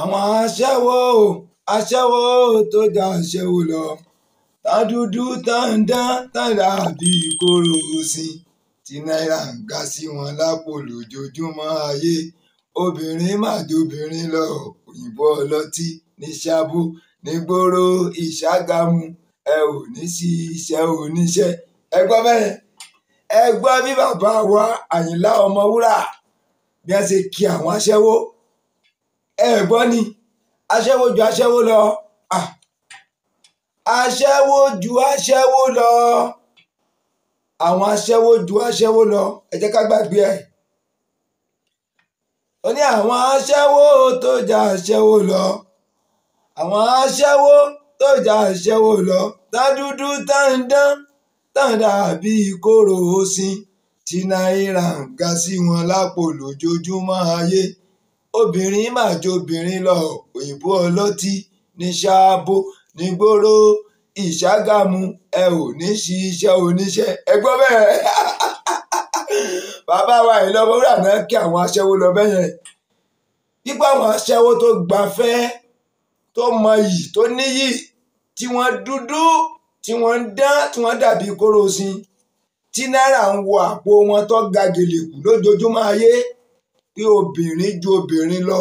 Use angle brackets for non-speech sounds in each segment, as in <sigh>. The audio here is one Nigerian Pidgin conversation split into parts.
àwọn aṣẹ́wó o aṣẹ́wó o tó dá aṣẹ́wó lọ tá dúdú tá ń dán tá dàbí kóró òsìn tí náírà ń ga sí wọn lápò lójoojúmọ́ ayé obìnrin màdóbìnrin lọ òyìnbó ọlọ́tí ní ṣáàbù nígboro ìṣàgámù ẹ ò ní sí iṣẹ́ oníṣẹ́ ẹ gbọ́ bẹ́ẹ̀ ẹ gbọ́ bí bàbá wa àyìnlá ọmọwúrà bí wọ́n ṣe kí àwọn aṣẹ́wó ẹ̀gbọ́n ni aṣẹ́wó ju aṣẹ́wó lọ ah. aṣẹ́wó ju aṣẹ́wó lọ àwọn aṣẹ́wó ju aṣẹ́wó lọ ẹ jẹ́ ká gbàgbé ẹ̀ ó ní àwọn aṣẹ́wó tó jà aṣẹ́wó lọ àwọn aṣẹ́wó tó jà aṣẹ́wó lọ tá dúdú tá ń dán tá ń dàbí kóró ó sin tí náírà ń ga sí wọn lápò lójoojúmọ́ ayé obìnrin mà ju obìnrin lọ òyìnbó ọlọ́tí ní ṣáàbò nígboro ìṣàgámù ẹ ò ní ṣiṣẹ́ oníṣẹ́ ẹ bẹ́ẹ̀ <laughs> bàbá wa ìlọ́wọ́rà náà kí àwọn aṣẹ́wó lọ bẹ́yẹn pípa àwọn aṣẹ́wó tó gbafẹ́ tó mọyì tó níyì tí wọ́n dúdú tí wọ́n ń dán tí wọ́n dàbí kóró sí tí náírà ń wọ àpò wọn tó ga gèlè kù lójoojúmọ́ ayé pé obìnrin ju obìnrin lọ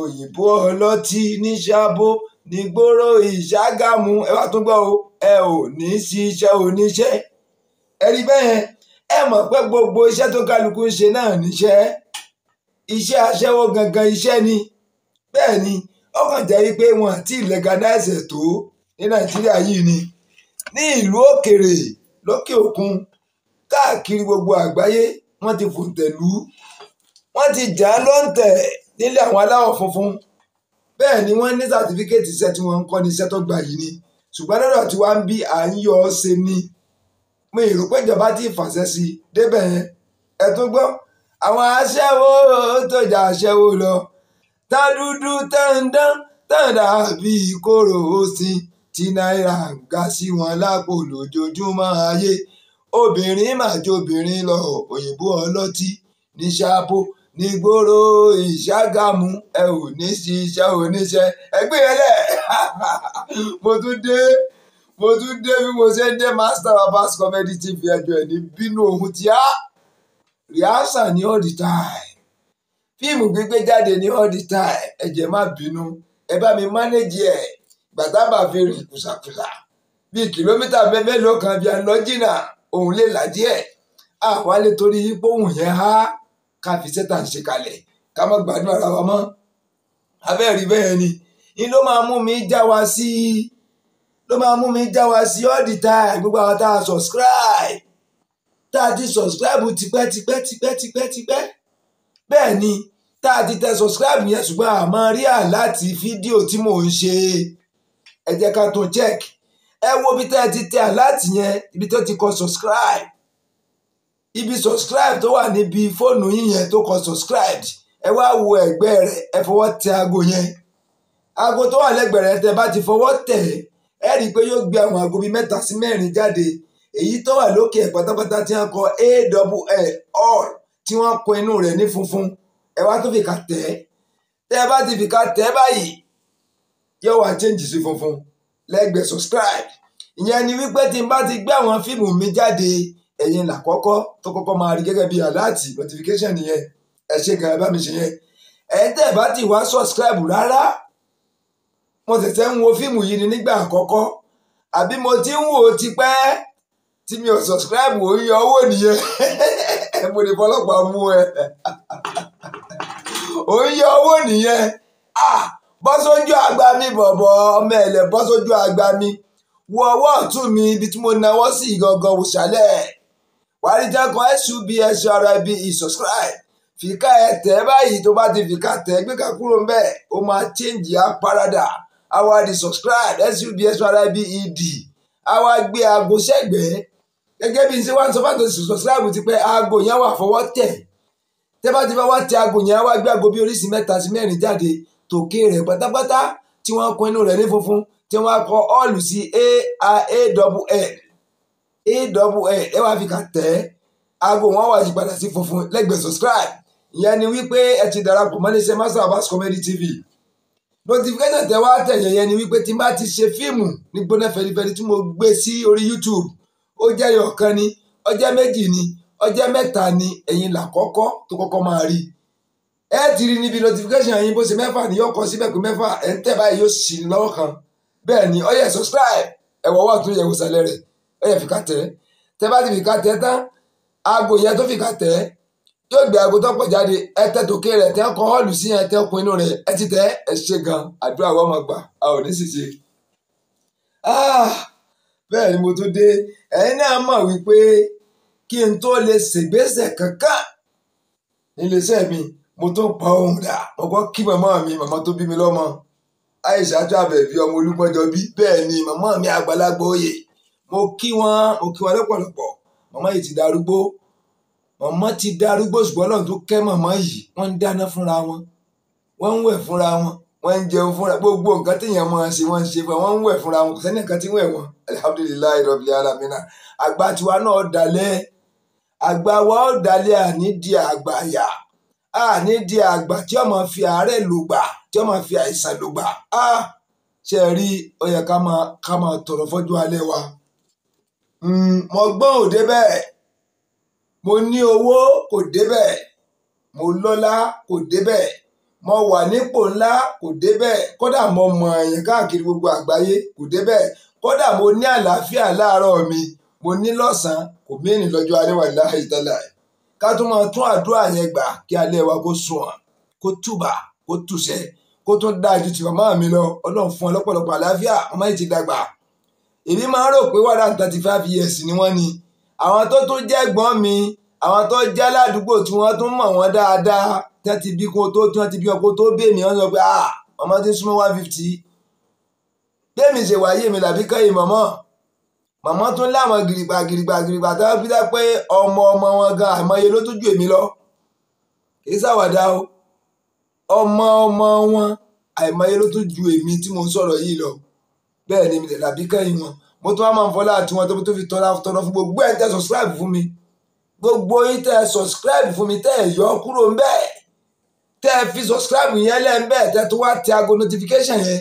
òyìnbó ọlọ́tí ní sábó nígboro ìṣàgámù ẹ wá tún gbọ́ o ẹ ò ní í ṣiṣẹ́ oníṣẹ́ ẹ rí bẹ́ẹ̀ ẹ mọ̀ pé gbogbo iṣẹ́ tó kálukú ń ṣe náà níṣẹ́ iṣẹ́ aṣẹ́wó gangan iṣẹ́ ni bẹ́ẹ̀ ni ó kàn jẹ́ wípé wọn àti legalize tó ní nàìjíríà yìí ni ní ìlú òkèrè lókè òkun káàkiri gbogbo àgbáyé wọ́n ti fòǹtẹ̀ lù ú wọ́n ti jà á lọ́ǹtẹ̀ nílé àwọn aláwọ̀ funfun bẹ́ẹ̀ ni wọ́n ní sàtífíkẹ́ẹ̀tì iṣẹ́ tí wọ́n ń kọ́ ní iṣẹ́ tó gbà yìí ni ṣùgbọ́n lọ́dọ̀ tí wàá ń bí à ń yọ ọ́ ṣe ni mo rò pé ìjọba ti fàṣẹ sí i débẹ̀ yẹn ẹ tún gbọ́ àwọn aṣẹ́wó tọjà aṣẹ́wó lọ tá dúdú tẹ́ǹdán tẹ́ǹdà bíi kóró òsín tí náírà ń ga sí wọn lápò lójoojúmọ́ ayé obìnrin màjobìnrin lọ òyìnbó ọlọ́tí ní ṣáàpó nígboro ìṣàgámù ẹ ò ní ṣiṣẹ́ oníṣẹ́ ẹgbẹ́ yẹn e lẹ̀ <laughs> mo tún dé mo tún dé bí mo ṣe ń dé master babas comedy tv ẹjọ ẹ ní bínú ohun tí a rìhásà ní all the time fíìmù gbígbé jáde ní all the time ẹjẹ má bínú ẹ bá mi mánéjì ẹ gbàtàbà fi rìn kùsàkùsà bíi kìlómítà mélòó kan bí a lọ jìnnà òun lè là díẹ̀ àwa lè torí pé òun yẹn há ká fi sẹ́tà ń ṣe kalẹ̀ ká má gbádùn ara wa mọ́ abẹ́ẹ̀rí bẹ́ẹ̀ ni ni ló máa mú mi já wa sí ló máa mú mi já wa sí all the time gbogbo àwọn tá a subscribe tá a ti subscribe tipẹ́ tipẹ́ tipẹ́ tipẹ́ tipẹ́ bẹ́ẹ̀ ni tá a ti tẹ subscribe yẹn ṣùgbọ́n a rí à láti fídíò tí mò ń ṣe ẹ jẹ́ ká tún check ẹ wo ibi tẹ́ ẹ ti tẹ àláàtì yẹn ibi tẹ́ ti kọ subscribe ibi subscribe tó wà níbi fóònù yín yẹn tó kọ subscribed ẹ wá wo ẹ̀gbẹ́ rẹ̀ ẹ fọwọ́ tẹ aago yẹn aago tó wà lẹ́gbẹ̀ẹ́ rẹ̀ tẹ bá ti fọwọ́ tẹ̀ ẹ rí i pé yóò gbé àwọn aago bíi mẹ́ta sí mẹ́rin jáde èyí tó wà lókè ẹ̀ pátápátá tí wọ́n kọ awl all tí wọ́n kọ inú rẹ̀ ní funfun ẹ wá tó fìkà tẹ̀ tẹ́ ẹ bá ti fìkà tẹ̀ báyìí yóò wá change sí funfun lẹ́gbẹ̀ẹ́ subscribe ìyẹn ni wípé tí n bá ti gbé àwọn fíìmù mi jáde ẹ̀yin làkọ́kọ́ tó kọ́kọ́ máa rí gẹ́gẹ́ bí aláàtì notification nìyẹn ẹ ṣe gan bá mi ṣe yẹn ẹ̀yin tẹ́ bá ti wá subscribe rárá mo tẹ̀tẹ̀ ń wo fíìmù yìí ni nígbà àkọ́kọ́ àbí mo ti ń wò tipẹ́ tí mi ò subscribe ò ń yọ owó nìyẹn <laughs> mo lè fọlọ́pàá mú ẹ <laughs> ò ń yọ owó nìyẹn ah, bọ́ sójú àgbà mi bọ̀bọ̀ ọmọ ẹ̀lẹ̀ bọ́ àgbà mi wọ ọwọ́ ọ̀tún mi ibi tí mo nawọ́ sí gangan òṣàlẹ̀ wàríjàgàn suba srib subscribe fìkà ẹ tẹ báyìí tó bá ti fìkà tẹ gbéka kúrò ńbẹ ó máa change á parada àwa di subscribe suba srib ed àwa gbé aago sẹ́gbẹ̀ẹ́ gẹ́gẹ́ bí n ṣe wá ń sọ fáwọn tó subscribe ti pẹ́ aago yẹn wà fọwọ́ tẹ̀ tẹ́ bá ti bá wá tẹ aago yẹn wá gbé aago bí oríṣi mẹ́ta sí mẹ́rin jáde tòkè rẹ̀ pátápátá tí wọ́n kun inú rẹ̀ ní funfun tí wọ́n kọ ọ́ọ̀lù sí aawl awl ẹ wá fi kà tẹ́ aago wọn wá yípadà sí funfun lẹ́gbẹ̀ẹ́ subscribe ìyẹn ni wípé ẹ ti darapọ̀ mọ́ iléeṣẹ́ Master Abbas Comedy TV notification tẹ wá tẹ̀yẹ̀ yẹn ni wípé tí n bá ti ṣe fíìmù ní gbóná fẹlifẹli tí mo gbé sí orí YouTube ó jẹ́ yọ̀ọ̀kan ni ó méjì ni ó jẹ́ mẹ́ta ni ẹ̀yin làkọ́kọ́ tó kọ́kọ́ máa rí ẹ ti rí níbi notification yín bó ṣe mẹ́fà ni yóò kọ síbẹ̀ pé mẹ́fà ẹ̀ ń tẹ̀ báyìí yóò sì lọ́wọ́ bẹ́ẹ̀ ni ó subscribe ẹ̀wọ̀ wà tún yẹ̀wò sálẹ̀ rẹ̀ ẹ yẹ fìkà tẹ̀ tẹ́ bá ti fìkà tẹ̀ tán aago yẹn tó fìkà tẹ̀ yóò gbé aago tó pọ̀ jáde ẹ tẹ tòkè rẹ̀ tẹ́ kọ́ ọ́ọ̀lù sí yẹn tẹ́ kun inú rẹ̀ ẹ ti tẹ́ ẹ ṣe gan àdúrà wọn máa gbà a ò ní sì ṣe. Ah, bẹ́ẹ̀ ni mo tún dé ẹ̀yin náà mọ̀ wípé kí n tó lè ṣègbésẹ̀ kankan níléeṣẹ́ mi mo tó pa ohun dà mo kí màmá mi màmá tó bí mi lọ́mọ Aisha tó àbẹ̀bí ọmọ Olúgbọ́njọ bí bẹ́ẹ̀ ni màmá mi àgbàlagbà oyè mo kí wọn mo kí wọn lọ́pọ̀lọpọ̀ màmá yìí ti darúgbó màmá ti darúgbó ṣùgbọ́n Ọlọ́run tó kẹ́ màmá yìí wọ́n ń dáná fúnra wọn wọ́n ń wẹ̀ fúnra wọn wọ́n ń jẹun fúnra gbogbo nǹkan téèyàn máa ṣe wọ́n ń ṣe fún wọn wọ́n ń wẹ̀ fúnra wọn kò sẹ́ni nǹkan tí wọ́n ẹ̀ wọ́n alhamdulilayi rabbil alamina àgbà tiwa náà dalẹ̀ àgbà wa ó dalẹ̀ àní di àgbà yà àní di àgbà tí wọ́n fi àárẹ̀ lògbà tí wọ́n fi àìsàn lògbà á ṣe rí ó ká máa tọrọ fọ́jú alẹ́ wa. Mm, mo gbọ́n ò débẹ̀ mo ní owó kò débẹ̀ mo lọ́lá kò débẹ̀ mo wà nípò ńlá kò débẹ̀ kódà mo mọ̀ èèyàn káàkiri gbogbo àgbáyé kò débẹ̀ kódà mo ní àlàáfíà láàárọ̀ mi mo ní lọ́sàn-án kò mẹ́rin lọ́jọ́ alẹ́ wà láàyè tẹ́lẹ̀ ká tún máa tún àdúrà yẹn gbà kí alẹ́ wa kó sunwọ̀n kó túbà kó túṣẹ́ kó tún dáa ju tìmọ̀ máa mi lọ ọlọ́run fún ọ lọ́pọ̀lọpọ̀ àlàáfíà ọmọ yìí ti dàgbà èmi máa ń rò pé one thirty five years ni wọ́n ni àwọn tó tún jẹ́ gbọ́n mi àwọn tó jẹ́ ládùúgbò tí wọ́n tún mọ̀ wọ́n dáadáa tí wọ́n ti bí kó tó tí wọ́n ti bí ọkọ tó bẹ́ẹ̀ mi wọ́n sọ pé ah màmá ti súnmọ́ one fifty bẹ́ẹ̀mi ṣe wáyé mi làbí kẹ́yìn mọ̀mọ́ mọ̀mọ́ tún láwọn gìrìgbà gìrìgbà gìrìgbà tó fi dá pé ọmọ ọmọ wọn gan àìmọye ló tún ju èmi lọ kì í ṣàwàdà o ọmọ ọmọ wọn àìmọye ló tún ju èmi tí mo sọ̀rọ̀ yìí lọ bẹ́ẹ̀ ni mi lè làbí kẹ́yìn wọn mo tún wá máa ń fọlá àti wọn tó fi tọrọ tọrọ fún gbogbo ẹ̀ tẹ́ subscribe fún mi gbogbo yín tẹ́ subscribe fún mi tẹ́ ẹ̀ yọ kúrò ń bẹ́ẹ̀ tẹ́ ẹ fi subscribe yẹn lẹ́ ń bẹ́ẹ̀ tẹ́ tó wá ti aago notification yẹn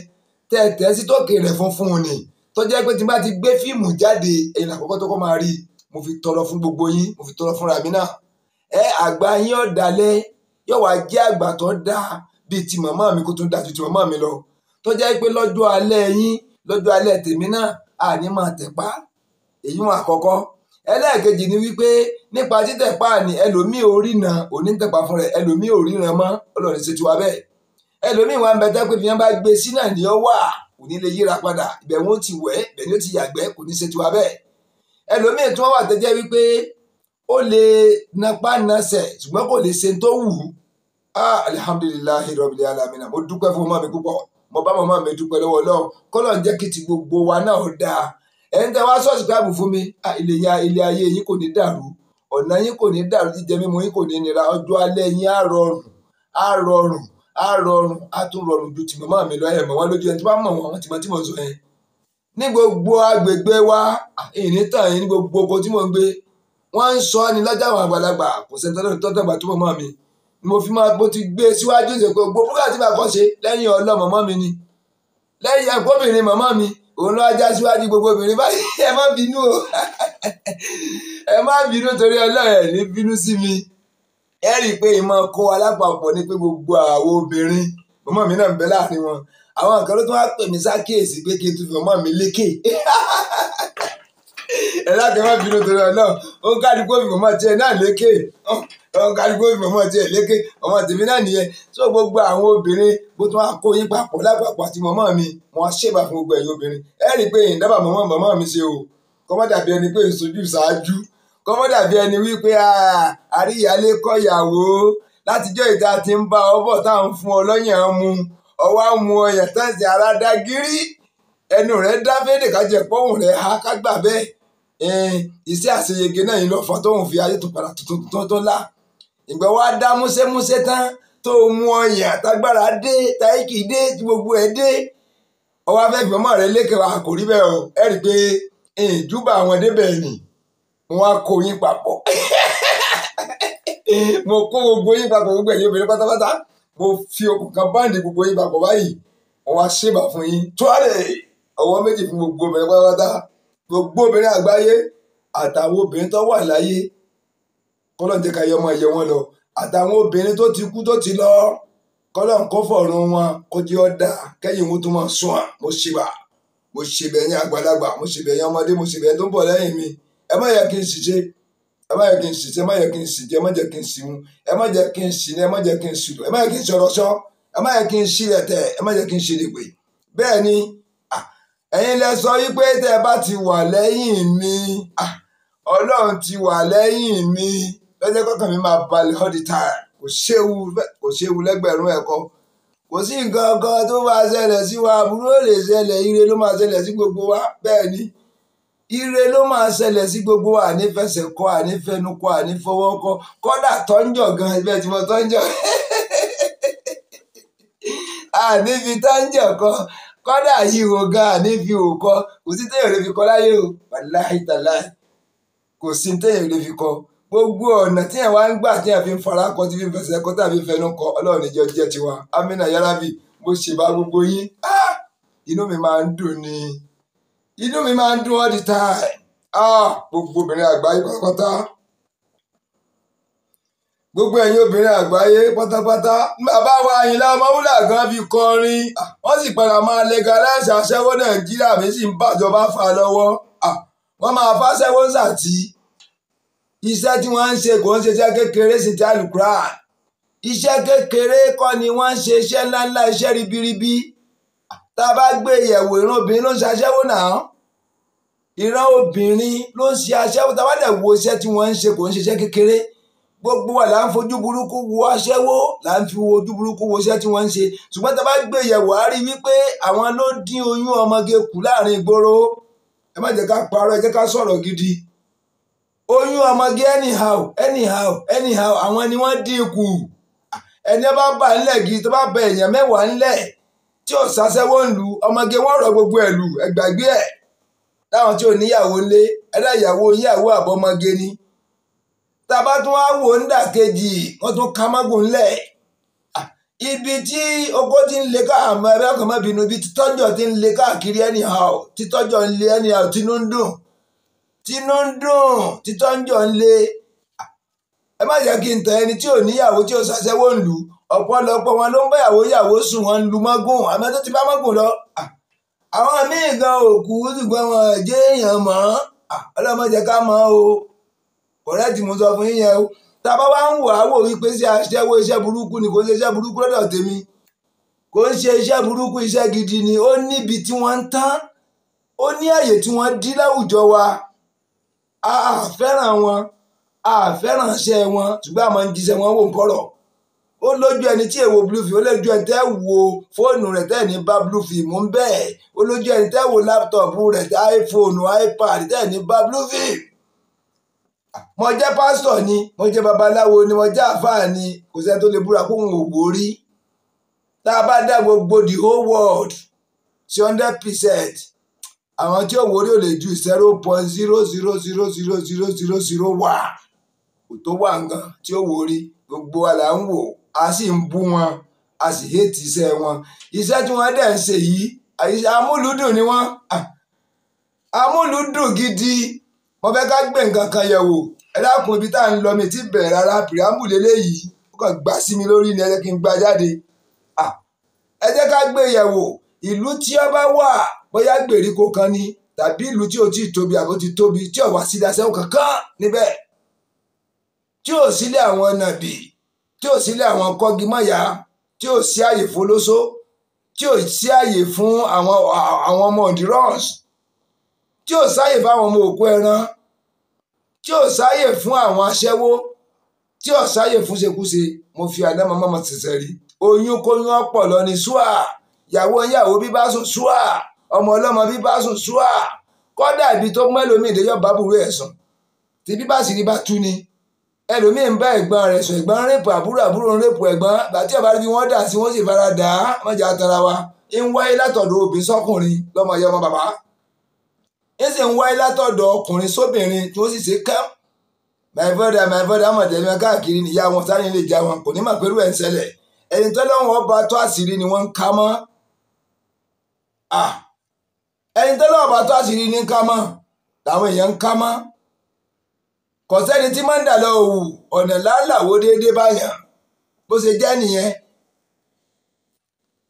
tẹ́ ẹ tẹ́ sí tókè rẹ̀ funfun ni tó jẹ́ pé tí n bá ti gbé fíìmù jáde ẹ̀yìn àkọ́kọ́ tó kọ́ máa rí mo fi tọrọ fún gbogbo yín mo fi tọrọ fúnra mi náà ẹ àgbà yín ọ̀dàlẹ̀ yóò lọ́jọ́ alẹ́ tèmi náà àní máa tẹ̀pá èyí wọn àkọ́kọ́ ẹlẹ́ẹ̀kejì ni wípé nípa títẹ̀pá ni ẹlòmíì ò rína onítẹ̀pá fún rẹ̀ ẹlòmíì ò ríran mọ́ ọlọ́run ṣe tiwa bẹ́ẹ̀ ẹlòmíì wọn bẹ tẹ́pẹ́ fi hàn bá gbé sí náà ní ọ wà kò ní lè yíra padà ibẹ̀ wọn ó ti wẹ̀ ibẹ̀ ni ó ti yàgbẹ́ kò ní ṣe tiwa bẹ́ẹ̀ ẹlòmíì tí wọ́n wà tẹ́jẹ́ wípé ó lè napá nasẹ̀ ṣùgbọ́n kò lè ṣe tó wù á ah, alihamudulilayi rọ̀bìlì alamina mo dúpẹ́ fún ọmọ mi púpọ̀ mo bá màmá mi dúpẹ́ lọ́wọ́ Ọlọ́run kọ́lọ̀ ń jẹ́ kí ti gbogbo wa náà ó dáa ẹ̀yin tẹ́ wá sọ́ọ̀sìkáàbù fún mi ilé ayé yín kò ní dàrú ọ̀nà yín kò ní dàrú jíjẹ mímu yín kò ní nira ọjọ́ alẹ́ yín á rọrùn á rọrùn á rọrùn á tún rọrùn ju ti màmá mi lọ ẹ̀ mọ̀ wá lójú ẹni tí wọ́n mọ̀ wọ́n ti mọ̀ tí mò sọ yẹn ní gbogbo agbègbè wa ìní tàn yín ní gbogbo oko tí mò ń gbé wọ́n ń sọ ni lájà àwọn àgbàlagbà kò sẹ́ni tọ́tọ̀ àgbà tó mọ̀ mọ́ mi mo fi máa bó ti gbé e síwájú ìṣe pé gbogbo búrúkà tí màá kọ́ ṣe lẹ́yìn ọlọ́ mọ̀mọ́ mi ni lẹ́yìn ẹ̀kọ́bìnrin mọ̀mọ́ mi òun ló ajá síwájú gbogbo obìnrin báyìí ẹ má bínú o <laughs> ẹ má bínú torí ọlọ́rẹ̀ ní bínú sí mi ẹ rí i pé ìmọ̀ kó alápapọ̀ ni pé gbogbo àwọn obìnrin mọ̀mọ́ mi náà ń bẹ láàrin wọn àwọn nǹkan ló tún wá pè mí sákèésí pé kí n tún fi ọmọ mi lékè <laughs> ẹ láti má bínú torí ọ náà ó ń kálukú òbí mọ̀mọ́ tiẹ̀ náà lékè ó ń kálukú òbí mọ̀mọ́ tiẹ̀ lékè ọmọ tèmi náà nìyẹn tó gbogbo àwọn obìnrin bó tún wá kó yín papọ̀ lápapọ̀ àti mọ̀mọ́ mi wọ́n á ṣèbà fún gbogbo ẹ̀yin obìnrin ẹ rí i pé èyí dábàá mọ̀mọ́ mọ̀mọ́ mi ṣe o kọ́mọ́dà bí ẹni pé ìṣojú ṣáájú kọ́mọ́dà bí ẹni wípé àríyálé kọ́yàwó látijọ́ ìta ti ń bá ọ bọ̀ táwọn fún ọ lọ́yàn mu ọwọ́ á mu ọyàn tẹ̀sí aládàgírí ẹnu rẹ̀ dá fédè ká jẹ́ pọ́hùn rẹ̀ ha ká gbà bẹ́ẹ̀ iṣẹ́ àṣeyege náà yìí lọ fà tóun fi ayé tó padà tuntun tó lá ìgbà wa dá múṣẹ́múṣẹ́ tán tó mú ọyàn àtagbára dé táìkì dé tí gbogbo ẹ̀ dé ọwọ́ afẹ́fẹ́ mọ́mọ́ rẹ̀ lékèwà kò rí bẹ́ẹ̀ o ẹ̀ rí i pé ìjúbà àwọn débẹ̀ nì wọ́n á kó yín papọ̀ <laughs> mo kó gbogbo yín papọ̀ gbogbo ẹ̀yin obìnrin pátápátá mo fi okùn kan báǹdì gbogbo yín papọ̀ báyìí wọ́n á ṣèbà fún yín tó àlẹ́ yìí ọwọ́ méjì fún gbogbo obìnrin pátápátá gbogbo obìnrin àgbáyé àtàwọn obìnrin tó wà láyé kọ́lọ́n ti ka yọ ọmọ ẹ̀yẹ wọn lọ àtàwọn obìnrin tó ti kú tó ti lọ kọ́lọ́n kó fọ̀run wọn kó jẹ́ ọ̀dà kẹ́yìn wọn tó máa sún à mo ṣe bá mo ṣe bẹ̀ yín àgbàlagbà mo ṣe bẹ̀ yín ọmọdé mo ṣe bẹ̀ yín tó ń bọ̀ lẹ́yìn mi ẹ má yẹ kí n ṣiṣẹ́ ẹ má yẹ kí n ṣiṣẹ́ ẹ má yẹ kí n ṣiṣẹ́ ẹ má jẹ́ kí n ṣimu ẹ má jẹ́ kí n ṣinú ẹ má jẹ́ kí n ṣìlò ẹ má yẹ kí n ṣọ̀rọ̀ sọ ẹ má yẹ kí n ṣílẹ̀ tẹ̀ ẹ má yẹ kí n ṣe lè bẹ́ẹ̀ ni ẹ̀yin lẹ sọ wípé tẹ́ ẹ bá ti wà lẹ́yìn mi ọlọ́run ti wà lẹ́yìn mi lọ́jọ́ kọ́kàn mi máa balẹ̀ all the time kò séwu kò séwu lẹ́gbẹ̀rún ẹ̀kọ́ kò sí nǹkan kan tó máa ṣẹlẹ̀ sí wa aburú ò lè ṣẹlẹ̀ ire ló máa ṣẹlẹ̀ sí gbogbo wa bẹ́ẹ̀ ni ire ló máa ṣẹlẹ̀ sí gbogbo wa ànífẹsẹ̀ kọ́ ànífẹnukọ́ ànífọwọ́kọ́ kọ́dà tọ́njọ̀ gan ẹgbẹ́ tí mo tọ́njọ̀ ànífi <laughs> tọ́njọ̀ kan kọ́dà yìí o gan-an níbi òkọ kò sí téèyàn lè fi kọ láyé o wàláhì kò sí gbogbo ọ̀nà téèyàn wá ń gbà téèyàn fi ń fara kọ fi ń fẹsẹ̀ kọ tàbí fẹnu kọ ọlọ́run ìjọ jẹ́ tiwa amínà yárábì mo ṣèbá gbogbo yin ah! inú mi máa ń dùn ni inú mi máa ń dùn all the time ah! gbogbo obìnrin àgbáyé pátápátá. gbogbo ẹ̀yin obìnrin àgbáyé pátápátá bàbá wa Àyìnlá Ọmọwúrà gan fi kọrin wọ́n sì padà máa legalize aṣẹ́wó Nàìjíríà mi sì ń bàjọba fà lọ́wọ́ wọ́n máa fáṣẹ́wó sàtì iṣẹ́ tí wọ́n ń ṣe kò ń ṣiṣẹ́ kékeré sí ti alukran iṣẹ́ kékeré kọ́ ni wọ́n ń ṣe iṣẹ́ ńláńlá iṣẹ́ ribiribi tá a bá gbé ìyẹ̀wò ìran obìnrin ló ń ṣe aṣẹ́wó náà ìran obìnrin ló ń ṣe aṣẹ́wó tá a bá dẹ̀ wo iṣẹ́ tí wọ́n ń ṣe kò ń ṣiṣẹ́ kékeré gbogbo wa la ń fojú burúkú wo aṣẹ́wó là ń fi ojú burúkú wo iṣẹ́ tí wọ́n ń ṣe ṣùgbọ́n tá a bá gbé yẹ̀wò á rí wípé àwọn ló dín oyún ọmọge kù láàrin ìgboro ẹ má jẹ́ ká parọ́ ẹ jẹ́ ká sọ̀rọ̀ gidi oyún ọmọge anyhow anyhow anyhow àwọn ni wọ́n dín kù ẹni bá bà ńlẹ̀ gidi tó bá bẹ èèyàn mẹ́wàá ńlẹ̀ tí ò ṣàṣẹ́wó ń lu ọmọge wọ́n rọ gbogbo ẹ̀lú ẹgbàgbé ẹ̀ láwọn tí ò níyàwó ńlé ẹ̀dá ìyàwó yíyàwó àbọ̀mọge ni tàbá tún wá wò ń kejì wọ́n tún ká mágùn ńlẹ̀ ibi tí oko ti ń le káàmọ́ ẹ̀rọ ọkọ mọ́ bínú ibi títọ́jọ́ ti ń le káàkiri anyhow títọ́jọ́ ń le anyhow tínú ń dùn tínú ń dùn títọ́jọ́ ń le ẹ má jẹ́ kí n tàn ẹni tí ò níyàwó tí o ṣàṣẹ́wó ń lù ọ̀pọ̀lọpọ̀ wọn ló ń bá ìyàwó ìyàwó sùn wọn ń lu mọ́gùn àmọ́ tó ti bá mọ́gùn lọ àwọn míì gan òkú ṣùgbọ́n wọn jẹ́ èèyàn mọ́ ọlọ́mọ ká mọ́ o. kọ̀rẹ́ẹ̀tì mo sọ fún yín yẹn o tá a bá wá ń wò á wò wípé ṣé aṣẹ́wó iṣẹ́ burúkú ni kò ṣe iṣẹ́ burúkú lọ́dọ̀ tèmi kò ń ṣe iṣẹ́ burúkú iṣẹ́ gidi ni ó níbi tí wọ́n ń tán ó ní àyè tí wọ́n dí láwùjọ wa a wọn a fẹ́ràn iṣẹ́ wọn ṣùgbọ́n àmọ́ ń jíṣẹ́ wọn wò ń kọ̀rọ̀ ó lójú ẹni tí èwo bluefin ó lójú ẹni tẹ́ wo fóònù rẹ̀ tẹ́ ní bá bluefin mú bẹ́ẹ̀ ó lójú ẹni tẹ́ wo láptọ̀pù rẹ̀ iphone ipad tẹ́ ní bá bluefin mo jẹ́ pásítọ̀ ni mo jẹ́ babaláwo ni mo jẹ́ àfáà ni kò sẹ́ni tó lè búra kó ń wò rí tá a bá dá gbogbo the whole world sí hundred percent àwọn tí òwò rí ò lè ju zero point zero zero zero zero zero zero zero wà kò tó wà nǹkan tí òwò rí gbogbo wa là ń wò a sì ń bú wọn a sì hétí iṣẹ́ wọn iṣẹ́ tí wọ́n dẹ̀ ń ṣe yìí amúlùdùn ni wọ́n ah, amúlùdùn gidi mo fẹ́ ká gbé nǹkan kan yẹ̀ wò ẹ dákun ibi tá à ń lọ mi ti bẹ̀rẹ̀ rárá pìrámù lélẹ́yìí ó kàn gbà sí mi lórí ni ẹ kí n gba jáde ẹ jẹ́ ká gbé e yẹ̀ wò ìlú tí ó bá wà bóyá gbèríko kan ni tàbí ìlú tí ò tí ì tóbi àbó ti tóbi tí ò wá sí dasẹ́wò kankan níbẹ̀ tí ò sílé àwọn nàbì tí ò sílé àwọn kọ́gímọ̀yà tí ò sí àyè fún tí ò sí àyè fún àwọn ọmọ òdìrọ́ọ̀sì tí ò sáyè fáwọn ọmọ òkú ẹran tí ò sáyè fún àwọn aṣẹ́wó tí ò sáyè fún ṣekúṣe mo fi àdámọ́ mọ́mọ́ ṣẹ̀ṣẹ̀ rí oyún kóyún ọ̀pọ̀ lọ ní ṣúà ìyàwó ìyàwó bíbá sùn ṣúà ọmọ ọlọ́mọ bíbá sùn ṣúà kọ́dà ibi tó mọ́ ẹlòmíì ìdẹ́jọ́ bábùrú ẹ̀ sùn tí bíbá sì rí bá tú ni ẹlòmíì ń bá ẹ̀gbọ́n rẹ̀ sùn ẹ̀gbọ́n rèpù àbúrò àbúrò ń rèpù ẹ̀gbọ́n bàtí àbárí bí wọ́n dà sí wọ́n sì fara dà á mọ́jà tara wa ń wáyé látọ̀dọ̀ òbí sọ́kùnrin lọ́mọ ayé bàbá ń sì ń wáyé látọ̀dọ̀ ọkùnrin sóbìnrin tí wọ́n sì ṣe ká my brother my brother mọ̀tẹ́mi káàkiri nìyá wọn sáré lè já wọn kò ní mọ̀ pẹ̀lú ẹ̀ ń ṣẹlẹ̀ ẹni tó lọ́wọ́ ọba tó àṣírí ni wọ́n ń ká mọ́ ẹni tó lọ́wọ́ ọba tó àṣírí ni ń ká mọ́ làwọn èèyàn ń ká mọ́ kò sẹ́ni tí máa ń dà lọ òwú ọ̀nà láàlàwọ́ déédéé báyàn bó ṣe jẹ́ nìyẹn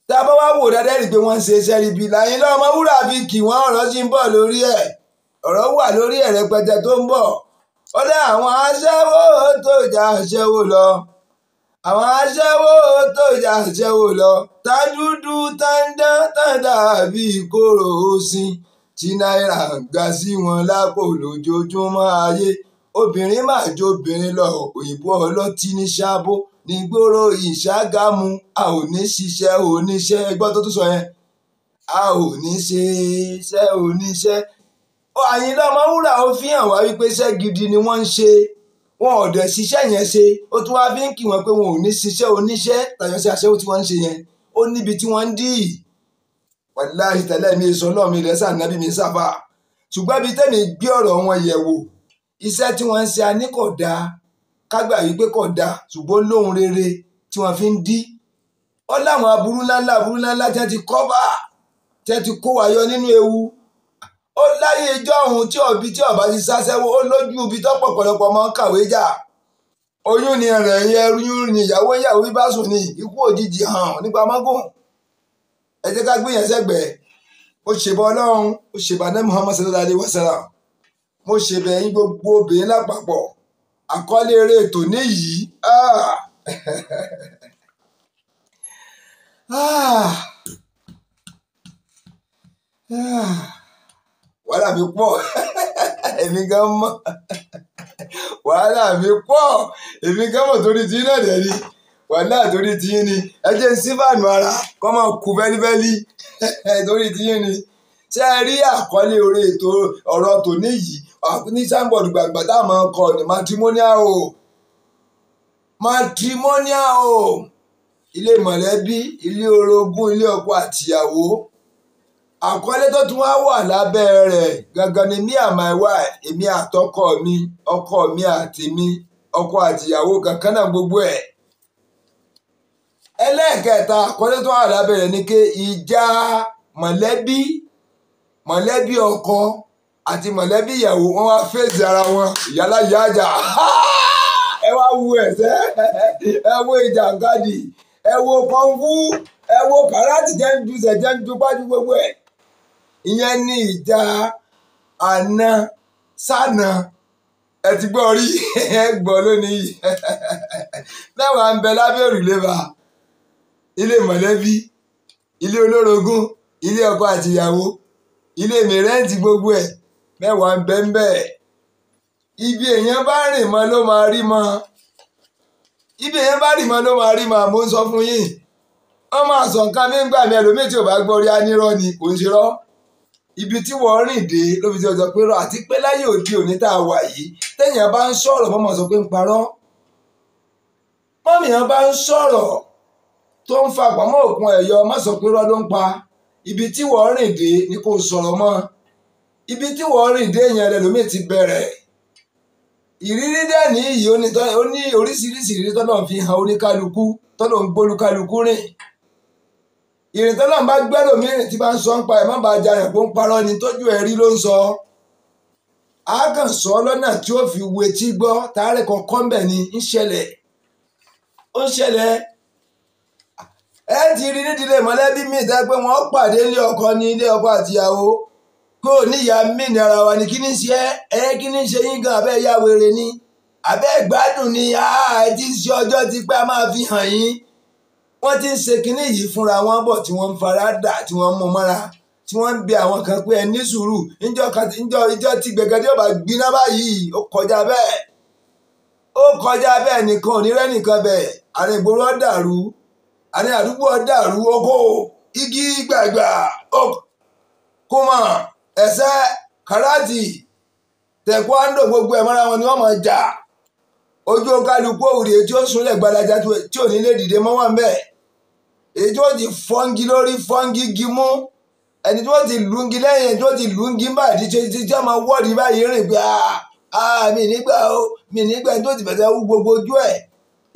tá a bá wá wò dáadáa rí i pé wọ́n ń ṣe iṣẹ́ ríbi láyé lọ́mọ wúrà fi kì wọ́n ọ̀rọ̀ sì ń bọ̀ lórí ẹ̀ ọ̀rọ̀ wà lórí ẹ̀ rẹpẹtẹ tó ń bọ̀ ó dá àwọn aṣẹ́wó tó ìjà aṣẹ́wó lọ àwọn aṣẹ́wó tó ìjà aṣẹ́wó lọ tá dúdú tá ń dán òsín tí náírà ń ga sí wọn lápò lójoojúmọ́ ayé obìnrin máa jó lọ òyìnbó ọlọ́tí ní ṣáàbó nígboro ìṣàgámù a ò ní ṣiṣẹ́ oníṣẹ́ ẹgbọ́n tó tún sọ yẹn a ò ní ṣe iṣẹ́ oníṣẹ́ Àyìnlá Ọmọwúrà ó fi hàn wá wípé iṣẹ́ gidi ni wọ́n ń ṣe wọn ò dẹ̀ ṣiṣẹ́ yẹn ṣe ó tún wáá fi ń kì wọ́n pé wọn ò ní ṣiṣẹ́ oníṣẹ́ tàyọ̀ sí aṣẹ́wó tí wọ́n ń ṣe yẹn ó níbi tí wọ́n ń dì í wàláhì tẹ́lẹ̀ mi sọ náà mi rẹ̀ sànàbí mi sábà ṣùgbọ́n ibi tẹ́mi gbé ọ̀rọ̀ wọn yẹ̀ wò iṣẹ́ tí wọ́n ń ṣe aníkọ̀dá kágbà yìí pé kò dáa ṣùgbọ́n lóhun rere tí wọ́n fi ń dí ó láwọn aburú ńláńlá aburú ńláńlá tẹ́ ti kọ́bà tẹ́ ti kó wáyọ nínú ewu ó láyé ijó ọ̀hún tí òbí tí ọba ti sáṣẹ́wó ó lójú ibi tó pọ̀pọ̀lọpọ̀ máa ń kàwé jà oyún ni ẹ̀rẹ̀ ẹ̀yẹ oyún ni ìyàwó ìyàwó bíbá sùn ni ikú òjijì hàn nípa mọ́gùn ẹ jẹ́ ká gbìyànjú ẹgbẹ́ mo ṣèbọ̀ ọlọ́run mo ṣèbà náà Muhammad sallallahu alaihi wasallam mo ṣèbẹ̀ gbogbo obìnrin lápapọ̀ àkọlé eré ètò níyìí ah. <laughs> ah. ah. wàhálà mi pọ <laughs> èmi gan <laughs> wàhálà mi pọ èmi gan mọ̀ torí ti náà dẹ̀ ni wàhálà torí ti ni ẹ sífàánù ara kọ máa kú bẹ́líbẹ́lí torí ti ni ṣé ẹ rí àkọlé orí ètò ọ̀rọ̀ tòní yìí Ah, ní signboard gbàgbà tá a máa ń kọ ní matrimonial home matrimonial home ilé mọ̀lẹ́bí ilé orogún ilé ọkọ àtìyàwó àkọlé tó tún wá wà lábẹ́ rẹ̀ gangan ni me and my èmi àtọkọ mi ọkọ mi àtèmi ọkọ àtìyàwó kankan náà gbogbo ẹ̀ ẹlẹ́ẹ̀kẹta àkọlé tó wà lábẹ́ rẹ̀ ni pé ìjà mọ̀lẹ́bí mọ̀lẹ́bí ọkọ àti mọ̀lẹ́bí ìyàwó wọn wá fèsì ara wọn ìyálàyà àjà ẹ wá wu ẹsẹ ẹ wo ìjàkadì ẹ wo pọ́ńfú ẹ wo kàràtì jẹ́ ń dusẹ̀ jẹ́ ń dupájú gbogbo ẹ̀ ìyẹn ní ìjà àná sànà ẹ ti gbọ́ rí ẹ gbọ́ lónìí mẹ́wàá ń bẹ lábẹ́ òrùlé bá ilé mọ̀lẹ́bí ilé olórogún ilé ọkọ àtìyàwó ilé mìíràn ti gbogbo ẹ̀ mẹ́wàá ń bẹ ń bẹ ibi èèyàn bá rìn mọ́ ló máa rí mọ́ ibi èèyàn bá rìn mọ́ ló máa rí mọ́ mo ń sọ fún yín wọ́n máa sọ nǹkan mi gbà mí ẹlòmíì tí ò bá gbọ́ rí anírọ́ ni kò ń ṣe rọ́ ibi tí wọ́n rìn dé ló fi ti ọjọ́ pé rọ àti pé láyé òde òní tá a wà yìí téèyàn bá ń sọ̀rọ̀ mọ́mọ́ sọ pé ń parọ́ mọ́mìyàn bá ń sọ̀rọ̀ tó ń fa àpamọ́ òkun ẹ̀yọ má sọ pé rọ́ ló ń pa ibi tí wọ́n rìn dé ni kò sọ̀rọ̀ mọ́ ọ ibi tí wọ́n rìn dé rẹ̀ lẹ́lòmíì ti bẹ̀rẹ̀ ìrírí dẹ̀ nìyí ó oríṣiríṣi ìrírí tọ́lọ̀ fi hàn oníkálukú tọ́lọ̀ ń gbólúkálukú rìn ìrìn tọ́lọ̀ bá gbẹ́lòmíì rìn tí bá ń sọ ń pa ẹ̀ má bàa jayàn kó ń parọ́ ni tójú ẹ̀rí ló ń sọ á kàn sọ lọ́nà tí ó fi wo etí gbọ́ tààrẹ̀ kan bẹ̀ ni ń ṣẹlẹ̀ ó ń ṣẹlẹ̀ ẹ ti rí nídìílé mọ́lẹ́bí mi ìtẹ́ pé wọ́n pàdé ilé ọkọ ní ilé ọkọ àtìyàwó pé ò níyà mìíní ara wa ni kí ní ṣe ẹ kí ní ṣe yín gan abẹ́ ya wèrè ni abẹ́ ìgbádùn ni ẹ ti ṣe ọjọ́ ti pẹ́ a máa fi hàn yín wọ́n ti ń ṣe kinní yìí fúnra wọn bọ̀ tí wọ́n ń fara dà tí wọ́n ń mú mọ́ra tí wọ́n ń bẹ àwọn kan pé ẹ ní sùúrù níjọ́ ìjọ́ tí gbẹ̀gẹ́dẹ́ ọba gbiná báyìí ó kọjá bẹ́ẹ̀ ó kọjá bẹ́ẹ̀ nìkan ò ní bẹ́ẹ̀ àrùn ìgboro ọ̀dàrú àrùn àdúgbò ọ̀dàrú oko igi gbàgbà kó mọ̀ ẹ̀sẹ̀ karate taekwondo gbogbo ẹ̀ mọ́ra wọn ni wọ́n máa jà ojú kálukú òwúrì tí ó súnlẹ̀ gbalaja tí ò ní lè dìde mọ́ wọn bẹ́ẹ̀ èyí tí wọ́n ti fọ́ngi lórí fọ́ngi gimú ẹni tí wọ́n ti lùngi lẹ́yìn ẹni tí wọ́n ti lùngi bá àti tí tí wọ́n máa wọ́ọ̀dì báyìí rìn pé mi nígbà o mi nígbà ẹni tó ti bẹ̀rẹ̀ wú gbogbo ojú ẹ̀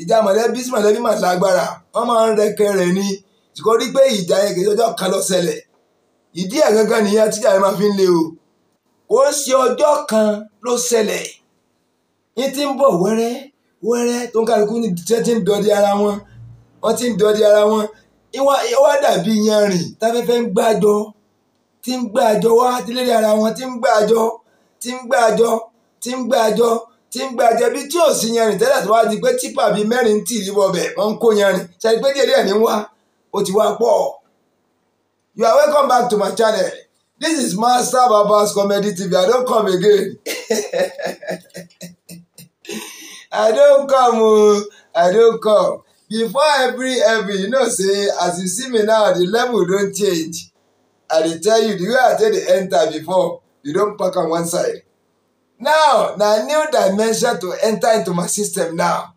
ìjà mọ̀lẹ́bí sí mọ̀lẹ́bí màtí lágbára wọ́n máa ń rẹ́kẹrẹ ni ṣùgbọ́n rí pé ìjà yẹn kì í ṣọjọ́ kan ló ṣẹlẹ̀ ìdí ẹ̀ gangan nìyẹn tí àyè máa fi ń le o kò ń ṣe ọjọ́ kan ló ṣẹlẹ̀ ní ti ń bọ̀ wẹ́rẹ́ wẹ́rẹ́ tó ń kálukú ní tẹ́ ti ń dọdẹ ara wọn wọ́n ti ń dọdẹ ara wọn wá dàbí yanrìn táfẹ́fẹ́ ń gbàjọ tí ń gbàjọ wá tílé ara wọn tí ń gbàjọ tí ń gbàjọ tí ń gbàjọ tí ń gbàjọ bí tí ò sí yanrìn tẹ́lẹ̀ tó wá di pé típà bíi mẹ́rin ń tì í bọ̀ bẹ̀ wọ́n ń kó yanrìn ṣàdí pé díẹ̀ díẹ̀ ní wá ó ti wá pọ̀ You are welcome back to my channel. This is Master Baba's Comedy TV. I don't come again. <laughs> I don't come. Uh, I don't come. Before every every, you know, say, as you see me now, the level don't change. I dey tell you, the way I tell the enter before, you don't park on one side. Now, na new dimension to enter into my system now.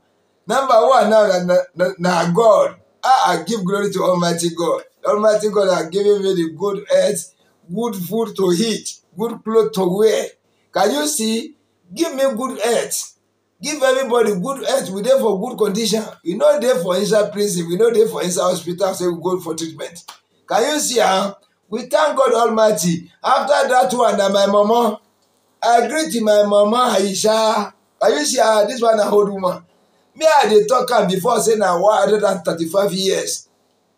Number one now, na, na, na God. I, ah, I give glory to Almighty God. Almighty God has given me the good earth, good food to eat, good clothes to wear. Can you see? Give me good earth. Give everybody good earth. We there for good condition. We not there for inside prison. We not there for inside hospital. so we go for treatment. Can you see Huh? Ah? We thank God Almighty. After that one, that my mama, I greet my mama Aisha. Can you see how? Huh? Ah, this one, a old woman. Me, I dey talk am before say na 135 years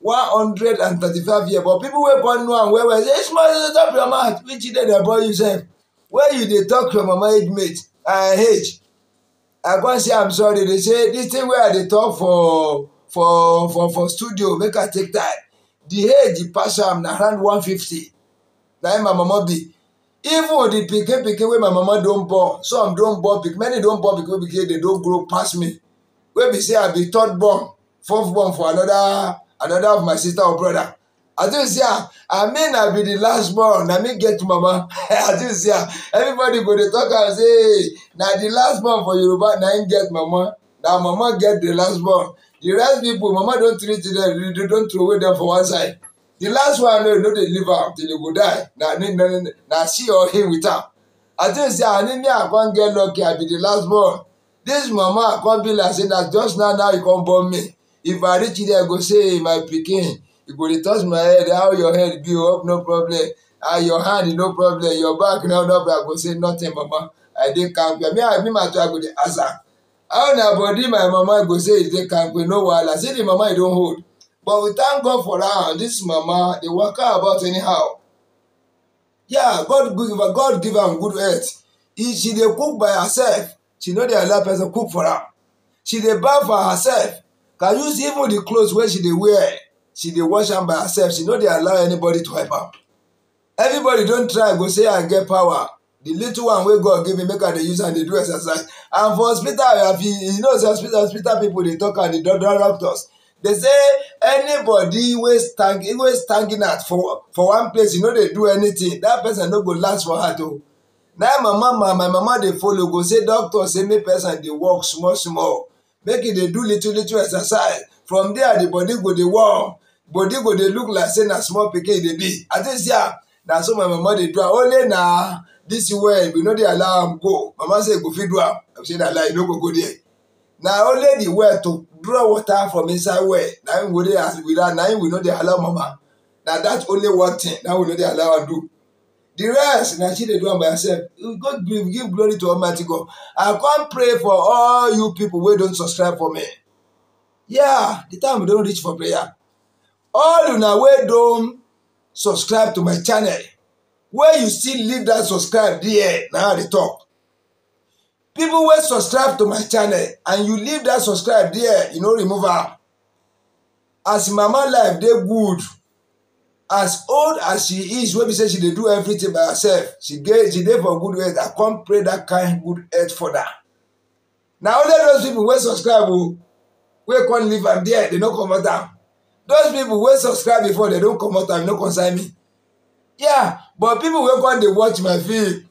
one hundred and thirty-five years but people wey born now and well well say small you dey your mouth which day dem born you sef where you dey talk your mama age mate and age i come say i'm sorry They say this thing wey i dey talk for for for for studio make i take time the age pass am na around one fifty na im my mama be even the pikin pikin wey my mama don born some don born pikin many don born pikin wey pikin dey don grow pass me wey be say i be third born fourth born for another another of my sister or brother i think say ah i mean i be the last born na me get mama i think say ah everybody go dey talk am say na the last born for yoruba na him get mama na mama get the last born the rest people mama don treat them they don throw away them for one side the last one no no dey leave am till he go die na na na she or him with am i think say ani me i come get lucky i be the last born this mama come be like say na just now now he come born me if i reach there i go say my pikin you e go dey touch my head how your head be o oh, no problem ah your hand no problem your back no no problem i go say nothing mama i dey kampe me I be my two i go dey answer how na body my mama go say e dey kampe no wahala say the mama e don hold but we thank god for am this mama dey waka about anyhow yeah god give god give am good health If she dey cook by herself she no dey allow person cook for am she dey baff for herself na use even the clothes wey she dey wear she dey wash am by herself she no dey allow anybody to help am everybody don try go say i get power the little one wey god give me make i dey use am dey do exercise and for hospital i you know say hospital hospital people dey talk and the doctors dey say anybody wey stand wey stagnant for for one place you e no dey do anything that person no go last for heart o oh. na my mama my mama dey follow go say doctor say make person dey work small small make e dey do little little exercise from there the body go dey warm body go dey look like say na small pikin e dey be i think say ah na so my mama dey do am only na this well we no dey allow am go mama say you e go fit do am i say na lie you e no go go there na only the well to draw water from inside well na him we dey na him we no dey allow mama na that only one thing na we no dey allow am do The rest, na she dey do am by herself. God give, give glory to Almighty God. I come pray for all you people wey don subscribe for me. Yeah, the time don reach for prayer. All una wey don subscribe to my channel, wey you still leave that subscribe there, na how I dey talk. People wey subscribe to my channel and you leave that subscribe there, you no remove am. As mama life dey good, as old as she is wey be say she dey do everything by herself she get she dey for good health i come pray that kind good health for her na only those people wey subscribe o oh, wey come leave am there dey no comot am those people wey subscribe before dey don comot am no concern me yeah but people wey come dey watch my film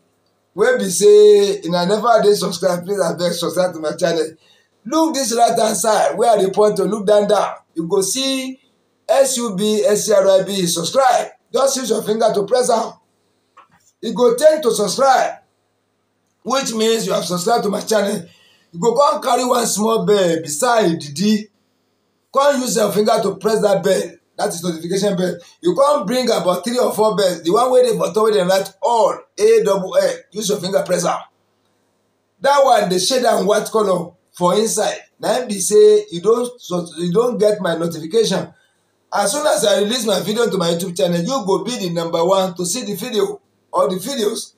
wey be say una never dey subscribe please abeg subscribe to my channel look this right hand side where i dey point to look down down you go see SUB SCRIB subscribe just use your finger to press am It go tell to subscribe which means you have subscribed to my channel you go come carry one small bell beside the come use your finger to press that bell that is notification bell you come bring about three or four bells the one where dey for top wey dem write all a double l use your finger press am that one the shade am white color for inside Now im be say you don you don't get my notification As soon as I release my video to my YouTube channel, you go be the number one to see the video or the videos.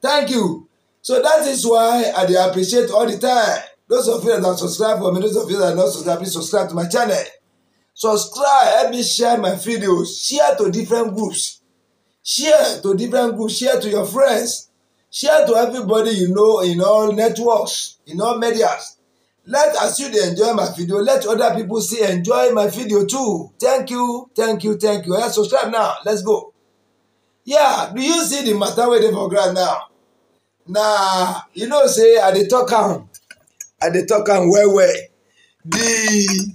Thank you. So that is why I dey appreciate all the time. Those of you that subscribe, subscribed for me, those of you that are not subscribed, please subscribe to my channel. Subscribe, help me share my videos, share to different groups, share to different groups, share to your friends, share to everybody you know in all networks, in all medias. Let as you dey enjoy my video, let other people see enjoy my video too. Thank you, thank you, thank you. Hey, subscribe now. Let's go. Yeah, do you see the matter wey dey for ground now? Na you know say I dey talk am, I dey talk am well well. The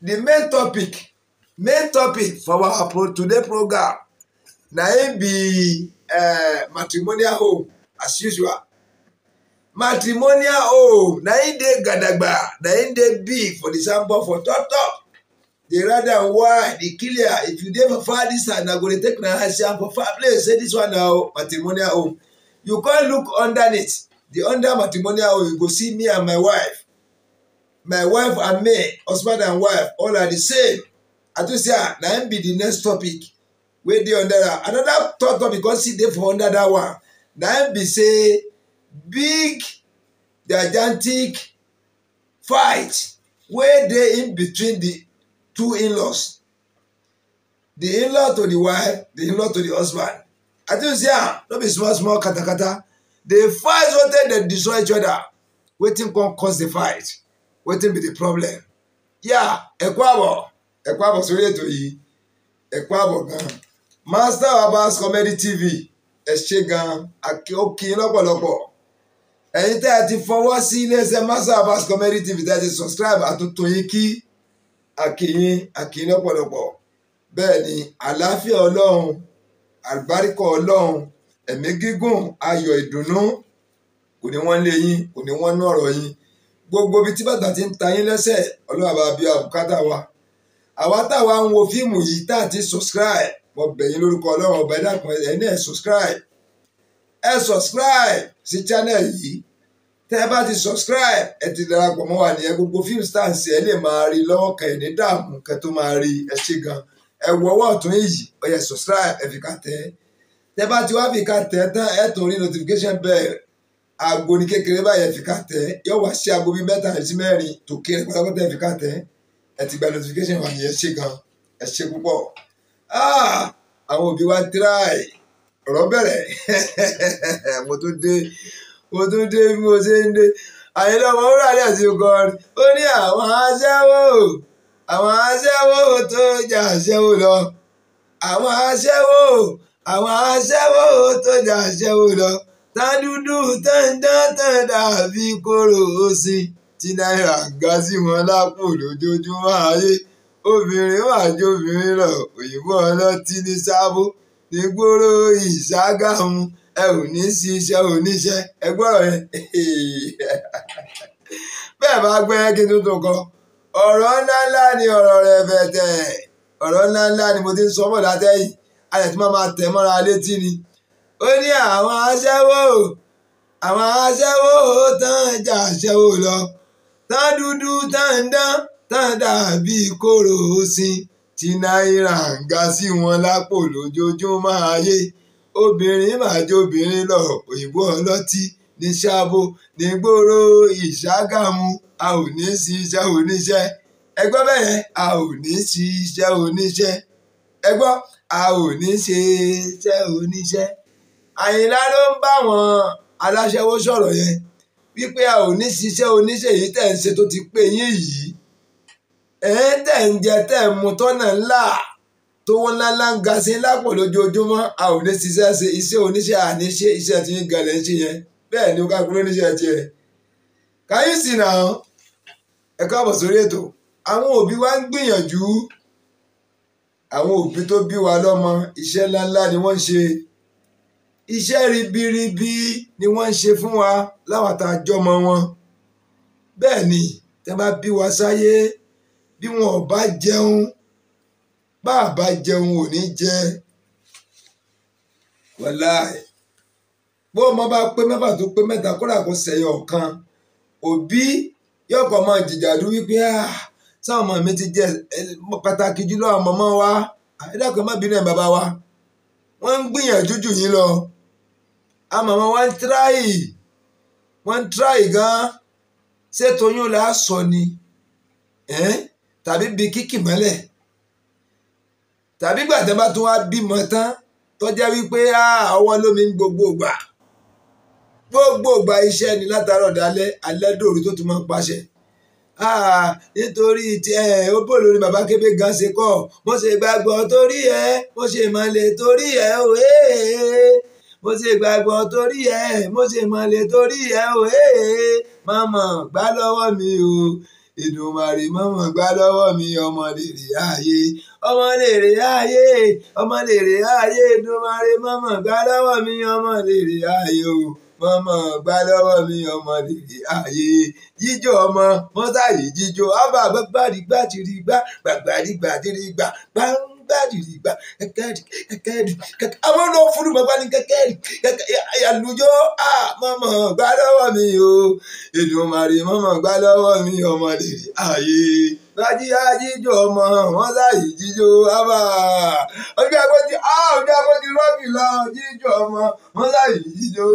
the main topic, main topic for our pro today program na im be uh, matrimonial home as usual matrimonial home na im dey gadagba na im dey big for the sample for top top the rather wide the clear if you dey for far distance na go dey take na hand sham for far place say this one na matrimonial home you come look underneath the under matrimonial home you go see me and my wife my wife and me husband and wife all are the same atusia ah, na im be the next topic wey dey under that another top topic come still dey for under that one na im be say big gigantic fight wey dey in between the two in-laws the in-law to the wife the in-law to the husband i think say ah, no be small small katakata the fight wey take dey destroy each other wetin come cause the fight wetin be the problem yà ekwabo, ekwabo ẹkọ àbọ̀ sórí ekwabo gan master of abas comedy tv ẹ gan gan ó kí lọ́pọ̀lọpọ̀ ẹ̀yin tẹ́ ẹ ti fọwọ́ sí iléeṣẹ́ Master Abbas Comedy TV tẹ́ ẹ ti subscribe àtúntò yín kí àkìyìn àkìyìn lọ́pọ̀lọpọ̀ bẹ́ẹ̀ ni àlàáfíà ọlọ́run àlùbáríkọ ọlọ́run ẹ̀mí gígùn ayọ̀ ìdùnnú kò ní wọ́n lé yín kò ní wọ́n ná ọ̀rọ̀ yín gbogbo ibi tí bàtà ti ń ta yín lẹ́sẹ̀ ọlọ́run àbá bíi àbùkátà wa àwa táwa ń wo fíìmù yìí tá à ti subscribe mo bẹ̀ yín lórúkọ ọlọ́run ọba ẹ̀dá ẹ̀ subscribe ẹ subscribe sí channel yìí tẹ́ bá ti subscribe ẹ ti darapọ̀ mọ́ wa nìyẹn gbogbo film stars ẹ lè máa rí lọ́wọ́ kan ẹ̀ ní dààmú kan tó máa rí ẹ ṣe gan ẹ wọ ọwọ́ ọ̀tún èyí ó yẹ subscribe ẹ fi ká tẹ́ tẹ́ bá ti wá fi ká tẹ́ tán ẹ tún rí notification bell aago ní kékeré báyẹn fi ká tẹ́ yóò wá sí aago bíi mẹ́ta sí mẹ́rin tó kéré pátápátá ẹ fi ká tẹ́ ẹ ti gba notification wa nìyẹn ṣe gan ẹ ṣe púpọ̀ ah! àwọn òbí wa try ọ̀rọ̀ bẹ̀rẹ̀ <laughs> mo tún dé mo tún dé bí mo ṣe ń dé àyìnlá ọmọ wúrà rẹ̀ ti kọrin ó ní àwọn aṣẹ́wó àwọn aṣẹ́wó tó jà aṣẹ́wó lọ àwọn aṣẹ́wó àwọn aṣẹ́wó tó jà aṣẹ́wó lọ tá dúdú tẹ́ńtẹ́ń tẹ́ńtà fi kóró sí tí náírà ga sí wọn lápò lójoojúmọ́ ayé obìnrin wà jóbìnrin lọ òyìnbó ọlọ́tí ní sábó nígboro ìṣàgámù ẹ ò ní sí iṣẹ́ oníṣẹ́ ẹ gbọ́rọ̀ yẹn. <laughs> bẹ́ẹ̀ bá gbẹ́ kí tuntun kan ọ̀rọ̀ ńláńlá ni ọ̀rọ̀ rẹ̀ fẹ̀tẹ̀ ọ̀rọ̀ ńláńlá ni mo ti ń sọ bọ̀ látẹ́yìn alẹ́ tí máa tẹ̀ mọ́ra létí ni. ó ní àwọn aṣẹ́wó àwọn aṣẹ́wó tán jà aṣẹ́wó lọ tán dúdú tán dán tán dàbí kóró sí i tí náírà ń ga sí wọn lápò lójoojúmọ́ ayé obìnrin máa jóbìnrin lọ òyìnbó ọlọ́tí ní sábò ní gbòòrò ìṣàgàmù a ò ní ṣiṣẹ́ oníṣẹ́ ẹgbẹ́ bẹ́ẹ̀ a ò ní ṣiṣẹ́ oníṣẹ́ ẹgbọ́ a ò ní ṣe iṣẹ́ oníṣẹ́ àyìnlá ló ń bá wọn aláṣẹwó sọ̀rọ̀ yẹn wípé a ò ní ṣiṣẹ́ oníṣẹ́ yìí tẹ̀ ń ṣe tó ti pé yín yìí ẹ̀ẹ́dẹ̀ ń jẹ tẹ́ ẹ̀ mú tọ́nà ńlá tó wọ́n ńláńlá ń ga sí lápò lójoojúmọ́ a ò lè ṣiṣẹ́ ṣe iṣẹ́ oníṣẹ́ àníṣe iṣẹ́ tí ń galẹ̀ ń ṣe yẹn bẹ́ẹ̀ ni ó ká kúrò níṣẹ́ tiẹ̀. káyọ̀sì náà ẹ káàbọ̀ sórí ètò àwọn wa ń gbìyànjú àwọn òbí tó bí wa lọ́mọ iṣẹ́ ńláńlá ni wọ́n ń ṣe iṣẹ́ ribiribi ni wọ́n ń ṣe fún wa láwọn àtàjọmọ wọn bẹ́ẹ̀ ni tẹ́ bá wa sáyé bí wọn ò bá jẹun bá a bá jẹun ò ní jẹ wàláì bó ọmọ bá pé mẹ́fà tó pé mẹ́ta kódà kó sẹ́yọ ọ̀kan òbí yọ̀ọ̀kan máa jìjàdú wípé sáwọn ọmọ mi ti jẹ pàtàkì jùlọ àwọn ọmọ wa ẹ̀dàkùn má bínú ẹ̀ bàbá wa wọ́n ń gbìyànjú jù yín lọ àmọ́ wọ́n ń tíráì wọ́n ń tíráì gan-an ṣètò yín ni. Eh? tàbí bi kíkì mọ́lẹ̀ tàbí gbàtẹ́ bá tún wá bímọ tán tọ́já wípé ọwọ́ lómi ń gbogbo ìgbà gbogbo ìgbà iṣẹ́ ni látàárọ̀ dalẹ́ alẹ́ dòru tó ti máa ń paṣẹ. nítorí tí ẹ ó bò lórí bàbá kébé gan ṣe kọ́ mo ṣe gbàgbọ́ torí ẹ mo ṣe ìmọ̀lẹ̀ torí ẹ o mo ṣe gbàgbọ́ torí ẹ mo ṣe ìmọ̀lẹ̀ torí ẹ o màmá gbà lọ́wọ́ mi o Èdùmàrè mọ́mọ́ gbá lọ́wọ́ mi ọmọ lèrè ààyè ọmọ lèrè ààyè ọmọ lèrè ààyè Èdùmàrè mọ́mọ́ gbá lọ́wọ́ mi ọmọ lèrè ààyè o mọ́mọ́ gbá lọ́wọ́ mi ọmọ lèrè ààyè jíjó ọmọ mọ́sáyì jíjó ábà gbàgbàdìgbàdìrìgbà gbàgbàdìgbàdìrìgbà gbàǹ kadiri gba kakadi kakadi kakadi àwọn ọ̀nà fún mi bá ní kakadi àlùjọ à mọ̀mọ́ gbá lọ́wọ́ mi o Èdùmàrè mọ̀mọ́ gbá lọ́wọ́ mi ọmọ rere ààyè lájíjájíjọ ọmọ wọn láyé jíjọ ábà ọjọ́ àgbọ̀dì ọjọ́ àgbọ̀dì rọ́bìlà jíjọ ọmọ wọn láyé jíjọ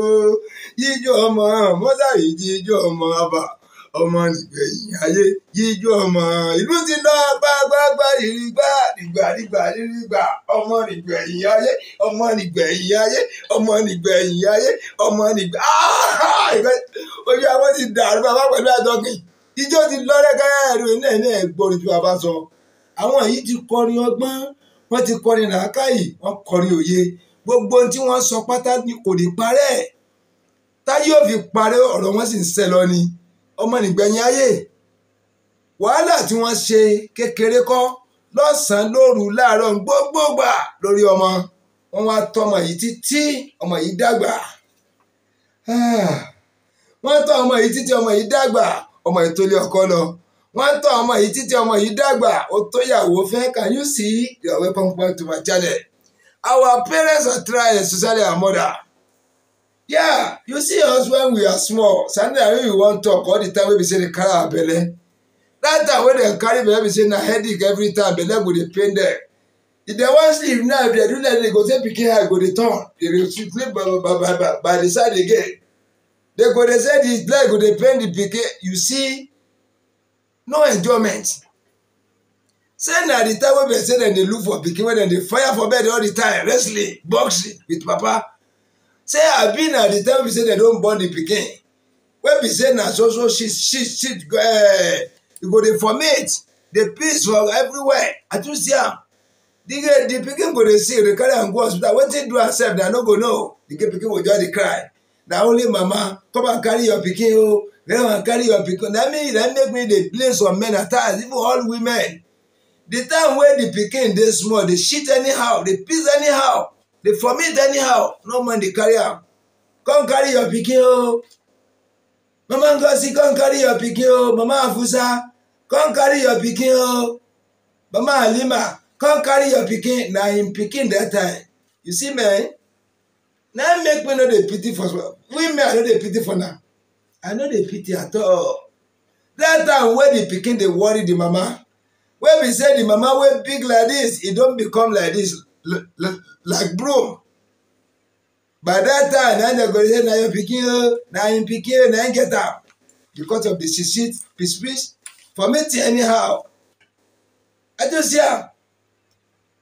jíjọ ọmọ wọn láyé jíjọ ọmọ ábà ọmọ nìgbẹ̀yìn ayé yíjó ọmọ ìlú ti lọ gbágbágbá ìrìgbà ìgbàdìgbà ìrìgbà ọmọ nìgbẹ̀yìn ayé ọmọ nìgbẹ̀yìn ayé ọmọ nìgbẹ̀yìn ayé ọmọ nìgbẹ̀ ah! ojú àwọn ti dàrú bàbá pẹ̀lú àjọkìn ijó ti lọ rẹ́kẹ́rẹ́rù náà ní ẹ̀gbọ́n tí bàbá sọ àwọn yìí ti kọrin ọgbọ́n wọ́n ti kọrin làákàyè wọ́n kọrin òye gbogbo ohun tí wọ́n sọ pátá ni kò ní parẹ́ táyé ò fi parẹ́ ọ̀rọ̀ wọn sì ń sẹ́ lọ ni ọmọ nìgbẹ̀yìn ayé wàhálà tí wọ́n ṣe kékeré kọ́ lọ́sàn-án lóru láàárọ̀ gbogbogbà lórí ọmọ wọn wá tọmọ yìí títí ọmọ yìí dàgbà ah, wọ́n tọ́ ọmọ yìí títí ọmọ yìí dàgbà ọmọ yìí tó lé ọkọ lọ wọ́n tọ́ ọmọ yìí títí ọmọ yìí dàgbà ó tó yàwó fẹ́ can you see the way pọnpọn tó máa jalè our parents are trying to sell their mother. Yeah, you see us when we are small. Sunday we wan talk all the time wey be say dey carry our belle. That time wey dem carry belle be say na headache every time belle go dey pain dem. If dem wan sleep now, if dem do like dey go take pikin eye go dey turn, dey dey sleep by by by by by the side again. Dey go dey say the leg go dey pain the pikin. You see, no enjoyment. Say na the time wey be say dem dey look for pikin wey dem dey fire for bed all the time, wrestling, boxing with papa say abi na the time be say they don born the pikin wey be say na so so shit shit shit eh? you go dey vomit dey piss for everywhere i too see am the the pikin go dey see. dey carry am go hospital wetin do am sef na no go know the pikin go just dey cry na only mama come and carry your pikin o oh. come and carry your pikin na me na make me dey blame some men at times even all women the time wey the pikin dey small dey shit anyhow dey piss anyhow dey vomit anyhow no man dey carry am come carry your pikin o oh. mama ngozi come carry your pikin o oh. mama afusa come carry your pikin o oh. mama halima come carry your pikin na im pikin that time you see men na make me no dey pity for women i no dey pity for now. i no dey pity at all That time wey the pikin dey worry the mama wey be say the mama wey big like this, e don become like this like bro by that time na dem go say na your pikin o na im pikin o na im get am because of the shishit pispis for meeting anyhow i just hear am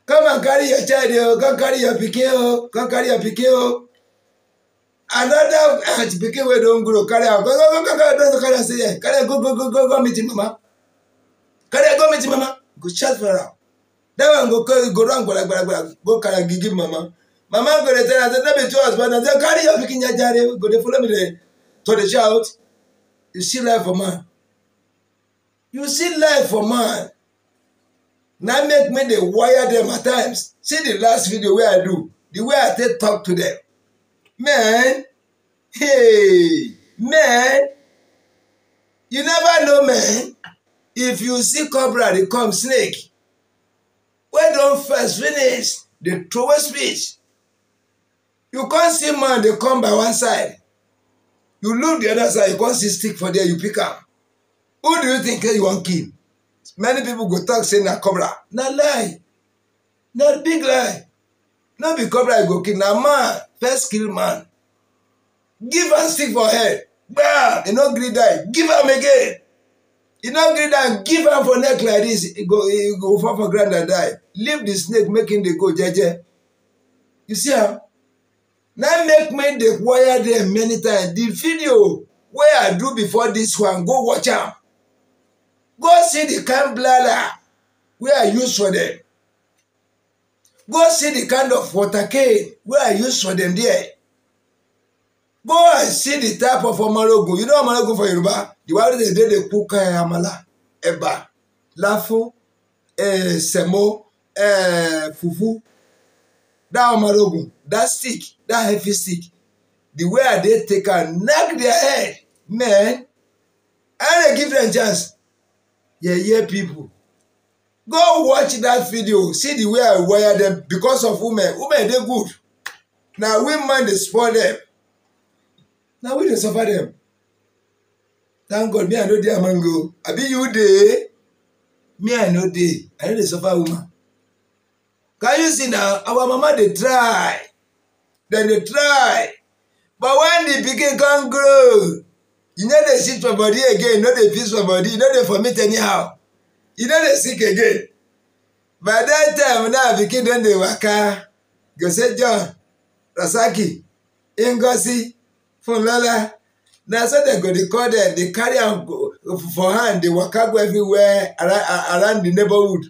come and carry your child o oh, come carry your pikin o oh, come carry your pikin o oh. another pikin wey don grow carry am go go go go go. don carry am say yeah carry am go go go go go meet im mama carry am go meet im mama go shout for am That one go go run go like go carry give mama. Mama go dey tell her say no be two husband. I say carry your pikin jajare go dey follow me dey to the child. You see life for man. You see life for man. Na make me dey wire them at times. See the last video wey I do, the way I take talk to them. Man, hey, man, you never know man. If you see cobra, they come snake wey don first finish the throw speech you come see man dey come by one side you look the other side you come see stick for there you pick am who do you think you wan kill many people go talk say na cobra na lie na big lie no be cobra you go kill na man first kill man give am stick for head gbaa e no gree die give am again You don't get that give up for neck like this, he go, he go fall for ground and die. Leave the snake, making the go jeje. You see how? Now make me the wire dem many times. The video where I do before this one, go watch out. Go see the kind bladder ah, where I use for them. Go see the kind of water cane where I use for them there. Go and see the type of Omorogun. You know Omorogun for Yoruba? jiwarụ na-edede kpuka ya amala eba lafụ ee semo ee fufu that omarogun that stick that heavy stick the way i dey take am knack their head man i dey give them chance yeye people go watch that video see the way i wire them because of women women dey good na women dey spoil them na we dey suffer them thank god me i no dey among o abi you dey me i no dey i no dey suffer woman can you see na our mama dey try dem dey try but when di pikin come grow you no dey sit for body again you no dey piss for body you no dey vomit anyhow you no dey sick again by that time now pikin don dey waka go say john rasaki Ngosi, funlola na so dem go dey call dem dey carry am for hand dey waka go everywhere around the neighborhood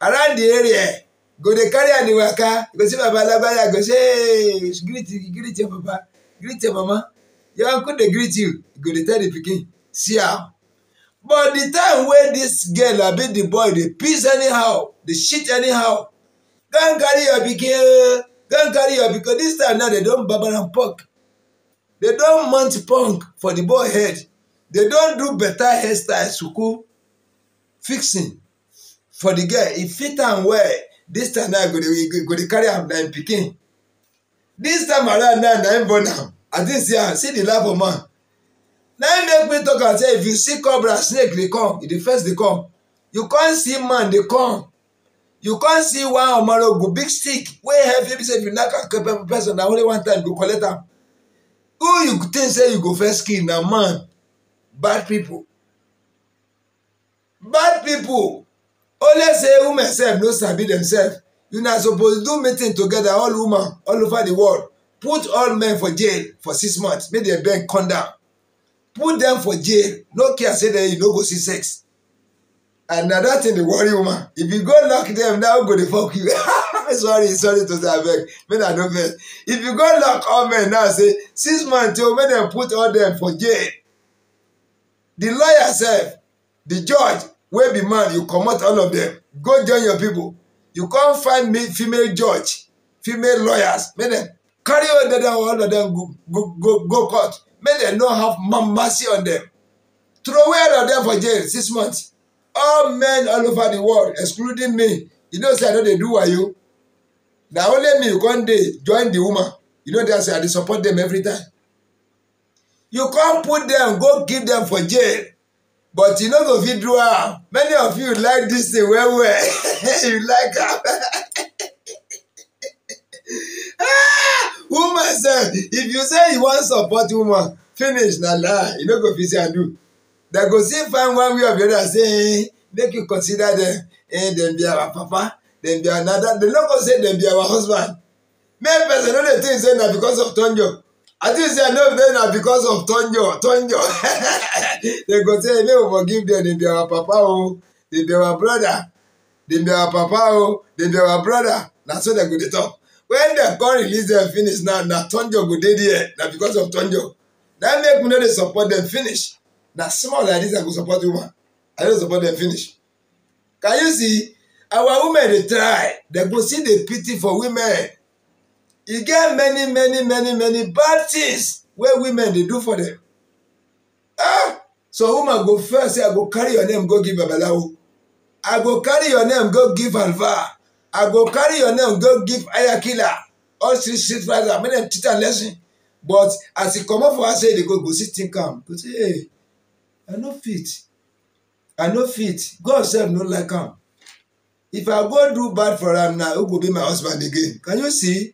around the area go dey carry am dey waka go see baba alagbara go say hey greet greet your papa greet your mama your uncle dey greet you go dey tell di pikin see am but the time wey this girl abi the boy dey piss anyhow dey shit anyhow go carry your pikin go carry your pikin this time now dem don babalam am pork they don mount punk for the boy head they don do better hairstyle suku fixing for the girl e fit am well this time now go dey go dey carry am na im pikin this time around now na im born am i think see am ah, see the life of man na im make me talk am say if you see cobra snake dey come e dey first dey come you come see man dey come you come see one omorogun big stick wey heavy be say if you knack am person na only one time you go collect am who you think say you go first kill na man bad people bad people only say women sef no sabi themselves una suppose do meeting together all woman all over the world put all men for jail for six months make dem beg come down put dem for jail no care say dem you no go see sex and na that thing dey worry woman if you go lock dem now go dey fuck you. <laughs> <laughs> sorry sorry to say abeg make i no vex if you go lock all men now say six months till make dem put all dem for jail the lawyer sef the judge wey be man you comot all of dem go join your people you come find me female judge female lawyers make dem carry all of them all of them go go go, go court make dem no have mercy on dem throway all of them for jail six months all men all over the world excluding me you know say i no dey do wayo na only me you come dey join the woman you know that say i dey support them every time you come put them go give them for jail but you no go fit do am many of you like this thing well well <laughs> you like am ah <laughs> woman sef if you say you wan support woman finish na lie you no go fit say i do dem go still find one way or the other say eh, make you consider them eh dem be our papa dem be another dem no go say dem be our husband make person no dey think say na because of tonjo i think say i know say na because of tonjo tonjo dem <laughs> go say make we forgive dem dem be our papa o oh. dem be our brother dem be our papa o oh. dem be our brother na so dem go dey talk when dem come release dem finish now na tonjo go dey there na because of tonjo that make me no dey support dem finish na small like this i go support woman i no support dem finish can you see our women dey try dem go see the pity for women e get many many many many bad things wey women dey do for dem ah so woman go fear say i go carry your name go give babalawo i go carry your name go give alfa i go carry your name go give ayakila all three street fighters make dem teach am lesson but as e comot for outside e dey go go see think am go say hey i no fit i no fit god sef no like am if i go do bad for am na who go be my husband again can you see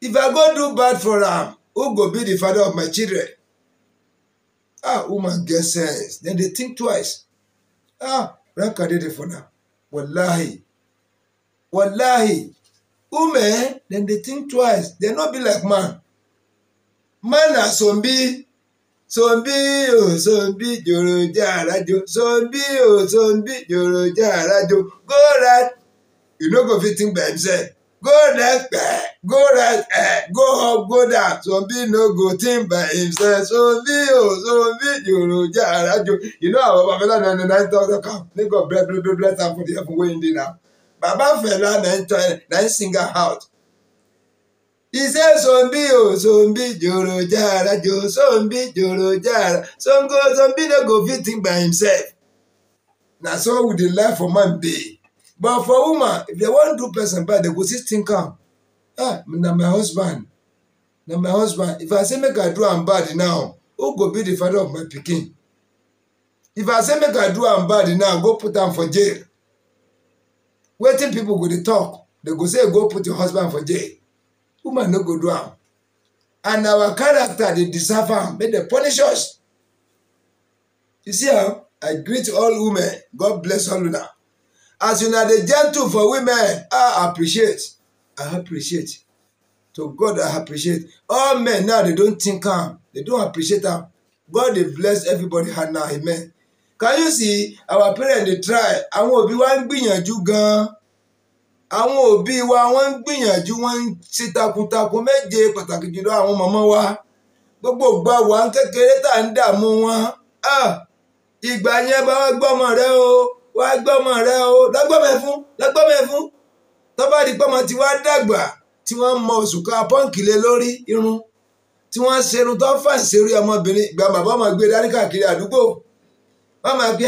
if i go do bad for am who go be the father of my children ah woman get sense dem dey think twice ah ranka dey there for now wallahi wallahi women dem dey think twice dem no be like man man na some Sombi o sombi joro jarajo sombi o sombi joro jarajo go right you no go fit think by himself go left eh go right eh go up go down sombi no go think by himself sombi o sombi joro jarajo you know our baba fela ninety nine thousand come make God bless bless bless am for the heaven wey him dey now baba fela na nine, sing am iṣẹ́ zombi o zombi joro jara jo zombi joro jara songo zombi no go fit think by himself na so we dey life for man be, but for woman if dem wan do person bad dem go still think am ah na my husband na my husband if i say make i do am bad now who go be the father of my pikin if i say make i do am bad now go put am for jail wetin people go dey talk dem go say go put your husband for jail woman no go do am and our character dey deserve am make dem punish us you see am i greet all women god bless all una as una dey gentle for women i appreciate i appreciate to god i appreciate all men now dey don think am dey don appreciate am god dey bless everybody hand now amen can you see our parents dey try àwọn òbí wa ń gbìyànjú gan-an àwọn òbí wa wọ́n ń gbìyànjú wọ́n ń ṣe takuntakun méje pàtàkì jùlọ àwọn mọ̀mọ́ wa gbogbo gba wà ń kékeré tá à ń dààmú wọn ìgbà yẹn bá wá gbọ́mọ rẹ o wá gbọ́mọ rẹ o lágbọ́mọ ẹ̀fún lágbọ́mọ ẹ̀fún tọ́ba di pọ́mọ tí wá dàgbà tí wọ́n mọ oṣù ká pọ́ǹkì lé lórí irun tí wọ́n ṣe irun tó fà ṣeré ọmọbìnrin ìgbà bàbá ọmọ gbé dání káàkiri àdúgbò wọ́n máa gbé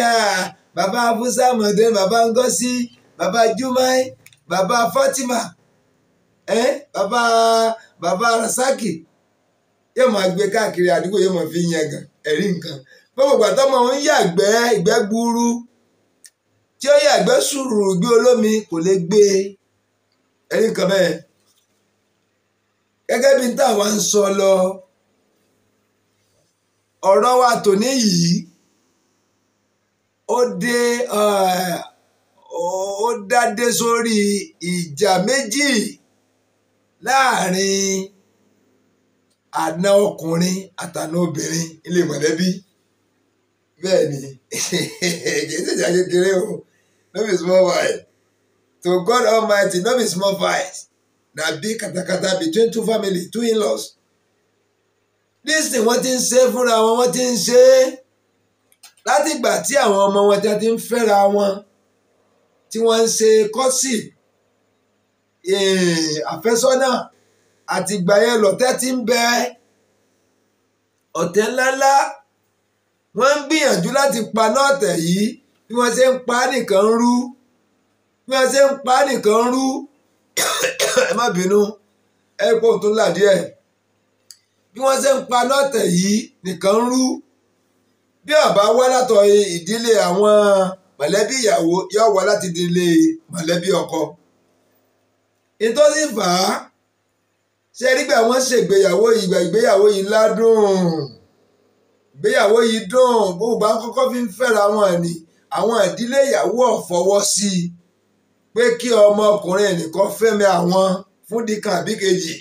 bàbá abúsá mọ̀dé bàbá ngọ́sí bàbá jumai Baba Fatima Baba bàbá bàbá Rasaki yóò máa gbé káàkiri àdúgbò yóò máa fi yan gan ẹ̀rí nǹkan gbogbo gbàtọ́ ọmọ òun yàgbẹ́ ìgbẹ́ gbuuru tí ó yàgbẹ́ sùúrù bí olómi kò lè gbé ẹ̀rí nǹkan bẹ́ẹ̀ gẹ́gẹ́ bí táwa ń sọ lọ Ọrọ wa tòní yìí ó dé ó dádé sórí ìjà méjì láàrin àna ọkùnrin àtàna obìnrin ilé mọ̀lẹ́bí bẹ́ẹ̀ ni <laughs> kìí ṣèjà kékeré o no be small fight to God Almighty no be small fight na big katakata between two family two in-laws this thing wọ́n ti ń ṣe fúnra wọn wọ́n ti ń ṣe é látìgbà tí àwọn ọmọ wọn ti ń fẹ́ra wọn tí wọ́n ń ṣe kọ́sì eh, àfẹ́sọ́nà àti gbàyẹn lọ́tẹ̀ tí ń bẹ ọ̀tẹ̀ ńláńlá wọ́n ń gbìyànjú láti paná ọ̀tẹ̀ yìí bí wọ́n ṣe ń pa á nìkan ń rú bí wọ́n ṣe ń pa á nìkan ń rú ẹ má bínú ẹ pọ̀ tó là díẹ̀ bí wọ́n ṣe ń paná ọ̀tẹ̀ yìí nìkan ń rú bí ọ̀bá wá látọ̀ ìdílé àwọn. Awa mọ̀lẹ́bí ìyàwó yóò wá láti délé mọ̀lẹ́bí ọkọ. ìtọ́sí fà á ṣe rí gbà wọ́n ṣègbéyàwó yìí gbà ìgbéyàwó yìí ládùn ìgbéyàwó yìí dùn bó bá kọ́kọ́ fi ń fẹ́ra wọn ni àwọn ìdílé ìyàwó ọ̀fọwọ́ sí i pé kí ọmọkùnrin ẹnìkan fẹ́mi àwọn fún dìkan àbí kejì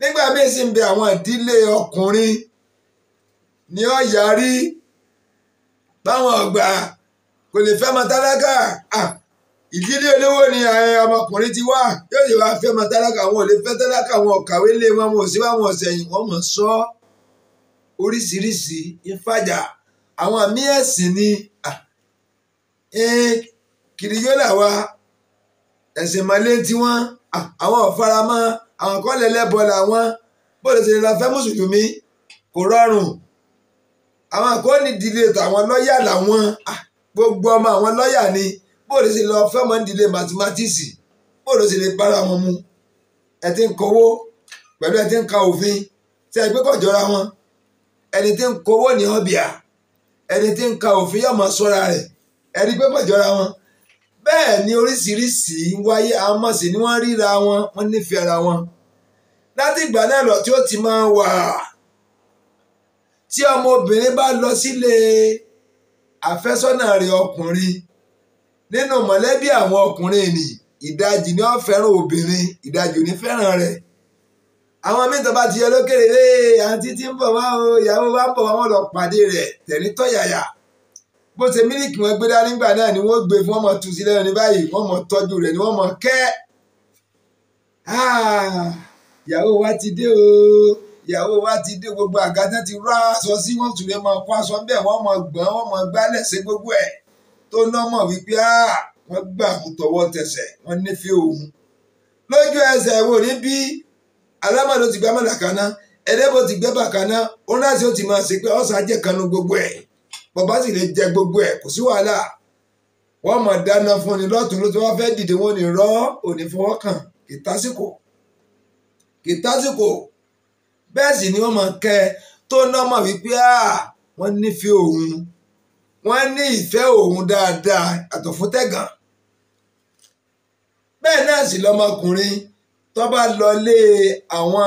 nígbà míì sì ń bẹ àwọn ìdílé ọkùnrin ni ó yarí báwọn ọgbà kò lè fẹ́ ọmọ tálákà ìdílé olówó ni ọmọkùnrin ti wá yóò lè wá fẹ́ ọmọ tálákà wọn ò lè fẹ́ tálákà wọn ò kàwé lé wọn wọn ò sí wọn ọ̀sẹ̀yìn wọn mọ̀ sọ oríṣiríṣi ìfàjà àwọn àmì ẹ̀sìn ni kìrìyó làwa ẹ̀sìn mọ́lé tiwọn àwọn ọ̀faramọ́ àwọn kan lẹ́lẹ́bọ làwọn bóde ṣe lè la fẹ́ mùsùlùmí kò rọrùn àwọn àkọ́ni ìdílé tàwọn lọ́ọ̀yà làwọn. Ah gbogbo ọmọ àwọn lọ́ọ̀yà ni bóòlù sì lọ fẹ́mọ̀ ìdílé mathematics bóòlù sì lè bára wọn mu ẹ ti ń kówó pẹ̀lú ẹ ti ń ka òfin tí ẹ gbé kọ̀ jọra wọn ẹni tí ń kówó ní ọbìà ẹni tí ń ka òfin yóò máa sọ́ra rẹ̀ ẹni gbé kọ̀ jọra wọn bẹ́ẹ̀ ni oríṣiríṣi wáyé àmọ́ sí ni wọ́n ríra wọn wọ́n nífẹ̀ẹ́ ara wọn láti ìgbà náà lọ tí ó ti máa wà tí ọmọbìnrin bá lọ sílé. Si àfẹ́sọ́nà rẹ̀ ọkùnrin nínú mọ̀lẹ́bí àwọn ọkùnrin ni ìdajì ni ó fẹ́ràn obìnrin ìdajì ò ní fẹ́ràn rẹ̀ àwọn mẹ́ta bá ti yẹ lókèrè lé àǹtí tí ń bọ̀ wá o ìyàwó wa ń bọ̀ wá wọn lọ pàdé rẹ̀ tẹ̀rí tọ̀yàyà bó ṣe mílíkì wọn gbé dá nígbà náà ni wọ́n gbé e fún ọmọ tu sí lẹ́nu ní báyìí wọ́n mọ̀ tọ́jú rẹ̀ ni wọ́n mọ̀ kẹ́ ah, ìyàwó wa ti dé o ìyàwó wa ti dé gbogbo àga tán ti rá aṣọ sí wọn tún lè máa kó aṣọ bẹ́ẹ̀ wọ́n máa gbọ́n wọ́n máa gbálẹ̀ ṣe gbogbo ẹ̀ tó ná mọ̀ wípé wọ́n gbà mú tọwọ́ tẹsẹ̀ wọ́n nífẹ̀ẹ́ òun lójú ẹsẹ̀ wo ní bí alámọ̀dé ti gbá mọ̀lá kaná ẹ̀dẹ́bò ti gbẹ́bà kaná òun náà sì ó ti máa ṣe pé ọ̀sán ajẹ́ kanú gbogbo ẹ̀ bàbá sì lè jẹ gbogbo ẹ̀ kò sí wàhálà wọ́n mọ̀ dáná fún ni lọ́tún ló ti wá fẹ́ dìde wọn ni rọ́ òní fọwọ́ kàn kìtásìkò kìtásìkò bẹ́ẹ̀ sì ni wọ́n mọ̀ kẹ́ tó náà mọ̀ wípé ah, wọ́n nífẹ̀ẹ́ òun wọ́n ní ìfẹ́ òun dáadáa àtọ̀fótẹ́gàn bẹ́ẹ̀ náà sì lọ́mọkùnrin tó bá lọlé àwọn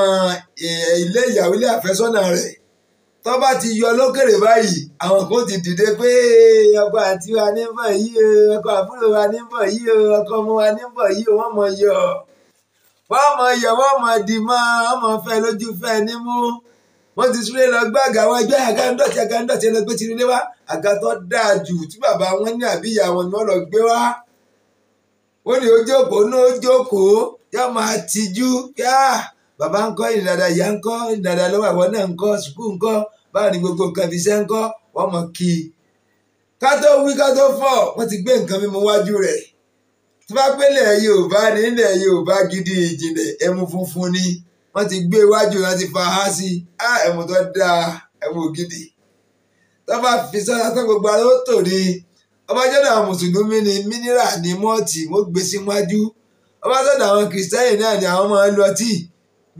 ilé ìyàwó ilé àfẹ́sọ́nà rẹ̀ tó bá ti yọ lókèrè báyìí àwọn kan ti dìde pé ọkọ àti wa ní bọ̀ yìí o ọkọ àbúrò wa ní bọ̀ yìí o ọkọ ọmọ wa ní bọ̀ yìí o wọ́n mọ̀ yọ wọ́n mọ yẹ wọ́n mọ dì mọ́ wọ́n mọ fẹ́ lójú fẹ́ nímú wọ́n ti súré lọ gbá àga wọn ẹgbẹ́ àga ń dọ̀tí àga ń dọ̀tí ẹni pé tinubu wá àga tó dáa jù tí bàbá wọn ní àbí ìyá wọn ni wọ́n lọ gbé wá wọ́n ní ó jókòó ní ó jókòó yóò máa tijú yá bàbá ń kọ́ ìdàdà ìyá ń kọ́ ìdàdà lọ́wọ́ àwọn náà ń kọ́ sùkúù ń kọ́ báwo ni gbogbo nǹkan fi ṣe ń kọ́ wọ́n mọ̀ kí i ká tó wí ká tó fọ̀ wọ́n ti gbé nǹkan mímu wájú rẹ̀ tó bá pélé yorùbá nílẹ̀ yorùbá gidi ìjìnlẹ̀ ẹmu funfun ni wọ́n ti gbé iwájú wọn ti fa há sí á ẹmu tó dáa ẹmu gidi tó bá fi sọ́dọ̀ tó gbogbo ara ó tò ní ọba jọ́dọ̀ àwọn mùsùlùmí ni mínírà ni mọ́ọ̀tì mo gbé sí wájú ọba jọ́dọ̀ àwọn kìrìsìtẹ́nì náà ni àwọn máa ń lọ tí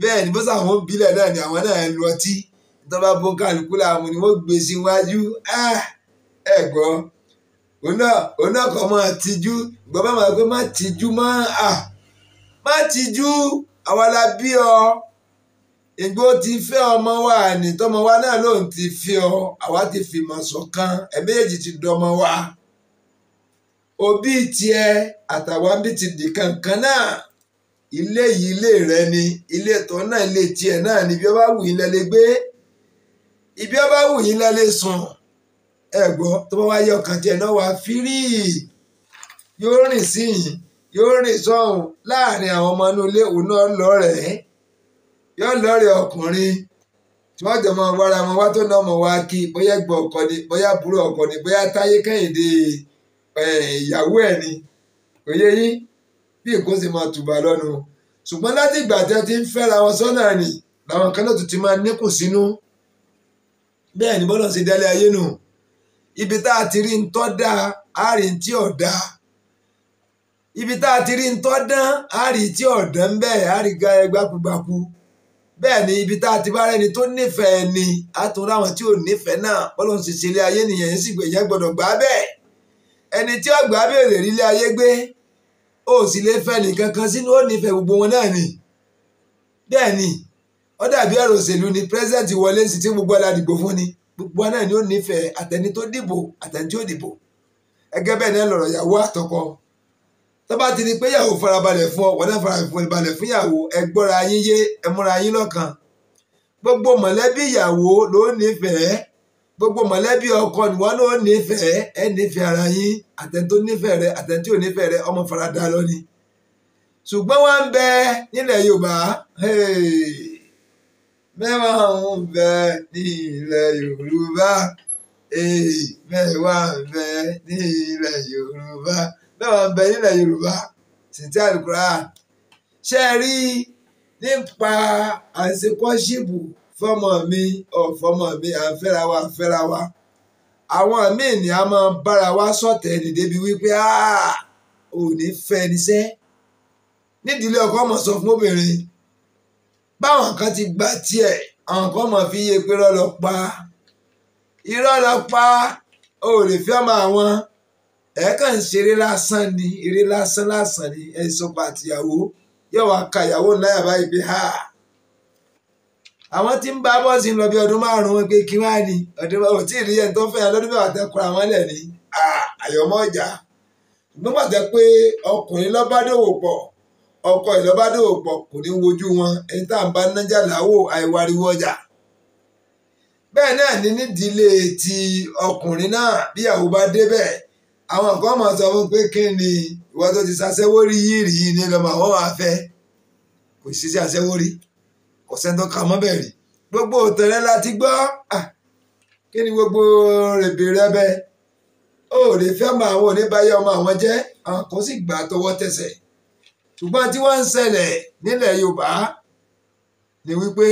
bẹ́ẹ̀ ni bọ́sà àwọn bílẹ̀ náà ni àwọn náà ń lọ tí tó bá bó kálukú làwọn ni wọ́n gbé sí wájú ẹ̀ gbọ́n ọ̀nà ọ̀nà kan máa tijú bàbá máa pé ma tijú má à má tijú àwa la bí ọ ìgbó ti fẹ́ ọmọ wa ni tọmọ wa náà lòun ti fi ọ àwa ti fìmọ̀ ṣọ̀kan ẹ̀mẹ́jì ti dọmọ wa òbí tiẹ̀ àtàwọn bí ti dì kankan náà ilé yìí ilé rẹ ni ilé tó náà ilé tiẹ̀ náà ni ibi ọba wù yín lẹ lè gbé ibi ọba wù yín lẹ lè sùn ẹ̀gbọ́n tó bá wá yẹ ọkàn tiẹ̀ náà wá fírì yóò rìn síyìn yóò rìn sọ́hùn láàrin àwọn ọmọ inú ilé òun náà lọ́rẹ̀ẹ́ yóò lọ́rẹ̀ẹ́ ọkùnrin tí wọ́n jọ mọ wára wọn wá tó náà mọ̀ wá kí bóyá ẹ̀gbọ́n ọkọ ni bóyá àbúrò ọkọ ni bóyá táyé kẹ́hìndé ìyàwó ẹ̀ ni òye yín bí nǹkan ṣe máa tùbà lọ́nu ṣùgbọ́n láti ìgbà tí wọ́n ti ń fẹ́ra wọn sọ́nà rìn làwọn kan náà tún ti máa níkùn sínú bẹ́ẹ̀ ni bọ́lá ṣe dálé ayé nù. No ibi tá a ti rí ń tọ́ dáa á rí ń tí ò dáa ibi tá a ti rí ń tọ́ dán á rí tí ò dán bẹ́ẹ̀ á rí gbákugbaku bẹ́ẹ̀ ni ibi tá a ti bá rẹ́ni tó nífẹ̀ẹ́ ni á tún ráwọn tí ò nífẹ̀ẹ́ náà bọ́lọ̀ ń ṣiṣẹ́ ilé ayé nìyẹn yẹn sì gbẹ̀yẹ́ gbọ́dọ̀ gbà bẹ́ẹ̀ ẹni tí ọgbà béèrè rí ilé ayé gbé ó sì lè fẹ́ nìkan kan sínú ó nífẹ̀ẹ́ gbogbo wọn náà ni bẹ́ẹ̀ ni ó dàbí ẹ̀rọ òṣèlú ni pírẹ́sẹ̀ntì wọlé sí tí gbogbo ọ̀la fún ni gbogbo wa náà ni ó nífẹ̀ẹ́ àtẹni tó dìbò àtẹni tí ó dìbò ẹgẹ́ bẹ́ẹ̀ náà lọ̀rọ̀ ìyàwó àtọkọ tó bá ti di pé ìyàwó farabalẹ̀ fún ọ wọn náà farabalẹ̀ fún ìyàwó ẹ gbọ́ra yín yé ẹ múra yín lọ́kàn gbogbo mọ̀lẹ́bí ìyàwó ló nífẹ̀ẹ́ gbogbo mọ̀lẹ́bí ọkọ nìwọ ló nífẹ̀ẹ́ ẹ nífẹ̀ẹ́ ara yín àtẹni tó nífẹ̀ẹ́ rẹ àtẹni tí ò nífẹ̀ẹ́ rẹ ọmọ farada lọ ni ṣùgbọ́n wá ń bẹ nílẹ̀ Yorùbá hey mẹ́wàá ń bẹ ní ilẹ̀ Yorùbá èyí mẹ́wàá ń bẹ ní ilẹ̀ Yorùbá mẹ́wàá ń bẹ nílẹ̀ Yorùbá sìntí àlùkùrá ṣe é rí nípa àìsíkọ́ṣìbù fọmọ mi ọ̀fọmọ mi àfẹ́ra wa àfẹ́ra wa àwọn míì ni a máa bára wa sọ̀tẹ̀ ní débi wípé ò ní fẹ́ ẹni sẹ́ nídìílé ọkọ ọmọ sọ fún obìnrin báwọn kan ti gba tiẹ̀ àwọn kan mọ̀ fi yé pé rọ́lọ́ pa irọ́ lọ pa o lè fi ọmọ àwọn ẹ̀ kàn ń ṣeré lásán ni eré lásán lásán ni ẹ̀ sọ́kọ àtìyàwó yóò wá ka ìyàwó náà báyìí pé ha àwọn tí ń bá bọ́ọ̀sì ń lọ bí ọdún márùn-ún pé kí wọ́n á ní ọdún márùn-ún tí ìrìn yẹn tó fẹ́ lọ́dún bí àtẹkùn àwọn lẹ̀ àyọ̀mọ́ ọjà nígbà tẹ pé ọkùnrin lọ́bádòwò pọ̀ ọkọ ìlọ́bádòpọ̀ kò ní wojú wọn ẹni tá à ń bá nájà láwò àìwariwo ọjà bẹ́ẹ̀ náà ní nídìílé ti ọkùnrin náà bí àwọn bá débẹ̀ àwọn kan máa sọ fún pé kí ni ìwọ tó ti ṣàṣẹ́wó rí yìí rí yìí ní lọ́mọ àwọn máa fẹ́ kò sí sí àṣẹ́wó rí kò sẹ́ni tó ka mọ́ bẹ́ẹ̀ rí gbogbo òtẹ̀rẹ́ la ti gbọ́ kí ni gbogbo rèbè rẹ́bẹ́ ó lè àwọn oníbàyẹ̀ ọmọ àwọn jẹ́ àwọn kò sì gbà tọwọ́ tẹsẹ̀ ṣùgbọ́n tí wọ́n ń ṣẹlẹ̀ nílẹ̀ Yorùbá ni wípé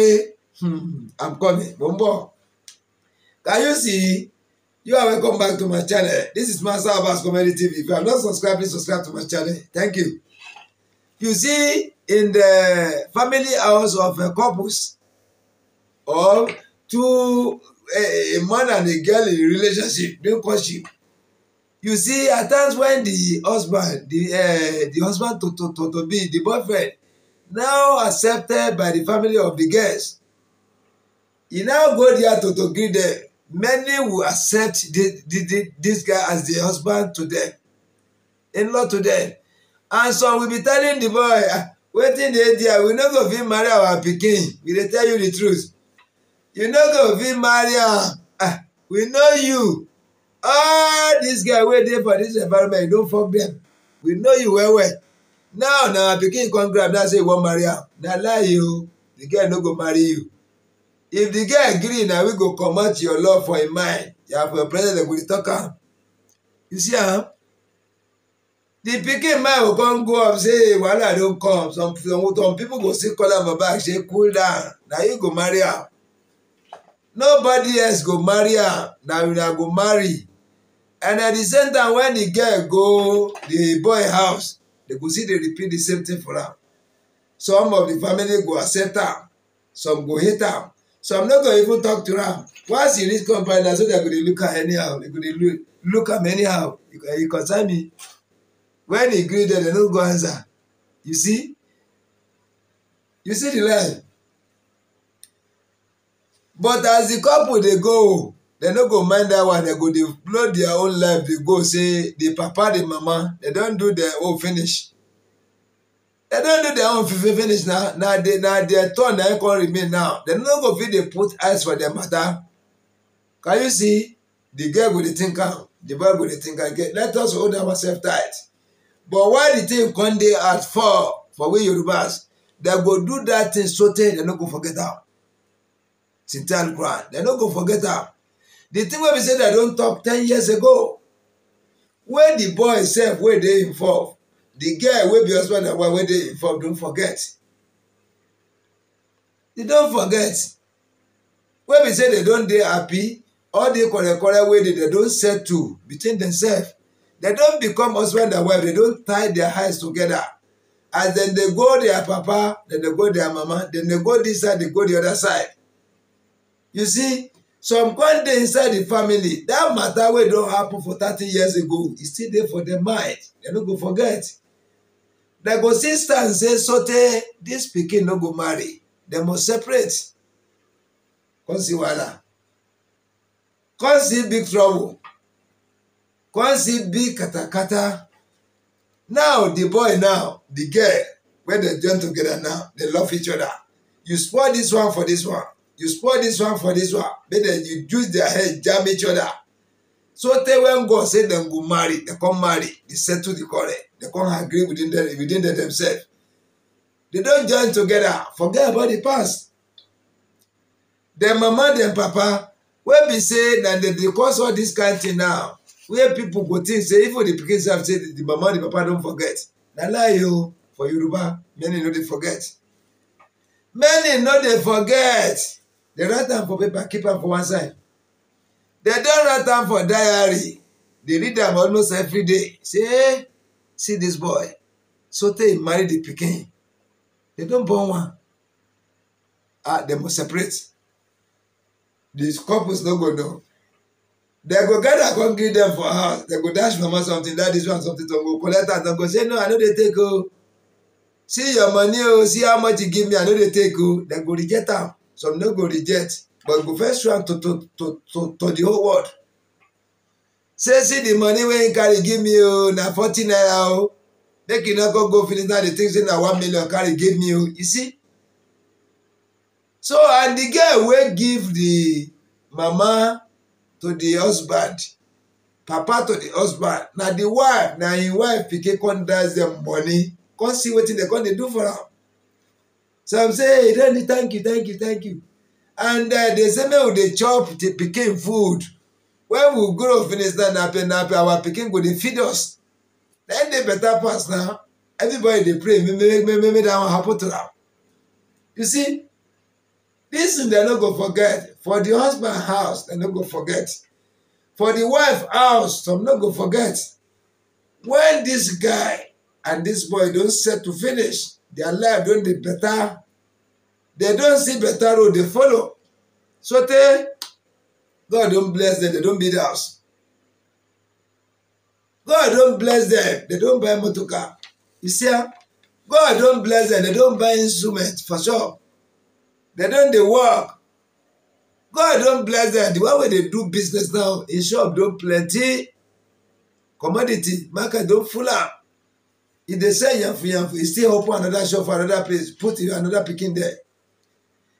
hmm, I'm coming mo ń bọ̀ Kàyọ́sì you are welcome back to my channel this is Master Abbas Comedy TV if you are not subscribed please subscribe to my channel thank you you see in the family house of a couples or two a, eh, a man and a girl in a relationship being courtship you see at times when the husband the uh, the husband to to to to be the boyfriend now accepted by the family of the girls he now go there to to greet them many will accept the, the, the, this guy as the husband to them in-law to them and some will be telling the boy ah, wetin dey there we no go fit marry our pikin we dey tell you the truth you no go fit marry am ah, we know you all dis guy wey dey for this environment you don fuck dem we know you well well now na pikin come grab That say you wan marry am na lie o the girl no go marry you if the girl gree na we go comot your love for im mind ya for your presence dem go dey talk am you see am the pikin mind go come go up say wahala don come some some people go still call am for back say cool down na you go marry am nobody else go marry am na una go marry And at the same time, when the girl go the boy house, they go see they repeat the same thing for am. Some of the family go accept am, some go hate am, some no go even talk to am. Once he reach compound, na so they go dey look am anyhow, they go dey look, look am anyhow. E concern me. When he gree there, they no go answer. You see? You see the line? But as the couple dey go, dem no go mind dat one dem go dey blow their own life dey go say the papa the mama dem don do their own finish dem don do their own finish na na the na their turn na come remain now dem no go fit dey put eyes for their matter can you see the girl go dey think am the boy go dey think am again let us hold ourselves tight but why the thing come dey at four for we yorubas dem go do dat thing sotey dem no go forget am sintan quran dem no go forget am the thing wey be say dem don talk ten years ago wey the boy sef wey dey involved the girl wey be husband and wife wey dey involved don forget they don forget wey be say they don dey happy all the korekore wey dey they don settle between themselves they don become husband and wife they don tie their hands together as dem dey go their papa dem dey go their mama dem dey go this side dey go the other side you see some come dey inside the family that matter wey don happen for thirty years ago e still dey for dem mind dem no go forget dem go see stand say sotey dis pikin no go marry dem must separate come see wahala come see big trouble come see big katakata now the boy now the girl wey dem join together now dey love each other you spoil this one for this one you spoil this one for this one make dem use their head jam each other so tey when god say dem go marry dem come marry dey settle the quarrel dem come agree within them within them themselves they don join together forget about the past dem mama dem papa wey be say na dem dey cause all this kind thing now wey people go think say even the pikin sef say the mama the papa don forget na lie o for yoruba many no dey forget many no dey forget They write am for paper, keep am for one side. They don write am for diary. They read am almost every day. Say, hey, see this boy. So Sotey marry the pikin. They don born one. Ah, they must separate. The couples no go know. They go gather come give them for house. They go dash mama something, that this one something, to go collect am, and go say, no, I no dey take o. Oh. See your money o, oh. see how much you give me, I no dey take o. Oh. They go reject am some no go reject but go first round to to to to to the whole world say see the money wey him carry give me o oh, na forty naira o oh. make you no go go finish now the thing say na one million carry give me o oh. you see so and the girl wey give the mama to the husband papa to the husband na the wife na him wife pikin come dash them money come see wetin dem come dey do for am So I'm saying, hey, Randy, thank you, thank you, thank you. And uh, they say, man, they chop they became food. When we grow finish that nappy nappy, our Peking go, they feed us. Then they better pass now. Everybody, they pray, maybe, maybe, maybe that one happen to them. You see, this thing they going go forget. For the husband house, they going go forget. For the wife house, not going go forget. When this guy and this boy don't set to finish, their life don't be better. They don't see better road, they follow. So they, God don't bless them, they don't build house. God don't bless them, they don't buy motor car. You see, ah, God don't bless them, they don't buy instrument for sure. They don't they work. God don bless them. The one wey dey do business now, im shop don plenty. Commodity market don full am. E dey sell yanfu yanfu, e still open another shop for another place, put another pikin there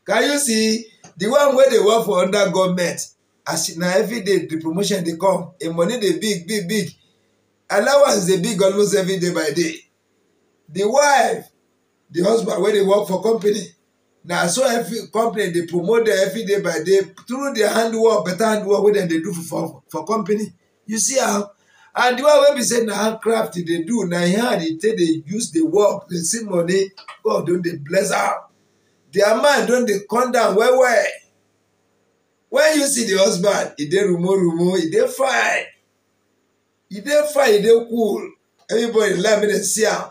can you see the one wey dey work for under government as na everyday the promotion dey come the money dey big big big allowance dey big almost every day by day the wife the husband wey dey work for company na so every company dey promote them every day by day through their hand work, better handwork wey dem dey do for for company you see how? and the one wey be say na handcraft e dey do na hand e take dey use dey work dey see money god don dey bless am their mind don dey come down well well when you see the husband e dey rumo rumo e dey fine e dey fine e dey cool everybody like me dem see am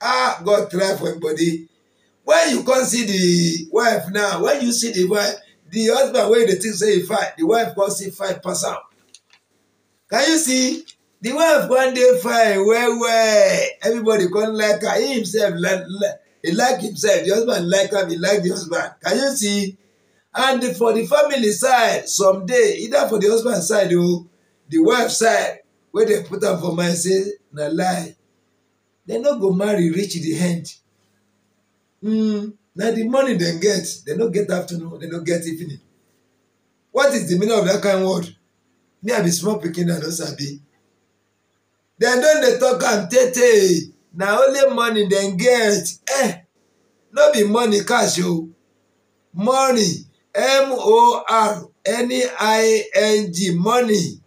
ah god try for im body when you come see the wife now when you see the wife the husband wey you dey think say he fine the wife come see fine pass am can you see the wife come dey fine well well everybody come like her he himself like like He like himself. The husband like him. He like the husband. Can you see? And for the family side, someday, either for the husband side or the wife side, where they put am for mind say na lie. They no go marry reach the end. Mm, na the money dem get, dem no get afternoon, dem no get evening. What is the meaning of that kind word? Me, I be small pikin, I no sabi. Dem don dey talk am tey tey na only money dem get eh no be money cash o money m-o-r-n-i-n-g money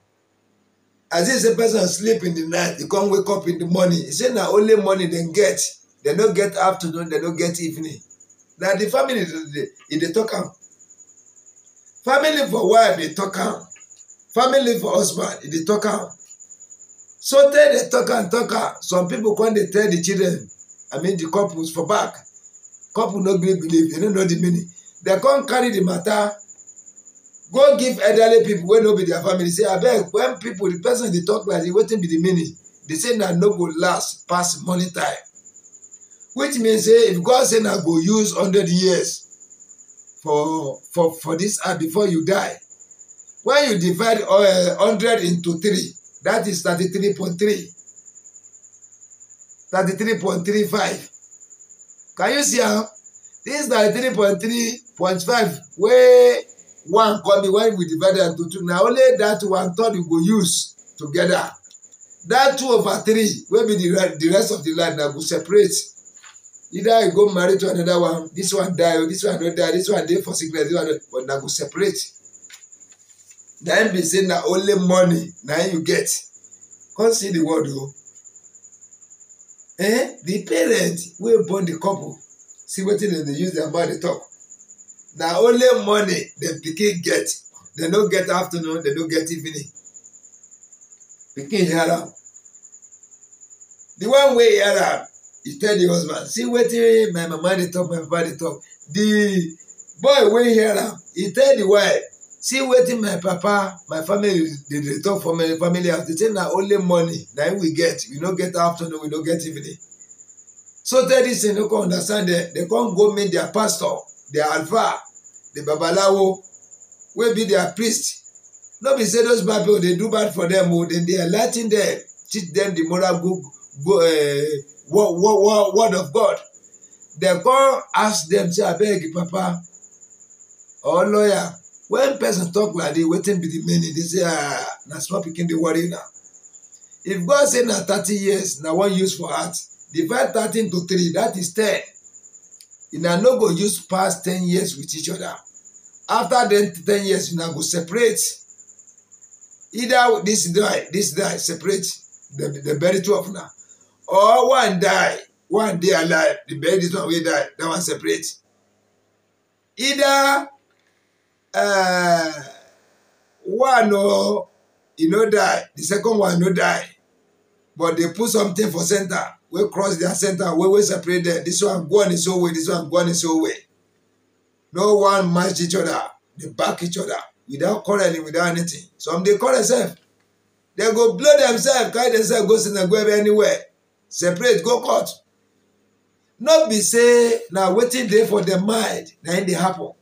as if say person sleep in the night e come wake up in the morning e say na only money dem get dem no get afternoon dem no get evening na the family e dey talk am family for wife dey talk am family for husband e dey talk am So tell the talker and talker. Some people come they tell the children, I mean the couples for back. Couple no gree believe, they don't know the meaning. They come carry the matter, go give elderly people wey no be their family. Say, abeg, when people, the person dey talk like this, waiting be the meaning? They say that no go last past morning time. Which means say if God say na go use hundred years for for for this earth before you die, when you divide uh, hundred into three, that is thirty three point three thirty three point three five can you see how? this thirty three point three point five wey one come when we divide am two Now only that one third we go use together that two over three will be the, the rest of the land na go separate either you go marry to another one this one die this one no die this one die for sickness this one no but na go separate na im be say na only money na you get come see the word o oh. eh the parent wey born the couple see wetin dem dey use their mouth dey talk na only money dem pikin get dem no get afternoon dem no get evening pikin hear am the one wey hear am he tell the husband see wetin my mama dey talk my papa dey talk the boy wey hear am he tell the wife see wetin my papa my family dey dey talk for my family house dey say na only morning na im we get we no get afternoon we no get evening so tell dis thing no come understand dem they come go meet their pastor their alfa the babalawo wey be their priest no be say those bad people dey do bad for them. o oh. dem dey enligh them teach them the moral good go, uh, word of god dem come ask them say abeg papa or lawyer when person talk like this wetin be the meaning they say ah na small pikin dey worry now." if god say na thirty years na one use for heart divide thirteen to three that is ten una e no go use pass ten years with each other after then ten years una go separate either this die this die separate the the bury two of una or one die one dey alive the bury this one wey die that one separate either uh, one oh, he no die the second one no die but they put something for center We cross their center We wey separate them this one go on his own way this one go on his own way no one match each other They back each other without quarreling without anything some they quarrel sef They go blow themselves carry themselves go center go anywhere separate go court Not be say now waiting there for the mind na im dey happen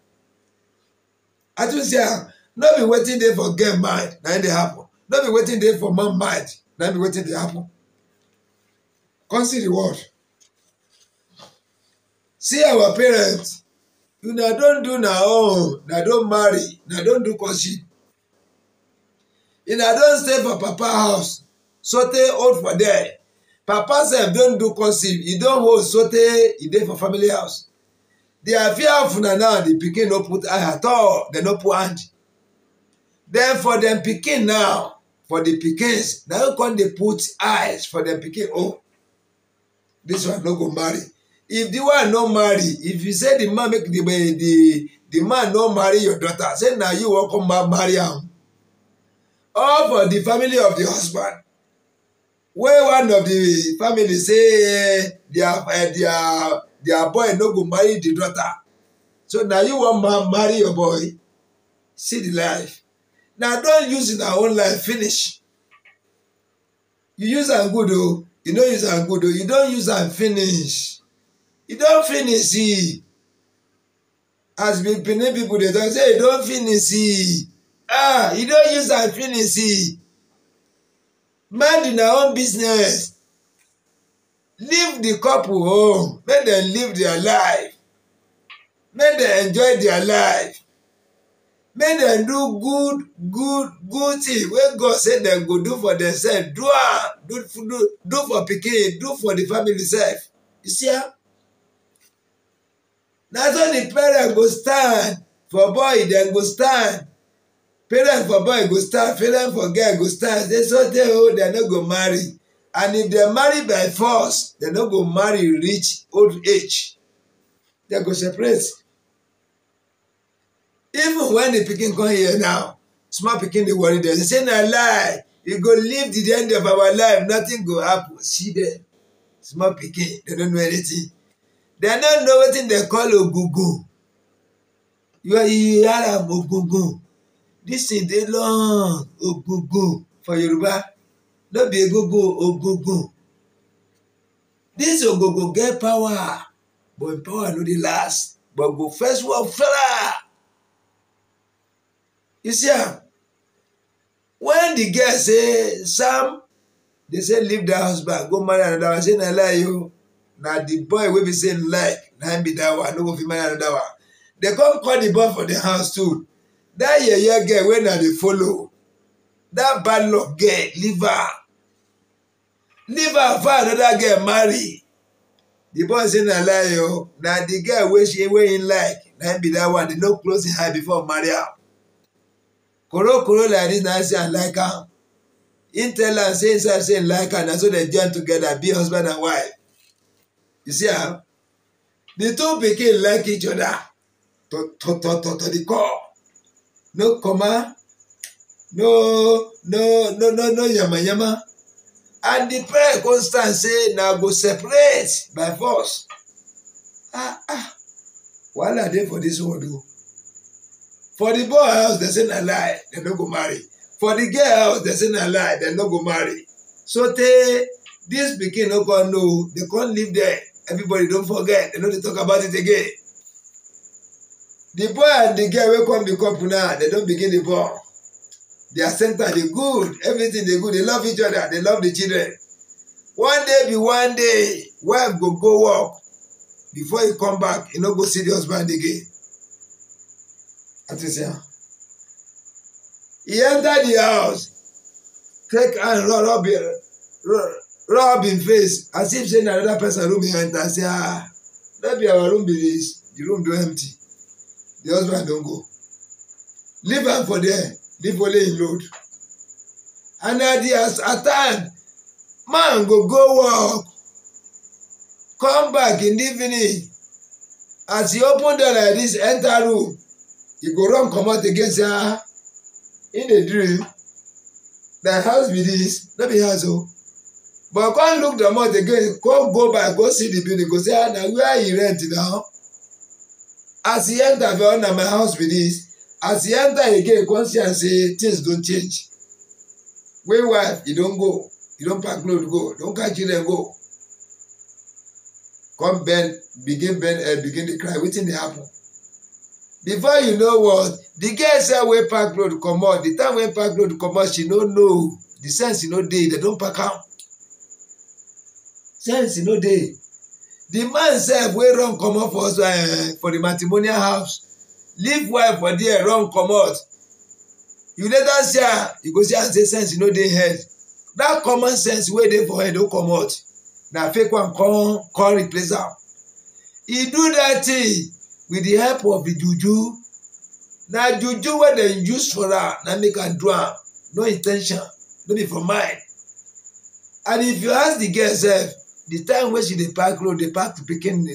I just say, ah, no be waiting there for get mind, na dey happen. No be waiting there for man mind, na be waiting dey happen. Come see the world. See our parents. Una don do na own, na don marry, na don do courtship. Una don stay for papa house, sotey hold for there. Papa sef don do courtship, e don hold sotey e dey for family house. Their fearful na now the pikin no put eye at all. They no put hand. Then for them pikin now, for the pikins, now come they put eyes for them pikin. Oh, this one no go marry. If the one no marry, if you say the man make the the the man no marry your daughter, say na you wan come marry am. All for the family of the husband. Wey one of the family say eh, their eh, their their boy no go marry the daughter so now you want man marry your boy see the life Now don't use in our own life finish you use and good oh. o oh. you don't use and good o you don't use and finish you don't finish see as benin people they don't say you don't finish see ah you don't use and finish see mind our own business leave the couple home make dem live their life make dem enjoy their life make dem do good good good thing wey god say dem go do for themselves do am do do do for pikin do for the family sef you see am na so the parent go stand for boy dem go stand parent for boy go stand parent for girl go stand say so tey o oh, dem no go marry and if they marry by force dem no go marry rich old age dem go separate even when the picking come here now small picking they worry They say na lie you go live to di end of our life nothing go happen see dem small picking, they don't know anything They no know what they call a gugu. you are you are a ogungun This is the long ogungun for yoruba no be egogo ogogo dis ogogo get power but im power no dey last but go first world fella you see am wen di girl say sam dey say leave dat husband go marry another. one say na lie o oh. na the boy wey be say like na im be dat one no go fit marry anoda one dem come call the boy for the house too dat yeye girl wey na dey follow That bad luck girl leave her leave her for another girl marry the boy say na lie o oh. na the girl wey she wey him like na be that one dey no close him eye before marry am korokoro like this na say i like am him tell am say himself say him like am na so dem join together be husband and wife you see am the two pikin like each other to to to to to the core no comma no no no no no yamayama. Yama and the prayer constant say na go separate by force ah ah wahala dey for dis world o oh. for the boy house dem say na lie dem no go marry for the girl house dem say na lie dem no go marry so tey dis pikin no come know dey come live there everybody don forget dem no dey talk about it again the boy and the girl wey come be couple now dem don begin the ball their center dey good everything dey good they love each other they love the children one day be one day wife go go work before he come back he no go see the husband again ati see am He enter the house take hand rub rub him rub him face as if say na another person room he enter say ah no be our room be this the room don empty the husband don go leave am for there the following load. And at, the, at time, man go go work, come back in the evening. As he open door like this, enter room, he go run comot against her in a dream. The house be this, no be house o. Oh. But come look the mouth again, come go back, go see the building, go say, ah, na where he rent now? As he enter, oh, na my house be this as you enter again conscience say things don change wey wife you don go you don pack load go don carry children go come bend begin bend eh, head begin dey cry wetin dey happen before you know what the girl say wey pack load comot the time wey pack load comot she no know the sense e no dey dem don pack am sense e no dey the man sef wey run comot for us uh, for the matrimonial house leave wife for there run comot you later see her you go see her say sense no dey head that common sense wey dey for head no comot na fake one come come replace am e do that thing with the help of the juju na juju wey dem use for am na make am do am no in ten tion no be for mind and if you ask the girl sef the time wey she dey pack road dey pack the pikin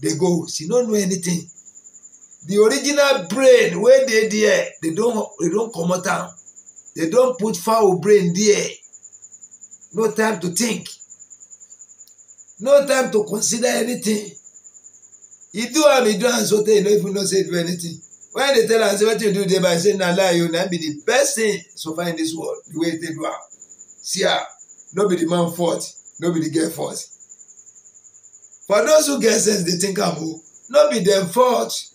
dey go she no know anything the original brain wey dey there they don they don comot am they don put fowl brain there no time to think no time to consider anything e do am e do am so tey e no even know say e do anything when i dey tell am say wetin you do dey by say na lie o na be the best thing so far in this world the way e take do am see ah. no be the man fault no be the girl fault for those who get sense dey think am o no be dem fault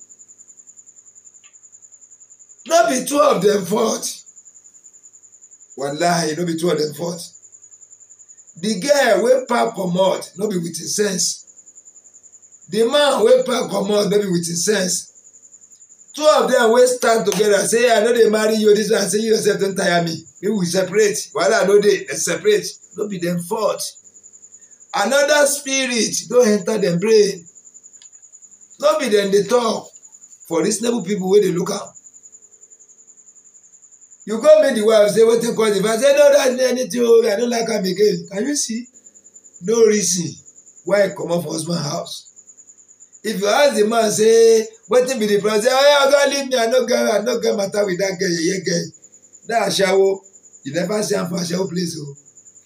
no be two of them fault wallahi no be two of them fault the girl wey pack comot no be with him sense the man wey pack comot no be with him sense two of them wey stand together say i no dey marry you this one say you yourself don tire me make will separate wahala no dey let's separate no be them fault another spirit don enter them brain no be them dey talk for reasonable people wey dey look am you go meet the wife say wetin cause the fight say no that anything o oh, i no like am again can you see no reason why you comot for husband house if you ask the man say wetin be the problem say oya oh, oga leave me i no get i no get matter with that girl yeye girl that asawo you never see am for asawo place o oh.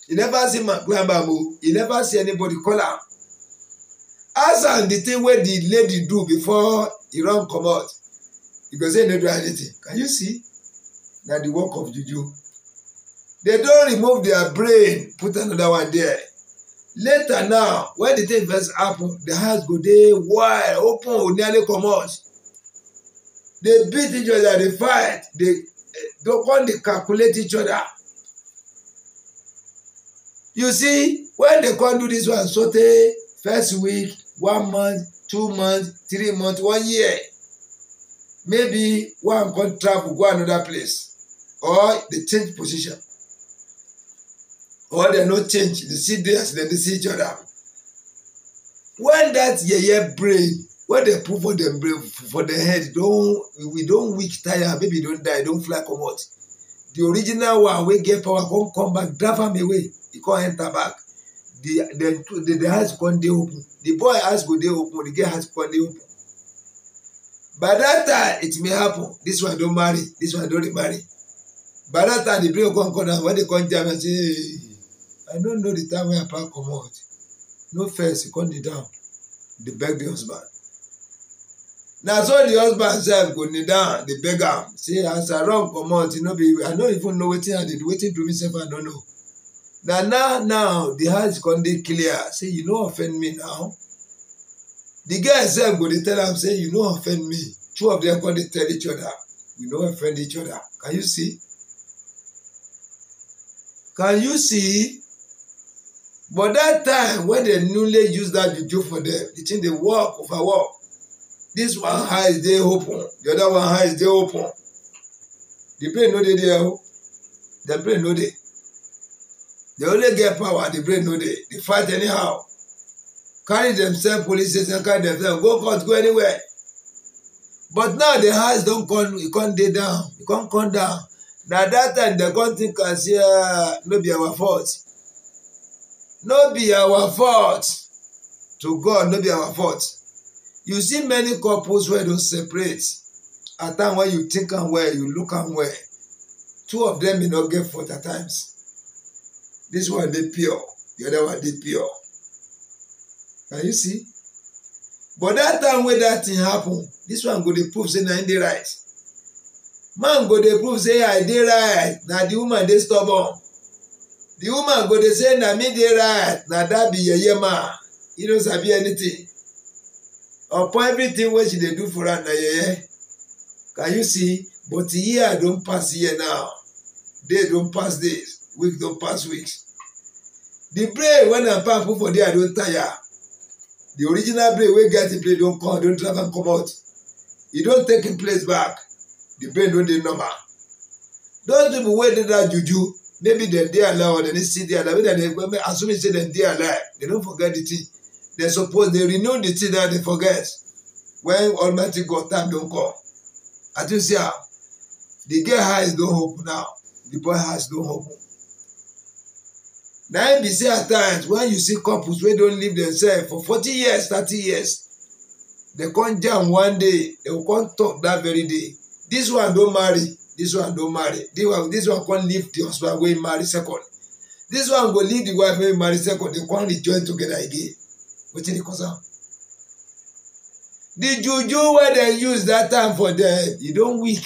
you never see grandmam o you never see anybody call am ask am the thing wey the lady do before he run comot He go say e no do anything can you see than the work of juju. They don't remove their brain, put another one there. Later now, when the thing first happen, the house go dey wide, open, o nearly comot. They beat each other, they fight, they don come dey calculate each other. You see, when they come do this one, so tey first week, one month, two months, three months, one year, maybe one come travel go another place or they change position or they no change they see this, as they see each other when that yeye brain when they put for dem brain for dem head don we don weak tire baby don die don fly comot the original one wey get power come come back drive am away e come enter back the the the, the house come dey open the boy house go dey open the girl house come dey open by that time it may happen this one don marry this one don remarry By that time, the prayer come corner when they come jam and say, hey, I don't know the time when I park come out. No first, he come kneel down. They beg the husband. Na so the husband sef go kneel down, dey beg am, say as I run comot, no be I no even know wetin I dey do, wetin do me sef I no know. Na now now the house come dey clear, say you no offend me now. The girl sef go dey tell am say you no offend me. Two of them come dey tell each other, we no offend each other. Can you see? Can you see? But that time when they newly use that juju for them, the thing they walk over walk. This one eye is dey open, the other one eye is dey open. The brain no dey there o. Oh. The brain no dey. They only get power, the brain no dey. They fight anyhow. Carry themselves police station, carry themselves, go court, go anywhere. But now the eyes don come, e come dey down, e come come down na that time dem come think as say no be our fault no be our fault to god no be our fault you see many couples wey don separate at time when you think am well you look am well two of them may not get fault at times this one dey pure the other one dey pure can you see but that time wey that thing happen this one go dey prove say na him dey right man go dey prove say i dey right na the woman dey stubborn the woman go dey say na me dey right na that be yeye man he no sabi anything upon everything wey she dey do for am na yeye can you see but year don pass year now day don pass days week don pass weeks the brain wey na pan put for there don tire the original brain wey get the brain don come don travel comot e don take him place back the brain no dey normal those people wey dey that juju maybe dem dey alive or dem dey still dey alive maybe dem dey assuming say dem dey alive dem no forget the thing dem suppose dey renew the thing that dem forget when almighty god time don come i think say ah the girl eyes don open now the boy eyes don open na im be say at times when you see couples wey don live themselves for forty years thirty years dem come jam one day dem go come talk that very day this one don marry this one don marry this one this one come leave the husband wey marry second this one go leave the wife wey marry second they come rejoin together again wetin dey cause am the juju wey dem use that time for dem e don weak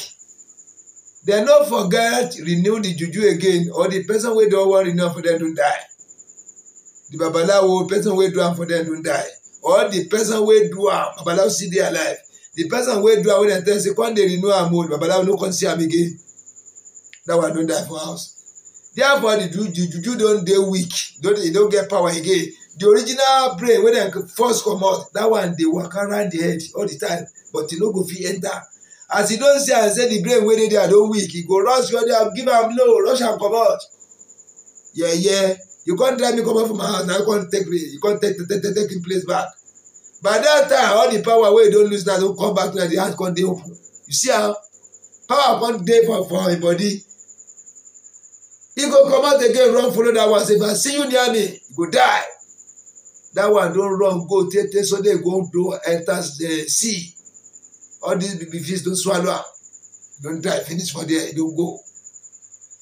dem no forget renew the juju again or the person wey don wan renew am for dem don die the babalawo person wey do am for dem don die or the person wey do am babalawo still dey alive the person wey do am wey dem tell say come dey renew am old oh, babalawo no come see am again that one don die for house therefore the juju juju don dey weak don e don get power again the original brain wey dem first comot that one dey waka round the head all the time but e no go fit enter as e don see am e say the brain wey dey there don weak e go rush go there give am blow rush am comot yeye yeah, yeah. you come drive me comot from my house na you come take me you come take take take take him place back by that time all the power wey you don lose now don come back to the hand come dey open you see how power come dey for for him body e go comot again run follow that one say if i see you near me you go die that one don run go Tete, so they go do enter the eh, sea all these baby fish don swallow am don die finish for there e don go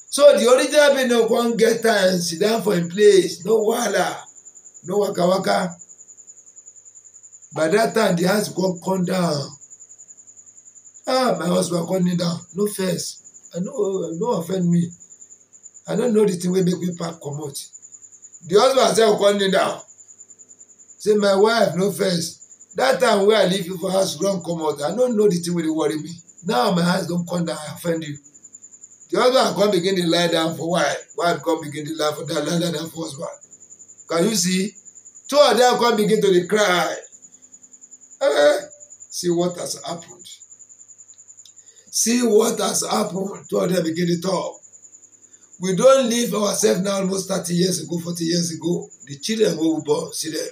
so the original being no come get time sit down for him place no wahala no waka waka. By that time, the house go come down. Ah, my husband coming down. No face. I no, no offend me. I don't know the thing wey make me pack comot. The husband sef coming down. Say my wife no face. That time wey I leave you for house run comot. I no know the thing wey dey worry me. Now my house don come down I offend you. The husband come begin dey lie down for wife. Wife come begin dey lie for that lie down for husband. Can you see? Two of them come begin to dey cry. Hey, eh, see what has happened. See what has happened to other beginning talk. We don't leave ourselves now almost 30 years ago, 40 years ago. The children who were born, see them.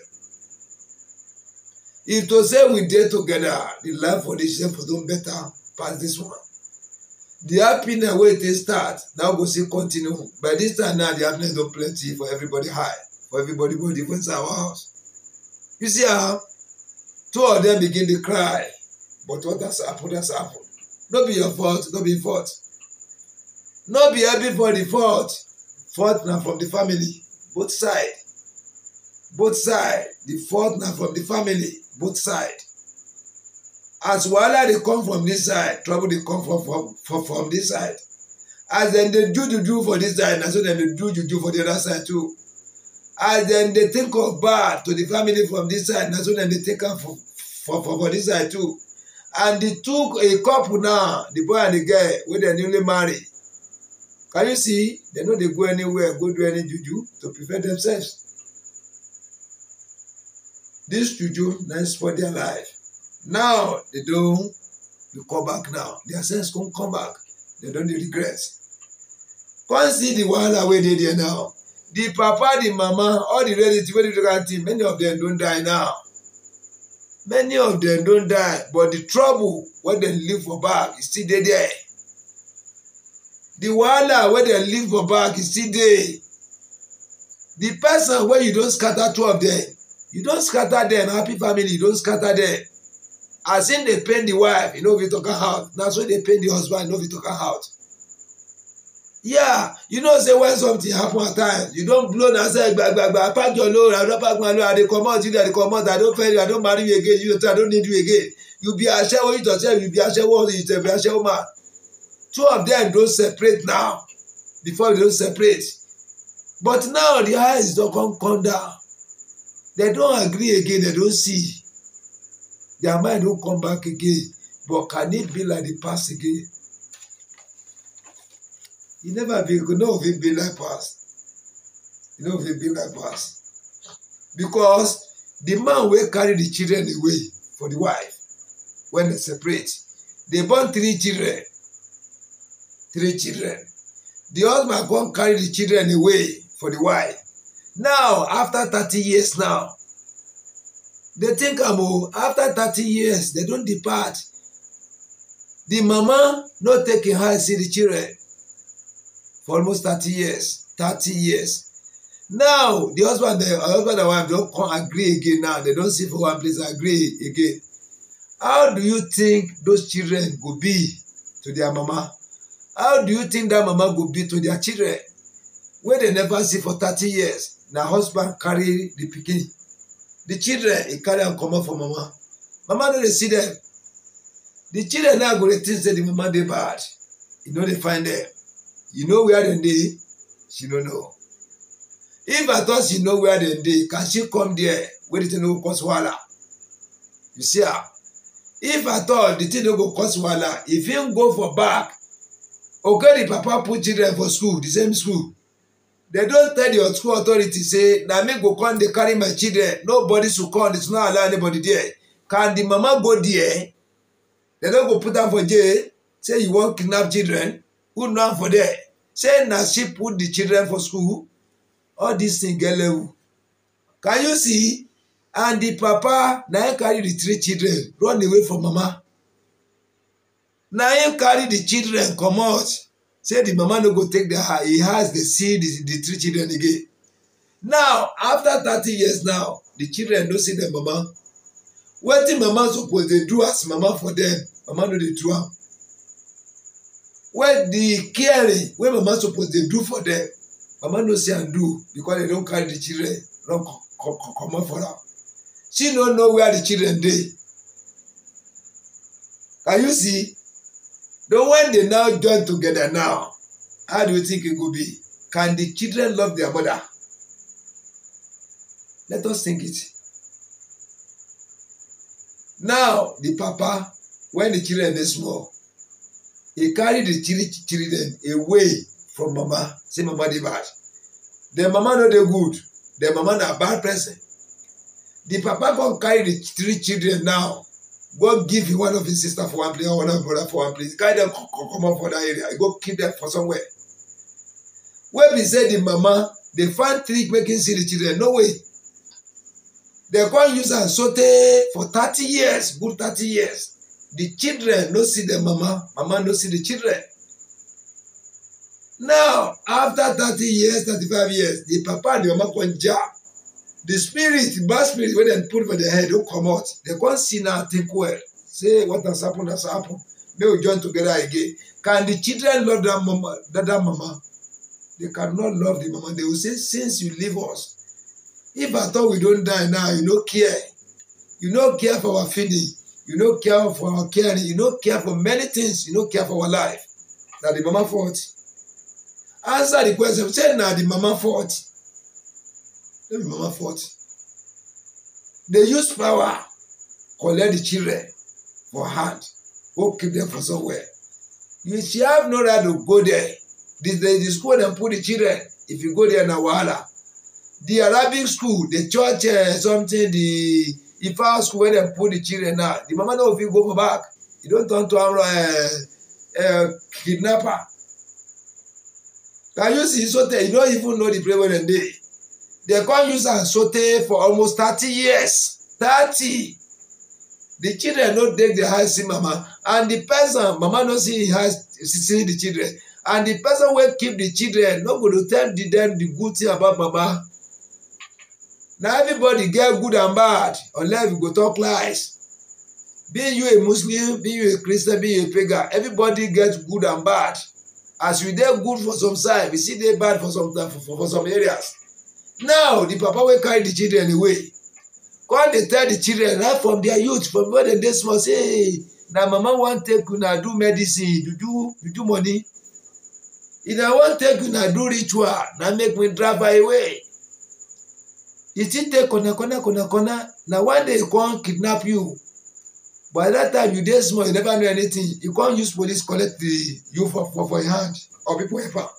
If to say we did together, the life for this children for them better pass this one. The happiness where they start, now we see continue. By this time now, the happiness don't plenty for everybody high, for everybody body, even our house. You see how? Two of them begin to cry. But what has happened has happened. No be your fault, no be fault. No be everybody fault. Fault na from the family, both side. Both side. The fault na from the family, both side. As wahala dey come from this side, trouble dey come from, from, from, from this side. As dem dey do juju for this side, na so dem dey do juju for the other side too as dem dey think of bad to the family from this side na so dem dey think am for for for for this side too and the two a couple now the boy and the girl wey dem newly marry can you see dem no dey go anywhere go do any juju to prevent themselves this juju na spoil their life now they don dey come back now their sense come come back they don dey regret come see the wahala wey dey there now the papa the mama all the relatives wey dey look at him many of them don die now many of them don die but the trouble wey dem leave for back e still dey there the wahala wey dem leave for back e still dey the person wey you don scatter two of them you don scatter them happy family you don scatter them as him dey pain the wife you no know, fit talk am out na so e dey pain the husband you no know, fit talk am out yeah you know say when something happen at times you don blow na say gbagbagba pack your load i don pack my load i dey comot you i dey comot i don fail you i don marry you again you i don need you again you be asewo you yourself you be asewo you be asewo man two of them don separate now before they don separate but now the eyes don come come down they don agree again they don see their mind don come back again but can it be like the past again He never be no fit be like pass you no fit be like pass because the man wey carry the children away for the wife when they separate they born three children three children the husband come carry the children away for the wife now after thirty years now they think am ah, o after thirty years they don depart the mama no take im hand see the children for almost thirty years thirty years now the husband the husband and wife don come agree again now they don see for one place agree again how do you think those children go be to their mama how do you think that mama go be to their children wey they never see for thirty years na husband carry the pikin the children e carry am comot for mama mama no dey see them. the children now go dey think say the mama dey bad e no dey find them you know where dem dey she no know if at all she know where dem dey can she come there wey the thing no go cause wahala you see am if at all the thing no go cause wahala if him go for back okere papa put children for school the same school they don tell your school authority say na me go come dey carry my children nobody should come they no allow anybody there can the mama go there they no go put am for jail say you wan kidnap children who know am for there say na she put the children for school all this thing get level can you see and the papa na him carry the three children run away from mama na him carry the children comot say the mama no go take the their he has dey see the the three children again now after thirty years now the children no see their mama wetin mama suppose dey do as mama for them mama no dey do am wey the caring wey mama suppose dey do for them mama no see am do because they don carry the children run comot for am she no know where the children dey can you see then when they now join together now how do you think e go be can the children love their mother let us think it now the papa when the children dey small He carried the three children away from mama. Say mama dey bad. The mama no dey good. The mama na bad person. The papa go carry the three children now. Go give one of his sister for one place or one of his brother for one place. Carry them come up for that area. Go keep them for somewhere. When be say the mama dey find trick making see the children. No way. Dem come use am sotey for thirty years, good thirty years. The children no see the mama, mama no see the children. Now, after thirty years, thirty-five years, the papa and the mama can jab. The spirit, the bad spirit, when they put for their head, don't come out. They can't see now, think well. Say what has happened has happened. They we join together again. Can the children love that mama? That, that mama? They cannot love the mama. They will say, since you leave us, if I thought we don't die now, you no care. You no care for our feeling. You no care for our care, You no care for many things. You no care for our life. Na the mama fault. Answer the question. Say na the mama fault. No be mama fault. They use power collect the children for hand. Go keep them for somewhere. You she have no right to go there. The, the, the school dem put the children. If you go there na wahala. The Arabic school, the church eh, uh, something, the if I ask where they put the children now the mama no fit go for back You don't turn to am uh, uh, kidnapper can you see sote. you don't even know the place wey they dey dem use a sote for almost thirty years thirty the children no take the eye see mama and the person mama no see has see the children and the person will keep the children no go dey tell them the good thing about mama Now everybody get good and bad unless you go talk lies being you a muslim being you a christian being you a pagan everybody get good and bad as we dey good for some side we see they bad for some for, for some areas now the papa will carry the children away When they tell the children right from their youth from when they this small say hey, na mama want take una do medicine to do to do money if I want take una do ritual na make me drive away you still take corner corner corner corner na one day e come kidnap you by that time you dey small you never know anything you come use police collect the you for for for your hand or people help am.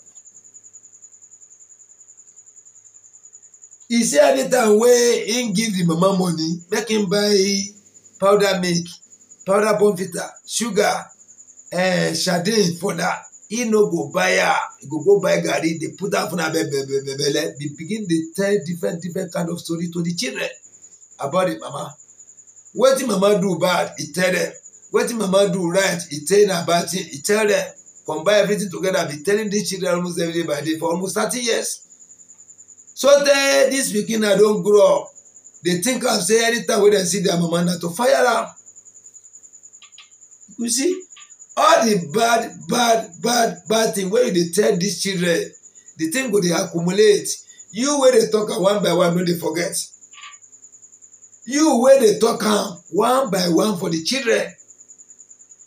e say anytime wey him give the mama money make him buy powder milk powder bonfita sugar eh, sardine for that He no go buy am e go go buy garri dey put am for na belle be begin dey tell different different kind of story to the children about the mama wetin mama do bad He tell them wetin mama do right He tell na bad thing He tell them combine everything together be telling these children almost every day by day for almost thirty years so tey dis pikin na don grow up dey think am say anytime wey dem see their mama na to fire am you see all the bad bad bad bad thing wey you dey tell these children the thing go dey accumulate you wey dey talk am one by one no dey forget you wey dey talk am one by one for the children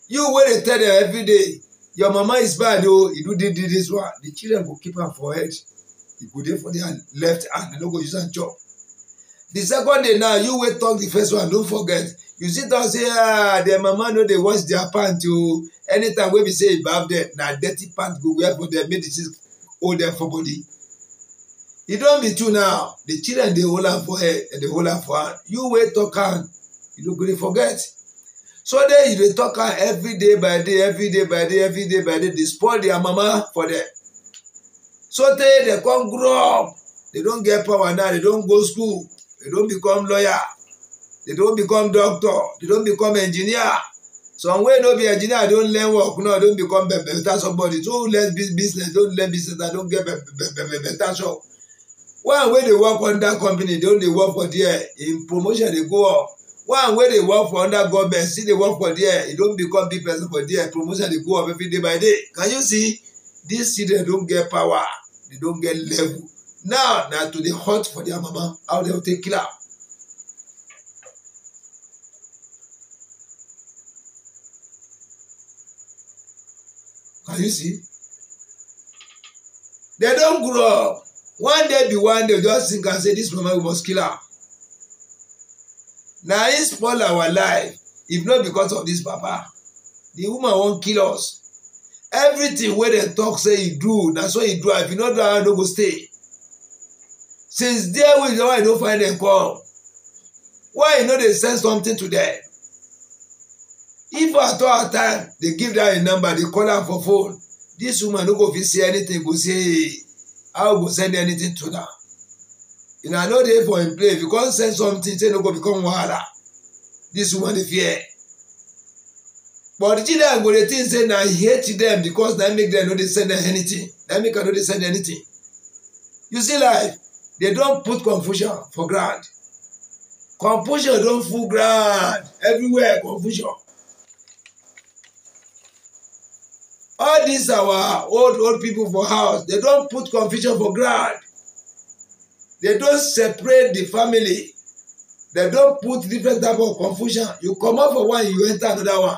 you wey dey tell them every day your mama is bad o you do this this one the children go keep am for head e go dey for their left hand they no go use am chop the second day now you wey talk the first one don't forget you sit down say ah their mama no dey wash their pant o anytime wey be say e baff dem na dirty pant go wear for dem make the thing hold dem for body e don be true now the children dey hold am for head and dey hold am for hand you wey talk am you no go dey forget so then you dey talk am every day by day every day by day every day by day dey spoil their mama for dem so tey dem come grow up dem don get power now dem don go school They don't become lawyer. They don't become doctor. They don't become engineer. Some wey no be engineer don learn work no don become better somebody. Two learn business don learn business and don get better shop. One wey dey work under company don dey work for there. Im promotion dey go up. One wey dey work for under government still dey work for there. E don become big person for there. Promotion dey go up every day by day. Can you see? These children don get power. They don get level now na to dey hunt for their mama how dem take kill am. can you see dem don grow up one day be one day just think am say "This mama we must kill am na him e spoil our life if not because of this papa the woman wan kill us everything wey dem talk say e do na so he do if e no do am i no go stay since there wey why you no find them come why you no dey send something to dem if at all time they give that im number they call am for phone This woman no go fit say anything go say how go send anything to am una no dey for im place you come send something say no go become wahala This woman dey fear but the children go dey think say na hate them because na make them no dey send dem anything na make i no dey send anything you see life they don put confusion for ground confusion don full ground everywhere confusion all these our old old people for house they don put confusion for ground they don separate the family they don put different type of confusion you comot for one you enter another one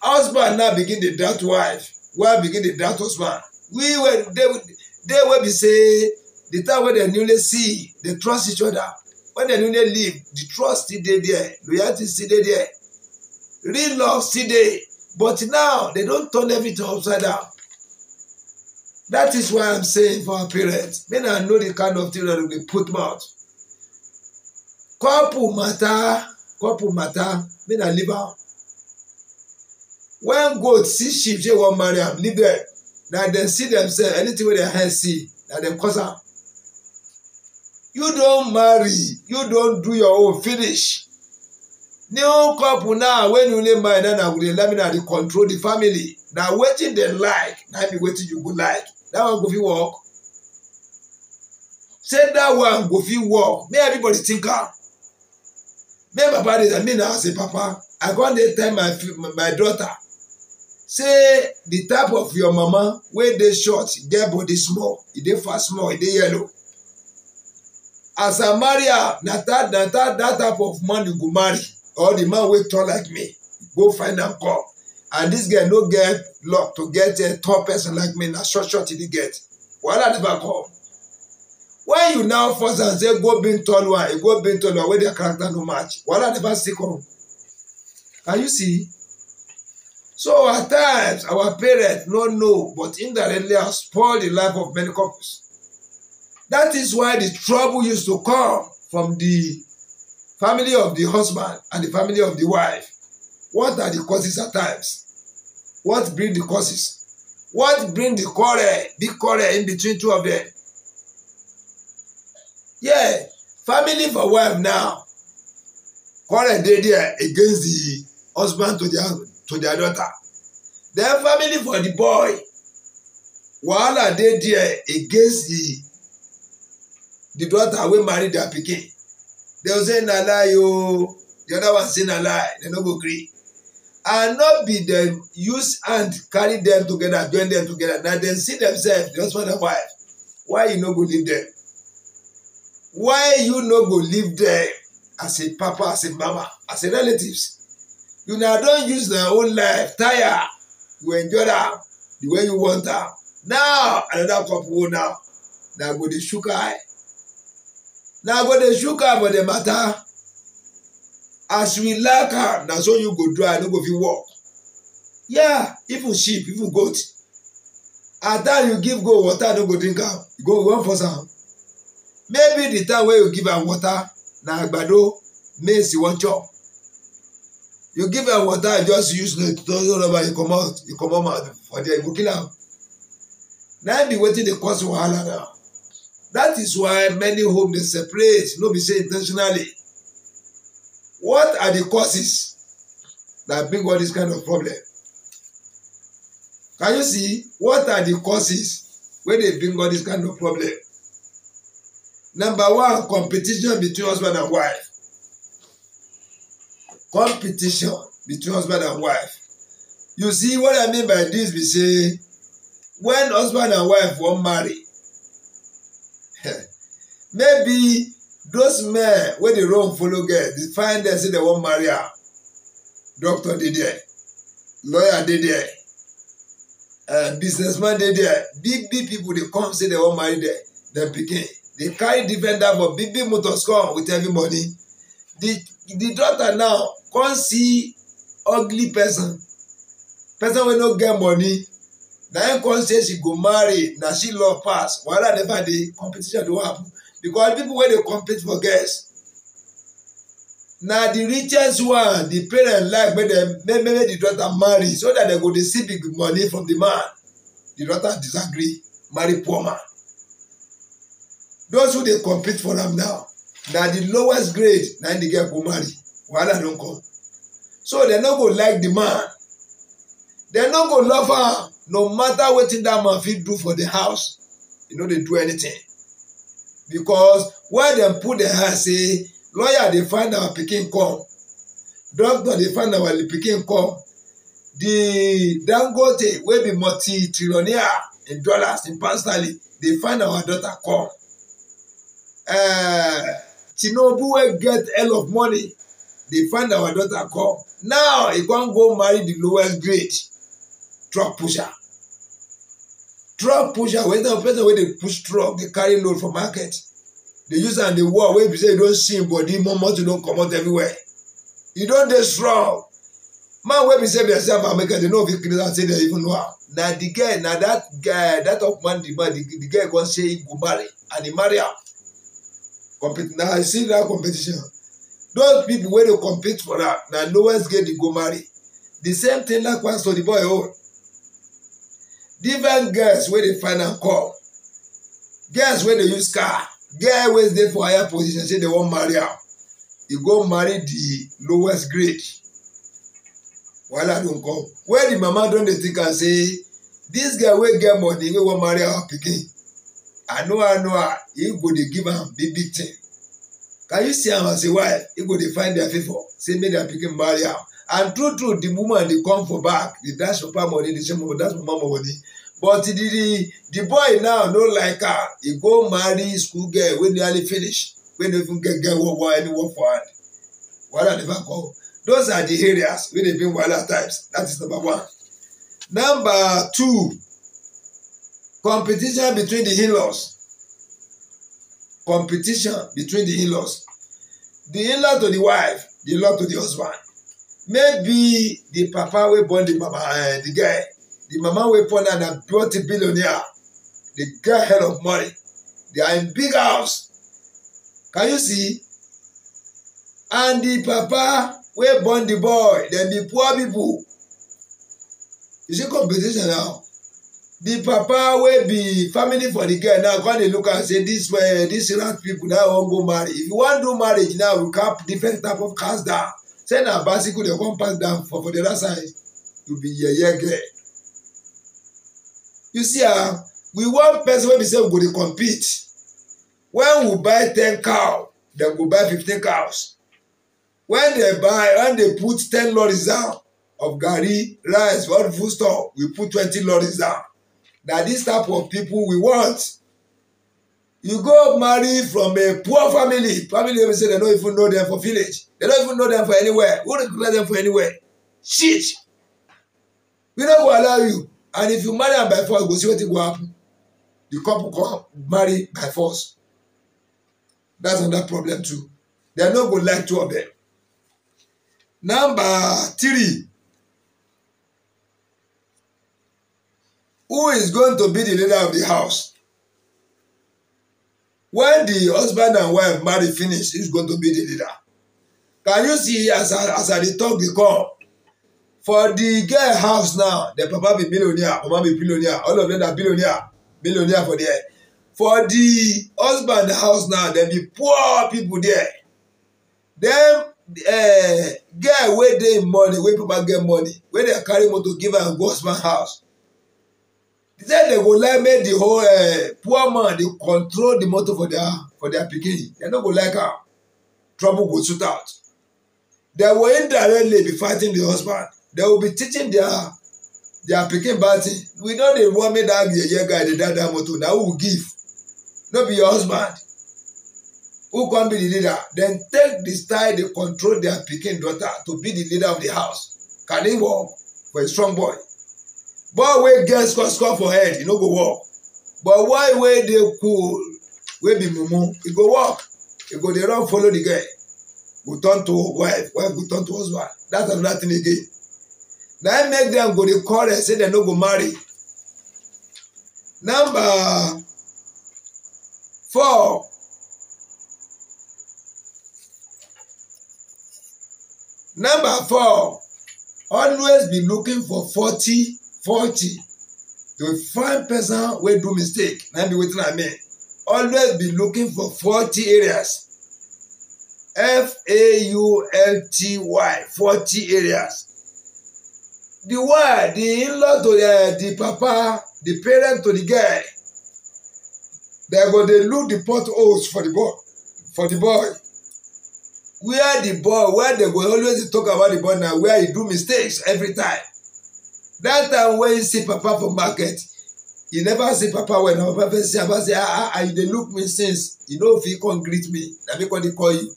husband now begin dey doubt wife wife begin dey doubt husband we wey dey wey be say the time when they newly see they trust each other when they newly leave the trust still dey there loyalty still dey there real love still dey but now they don turn everything upside down that is why i'm saying for our parents make una know the kind of thing that we put mouth couple matter couple matter make una leave am when goat see sheep say wan marry am leave them na dem see themselves anything wey their hand see na dem cause am you don marry you don do your own finish new couple now wey newly married na we dey lamina dey control the family na wetin dem like na be wetin you go like that one go fit work say that one go fit work make everybody think am make papa dey tell me na as a papa i come dey tell my my daughter say the type of your mama wey dey short e get body small e dey fat small e dey yellow as a marry na that na that that type of man you go marry or the man wey tall like me go find am come and this guy no get luck to get a tall person like me na short short e dey get wahala never come when you now force am say go bring tall one e go bring tall one wey their character no match wahala never still come can you see so at times our parents no know but indirectly have spoiled the life of many couples That is why the trouble used to come from the family of the husband and the family of the wife. What are the causes at times? What bring the causes? What bring the quarrel, big quarrel in between two of them? Yeah, family for wife now. Quarrel dey there against the husband to their to their daughter. Then family for the boy. Wahala dey there against the the daughter wey marry their pikin dem say na lie oo oh. the other one say na lie dem no go gree and no be dem use hand carry dem together join dem together na dem see themselves the husband and wife why you no go leave dem why you no go leave dem as a papa as a mama as a relatives you na don use na own life tire you enjoy am the way you want am now another couple now na go dey shook eye Now i go dey shook am for the matter as we lack am na so you go do i no go fit work yeah even sheep even goat at time you give goat water no go drink am go run for am maybe the time wey you give am water na agbado maize you wan chop you give am water you just use no no rubber you comot you comot mouth for there you go kill am na be wetin dey cause wahala now that is why many homes dey separate no be say intentionally what are the causes that bring all this kind of problem can you see what are the causes wey dey bring all this kind of problem number one competition between husband and wife competition between husband and wife you see what i mean by this be say when husband and wife wan marry maybe those men wey dey run follow girl dey find them say they wan marry am doctor dey there lawyer dey there uh, businessman dey there big big people dey come say they wan marry them dem pikin dey carry different type of big big motors come with heavy money the the doctor now come see ugly person person wey no get money na him come say she go marry na she love pass wahala never dey competition don happen because people wey dey compete for girls na the richest one the parents like make dem make make the daughter marry so that dem go dey see big money from the man the daughter disagree marry poor man those who dey compete for am now na the lowest grade na the girl go marry wahala don come so dem no go like the man dem no go love am no matter wetin that man fit do for the house e no dey do anything because where dem put their hand say lawyer dey find our pikin come doctor dey find our pikin come the dangote wey be multi-trillionaire in dollars in pound sterling dey find our daughter come uh, tinubu wey get hell of money dey find our daughter come now e come go marry the lowest grade truck pusher truck pusher western person wey dey push truck dey carry load for market dey use am dey work wey be say you don see him body more more to don comot everywhere you don dey strong man wey be say dem sell for america dem no fit clean am say dem even know am na the girl na that guy that top man the man the, the girl come say he go marry and he marry am compete na i see that competition those people wey dey compete for am na lowest girl dey go marry the same thing like pastor the boy own different girls wey dey find am come girls wey dey use car girl wey dey for higher position say dey wan marry am e go marry the lowest grade wahala don come when the mama don dey think am say this girl wey get money wey wan marry our pikin i know her know her he go dey give am big big thing can you see am as a wife he go dey find their favour say make their pikin marry am And true, true, the woman they come for back, they dash for money, they say, dash my money. But the, the, the boy now no like her. He go marry school girl when nearly finish, when they even get get work work any work for hand. Wahala never go. Those are the areas where they bring wahala times. That is number one. Number two, competition between the in-laws. Competition between the in-laws. The in-law to the wife, the in-law to the husband maybe the papa wey born the mama uh, the guy the mama wey born am na beauty billionaire the girl head of money they are in big house can you see and the papa wey born the boy dem be poor people you see competition now the papa wey be family for the girl now come dey look am say this uh, this rat people now wan go marry if you wan do marriage now we cap different type of cast down say na bicycle dem come pass down for for the other side to be yeye girl you see ah uh, we want person wey be say we go dey compete when we buy ten cow dem go buy fifteen cows when dem buy when dem put ten lorries down of garri rice one food store we put twenty lorries down na this type of people we want you go marry from a poor family family wey be say they no even know dem for village They no even know dem for anywhere who recognize them for anywhere shit we no go allow you and if you marry am by force you go see wetin go happen the couple come marry by force that's another problem too dem no go like two of dem number three who is going to be the leader of the house when the husband and wife marry finish who's going to be the leader can you see as i as i dey talk the call for the girl house now the papa be billionaire, mama be billionaire all of them na billionaire billionaire for there for the husband house now dem be poor people there dem uh, eh, girl wey dey money wey papa get money wey dem carry motor give am go husband house They they go like make the whole uh, poor man dey control the motor for their for their pikin. They no go like am. Trouble go shoot out. They will indirectly be fighting the husband. They will be teaching their their pikin bad thing. We know dey wan make that yeye guy dey die that motor. Na who give? No be your husband. Who come be the leader? Then take the style dey control their pikin daughter to be the leader of the house. Can he work for a strong boy? boy wey get score score for head e no go work but why wey dey cool wey be mumu e go work e go dey run follow the girl go turn to wife wife go turn to husband that's another thing again na im make dem go dey quarrel say dem no go marry number four number four always be looking for forty faulty to find person wey do mistake na be wetin i mean always be looking for faulty areas f-a-u-l-t-y faulty areas the why the in-law to the, the papa the parent to the girl dem go dey look the potholes for the boy for the boy where the boy where dem go always talk about the boy na where he do mistakes every time that time when you see papa for market you never see papa well na papa first see papa say ah, ah ah you dey look me since you no fit come greet me na me come dey call you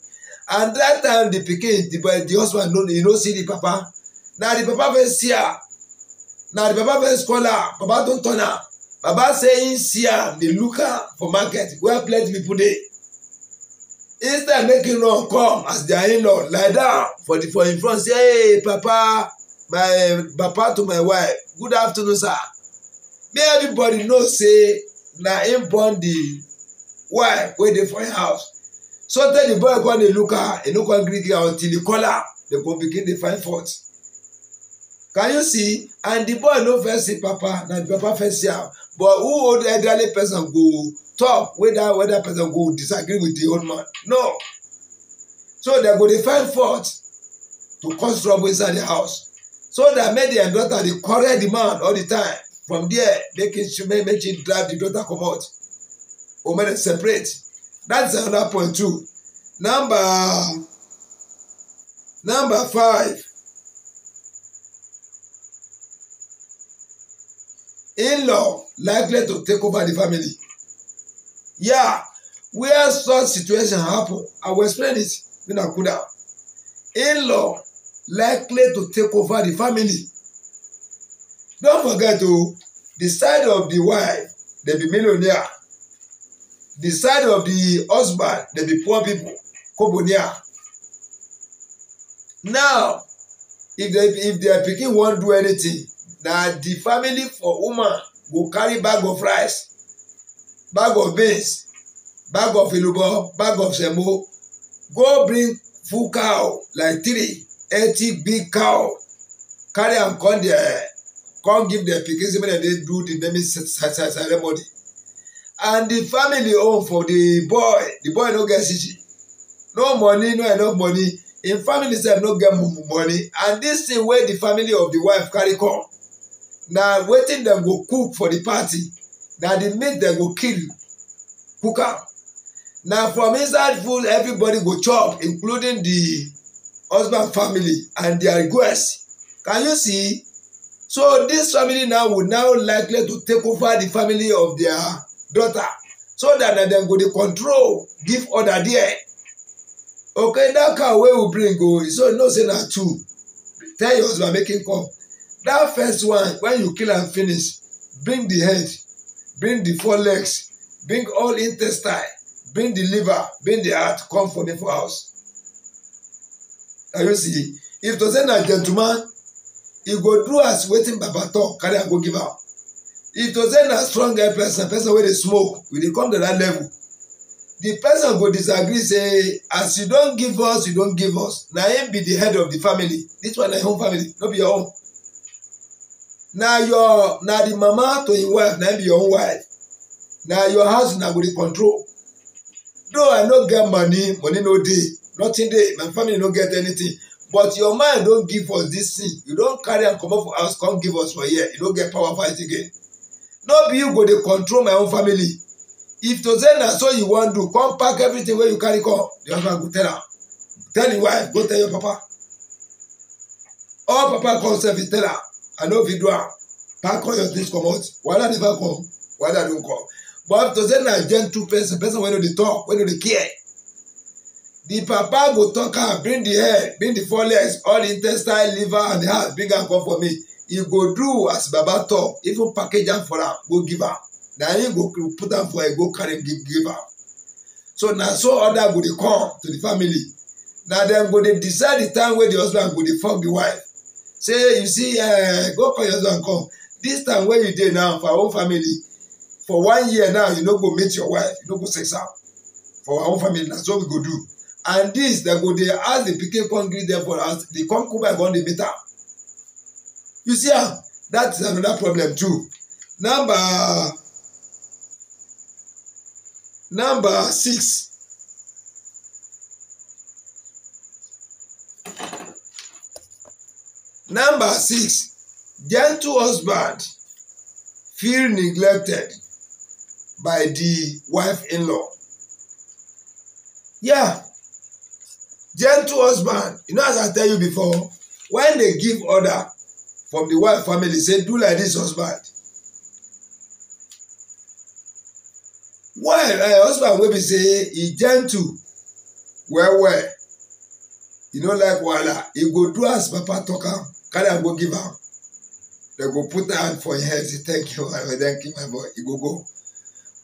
and that time the pikin the boy the husband no you no see the papa na the papa first see am na the papa first call her. papa don turn am baba say him see am dey look am for market where plenty people dey instead make him run come as their in-law lie down for the for him front say hey papa my papa to my wife good afternoon sir May everybody know say na him born the wife wey dey for him house so tell the boy come dey look her e no come gree gree until he call her dem go begin dey find fault can you see and the boy no first see papa na the papa first see am but who old elderly person go talk wey that wey that person go disagree with the old man no so dem go dey find fault to cause trouble inside the house so that make their daughter dey correct the man all the time from there make him make make him drive the daughter comot or oh, make them separate that's another point too number number five in-law likely to take over the family yeah where such situation happen i will explain it when i cool down in-law likely to take over the family. Don't forget to the side of the wife they be millionaire, the side of the husband they be poor people, kobonia. Now, if they if their pikin won't do anything, na the family for woman will carry bag of rice, bag of beans, bag of elubo, bag of semo, go bring full cow like three Eighty big cow carry am come there come give their pikin say make dem do the naming ceremony and the family own for the boy the boy no get shishi no money no enough money him family sef no get money and this thing wey the family of the wife carry come na wetin dem go cook for the party na the meat dem go kill cook am na from inside food everybody go chop including the husband family and their requests. Can you see? So this family now would now likely to take over the family of their daughter so that na dem go dey control give order there. Okay, that car wey we bring go so you know say na two. Tell your husband make him come. That first one when you kill am finish bring the head bring the four legs bring all intestine bring the liver bring the heart come for me for house. Are you see? If to say na gentleman, he go do as wetin Baba talk, carry am go give am. If to say na strong guy person, person wey dey smoke, we dey come to that level. The person go disagree say, as you don give us, you don give us. Na him be the head of the family. This one na him own family, no be your own. Na your na the mama to him wife, na him be your own wife. Na your house na go dey control. Though I no get money, money no dey nothing dey my family no get anything but your mind don give us this thing you don carry am comot for house come give us for here you no get power fight again no be you go dey control my own family if to say na so you wan do come pack everything wey you carry come the husband go tell am tell him wife go tell your papa all papa come sef he tell am i no fit do am pack all your things comot wahala never come wahala don come but if to say na gentle person person wey no dey talk wey no dey care The papa go talk am bring the hair bring the four legs all the intestine liver and the heart bring am come for me. He go do as baba talk even package am for am go give am. Na him go put am for head go carry him give give am. So na so other go dey come to the family. Na dem go dey decide the time wey the husband go dey fuck the wife. Say you see uh, go call your husband come. This time wey you dey now for our own family for one year now you no go meet your wife you no go sex am. For our own family na so we go do and this dem go dey ask the pikin come greet dem for as the concubine come dey meet am you see am that is another problem too number number six number six gentle husband feel neglected by the wife in law yeah gentle husband you know as i tell you before when they give order from the wife family say do like this husband well uh, husband wey be say he gentle well well e no like wahala He go do as papa talk am carry am go give am dem go put hand for im head say thank you my boy thank you my boy He go go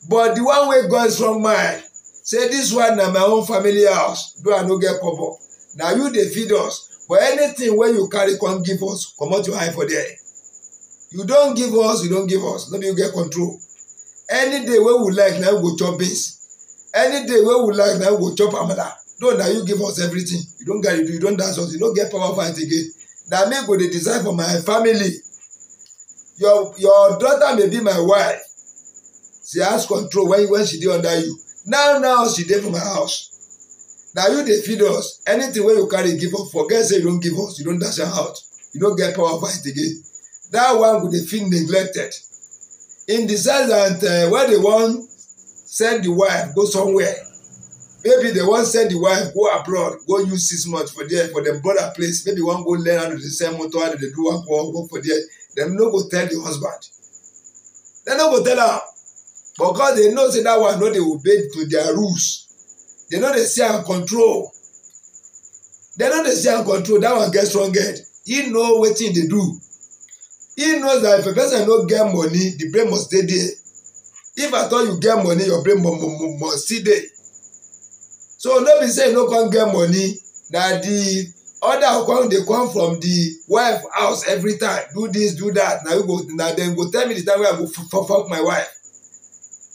but the one wey god strong mind say this one na my own family house do i no get cover na you dey feed us but anything wey you carry come give us comot your eye for there you don give us you don give us no be you get control any day wey we like na we go chop beans any day wey we like na we go chop amala No, na you give us everything you don carry do you don dance us you no get power fight again na me go dey design for my family your your daughter may be my wife she has control when when she dey under you now now she dey for my house na you dey feed us anything wey you carry give us forget say you don give us you don dash am out you no get power fight again that one go dey feel neglected in the sense that uh, eh, when they wan send the wife go somewhere maybe they wan send the wife go abroad go use six months for there for dem border place maybe wan go learn how to dey sell motor how to dey do work work work for there dem no go tell the husband dem no go tell am because they know say that one no dey obey to their rules they no dey see am control they no dey see am control that one get strong head he know wetin he dey do he knows that if a person no get money the brain must dey there if at all you get money your brain must must must still dey so no be say you no come get money na the other come dey come from the wife house every time do this do that na you go na dem go tell me the time wey i go fuck my wife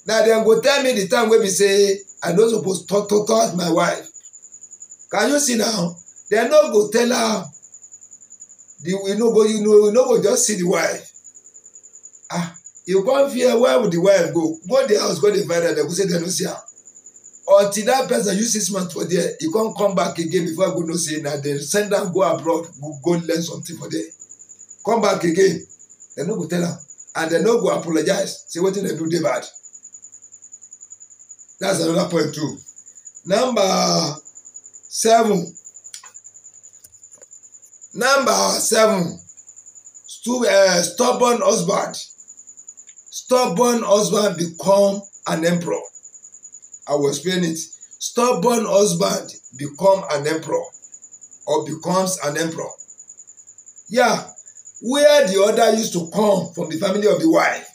na dem go tell me the time wey be say i no suppose talk talk talk my wife can you see now dem no go tell her the we no go you know we no go just see the wife ah you come fear where would the wife go go the house go dey find her dem go say dem no see am until that person use six months for there e come come back again before i go know say na dem send am go abroad go go learn something for there come back again dem no go tell am and dem no go apologize say wetin dem do dey bad That's another point too. Number seven. Number seven. Stu uh, stubborn husband. Stubborn husband become an emperor. I will explain it. Stubborn husband become an emperor or becomes an emperor. Yeah, where the other used to come from the family of the wife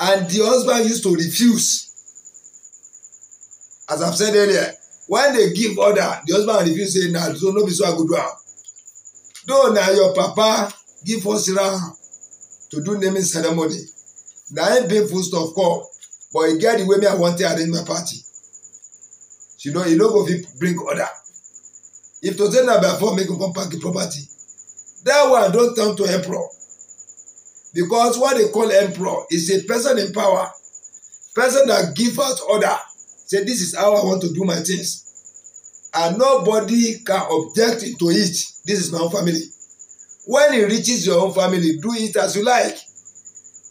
and the husband used to refuse as i said earlier when they give order the husband refuse say na so no be so i go do am though na your papa give us to do naming ceremony na him pay full stop call but e get the way me i wan take arrange my party you know e no go fit bring order if to say na by four make we come pack the property that one don turn to emperor because what they call emperor is a person in power person that give out order say this is how i want to do my things and nobody can object to it this is my own family when it reaches your own family do it as you like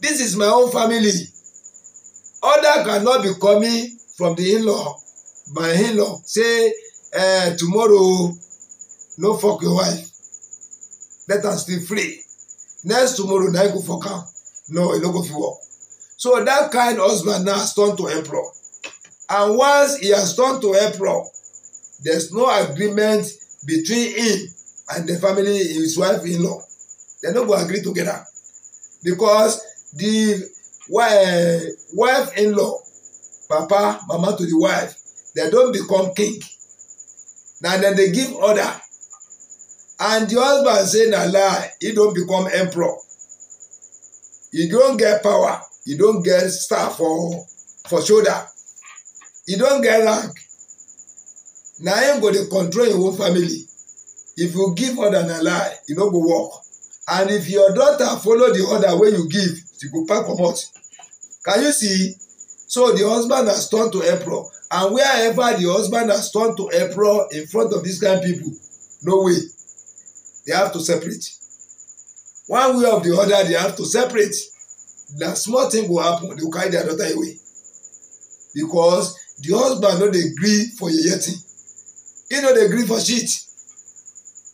this is my own family order cannot be coming from the in-law my in-law say uh, tomorrow no fuck your wife let am still free next tomorrow na you go fuck am no e no go fit work so that kind husband now turn to employ and once he has turned to emperor there's no agreement between him and the family his wife in law dem no go agree together because the eh, wife in law papa mama to the wife they don't become king Now then they give order and the husband say na lie he don't become emperor he don't get power he don't get staff for for shoulder you don get rank na him go dey control your whole family if you give order na lie e no go work and if your daughter follow the order wey you give she go pack comot can you see so the husband has turned to emperor and wherever the husband has turned to emperor in front of this kind of people no way they have to separate one way of the other they have to separate na small thing go happen they go carry their daughter away because the husband no dey gree for yeye thing he no dey gree for shit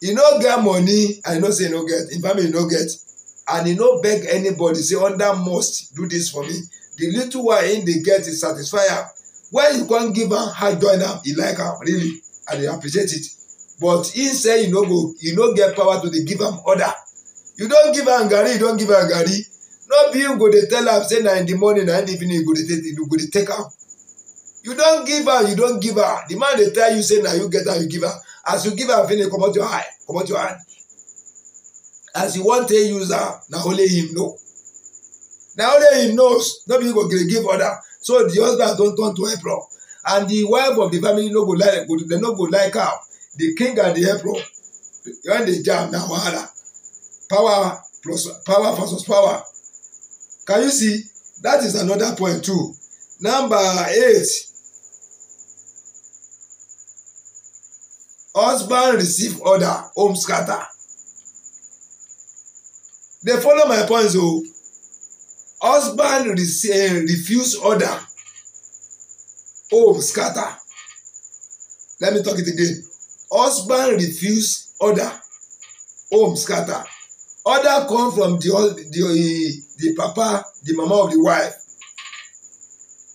He no get money i know say e no get im family no get and e no beg anybody say under must do this for me the little one he, dey get is satisfy am when you come give am heart join am he like am really i dey appreciate it but im say e no go e no get power to dey give am order you don give am garri you don give am garri no be you go dey tell am say na in the morning na in the evening you go take you go dey take am you don give am you don give am the man dey tell you say na you get am you give am as you give am finish comot your eye comot your hand as you wan take use her, na only him know na only him knows no be you go gree give other so the husband don turn to emperor and the wife of the family no go like go dem no go like her. the king and the emperor when they jam na wahala power plus power versus power can you see that is another point too number eight husband receive order home scatter dey follow my points o oh. husband receive, eh, refuse order home scatter let me talk it again husband refuse order home scatter order come from the the the papa the mama of the wife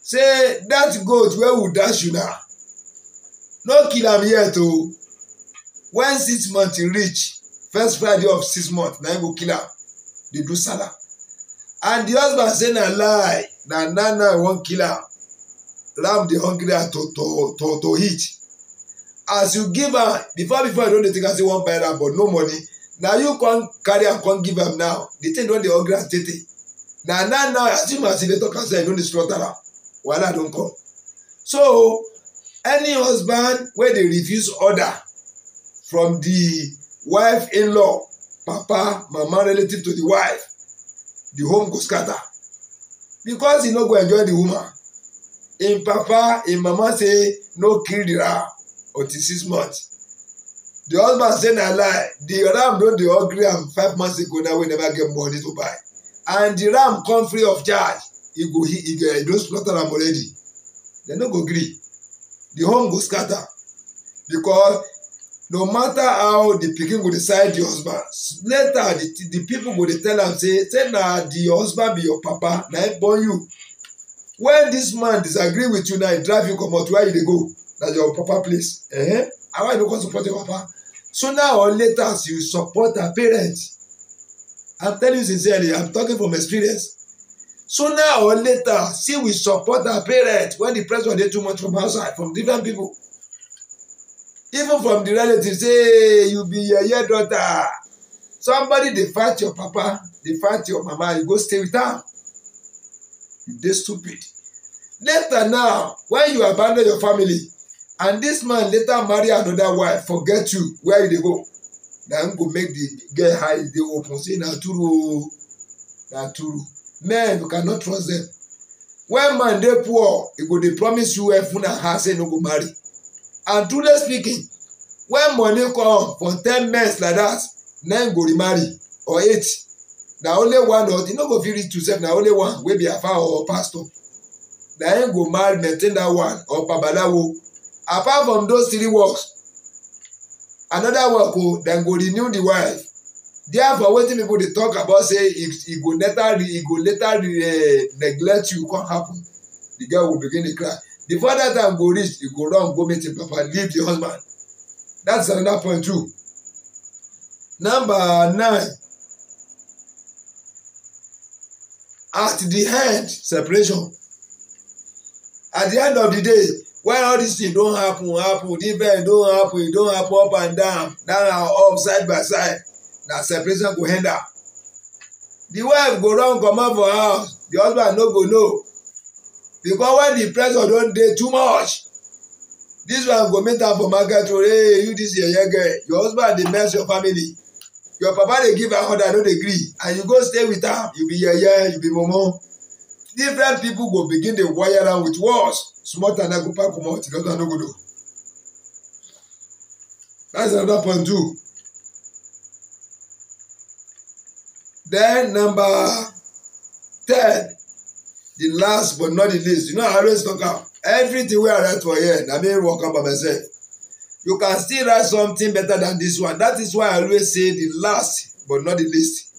say that goat wey we dash una no kill am yet o. Oh when six months reach first friday of six months na him go kill am dey do salah and the husband say na lie na now now i wan kill am ram dey hungry am to to to to eat as you give am before before you don dey think am say one buy naira but no money na you come carry am come give am now the thing don dey hungry am tete na now now as you as you dey talk am say i don dey slaughter am wahala don come so any husband wey dey refuse order from the wife in-law papa mama relative to the wife the home go scatter because he no go enjoy the woman him papa him mama say no kill the ram until six months the husband say na lie the ram don dey hungry am five months ago now wey e never get money to buy and the ram come free of charge He go he go e eh, don slaughter am already They no go gree the home go scatter because no matter how the pikin go decide the husband later the the people go dey tell am say say na the husband be your papa na him born you when this man disagree with you now he drive you comot where you dey go na your papa place eh uh -huh. and why you no come support your papa sooner or later as you support her parents i'm telling you sincerely i'm talking from experience sooner or later see we support her parents when the pressure dey too much from outside from different people even from the relatives say you be yeye daughter somebody dey fight your papa dey fight your mama you go stay with am you dey stupid later now when you abandon your family and this man later marry another wife forget you where you dey go na him go make the girl eyes dey open say na true oo na true men you cannot trust them when man dey poor he go dey promise you heaven and heart say he no go marry and truly speaking when money come for ten months like that nine go remarry or eight na only one or you e no go fit reach to sef na only one wey be afa or pastor na him go marry maintain that one or babalawo apart from those three works another work o oh, dem go renew the wife therefore wetin people dey talk about say e go later e go later uh, neglect you come happen the girl go begin dey cry the further time go reach you go run go meet him papa leave the husband that's another point too number nine at the end separation at the end of the day when all these things don happen happen different don happen e don happen up and down down and up side by side na separation go end am the wife go run comot for house the husband no go know because when the pressure don dey too much this one go meet am for market road hey you this yeye girl your husband dey mess your family your papa dey give am order no dey gree and you go stay with am you be yeye you be momo different people go begin dey wire am with words small time na go pack comot the other no go do that's another point too then number ten the last but not the least you know i always talk am everything wey i write for here na me work am by myself you can still write something better than this one that is why i always say the last but not the least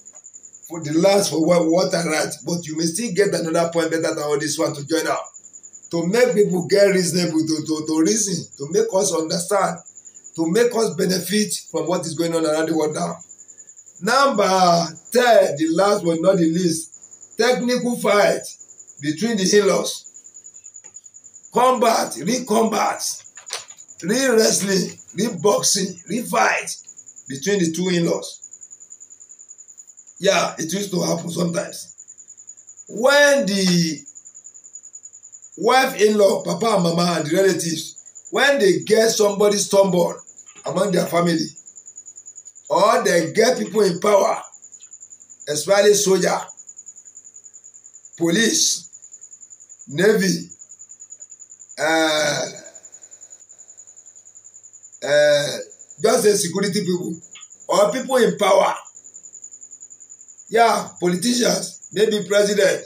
for the last for what, what i write but you may still get another point better than all this one to join am to make people get reasonable to to to reason to make us understand to make us benefit from what is going on around the world now number ten the last but not the least technical fight between the in-laws combat real combat real wrestling real boxing real fight between the two in-laws yeah it used to happen sometimes when the wife in-law papa and mama and the relatives when they get somebody stumbled among their family or they get people in power especially soldier police navy uh, uh, just say security people or people in power yeah politicians maybe president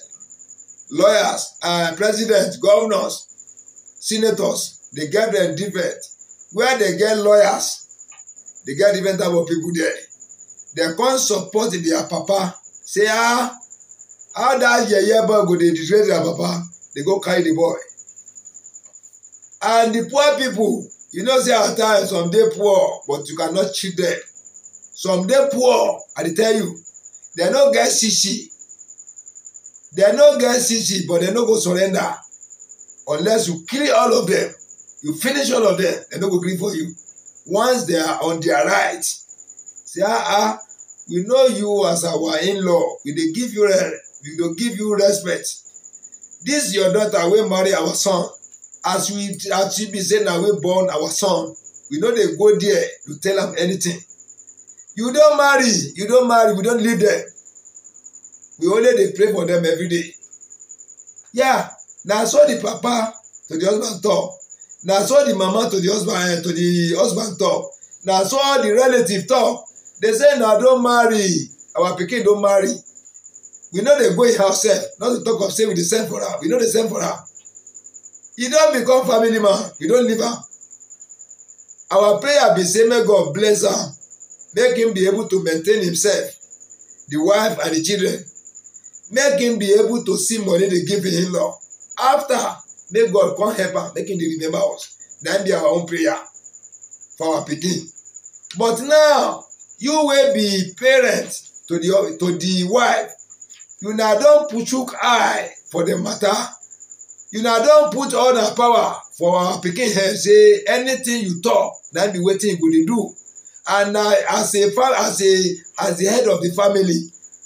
lawyers uh, president governors senators they get them different where they get lawyers they get different type of people there they come support their papa say ah how that yeye boy go dey degrade their papa they go carry the boy and the poor people you know say at times some dey poor but you cannot cheat them some dey poor i tell you they no get shishi They no get shishi but they no go surrender unless you kill all of them you finish all of them They no go gree for you once they are on their right say ah ah we know you as our in-law we dey give you we dey give you respect this your daughter wey marry our son as we as she be say na we born our son we no dey go there to tell am anything you don marry you don marry we don leave them we only dey pray for them every day yeah na so the papa to the husband talk na so the mama to the husband uh, to the husband talk na so the relative talk they say na don marry our pikin don marry we no dey go im house sef not to talk of say we dey send for her. we no dey send for her. e don become family man we don leave am our prayer be say make god bless am make him be able to maintain himself the wife and the children make him be able to see money dey give him law after make god come help am make him dey remember us na be our own prayer for our pikin but now you wey be parent to the to the wife una don chook eye for the matter una don put all na power for our pikin head say anything you talk na be wetin you go dey do and na as a as a as the head of the family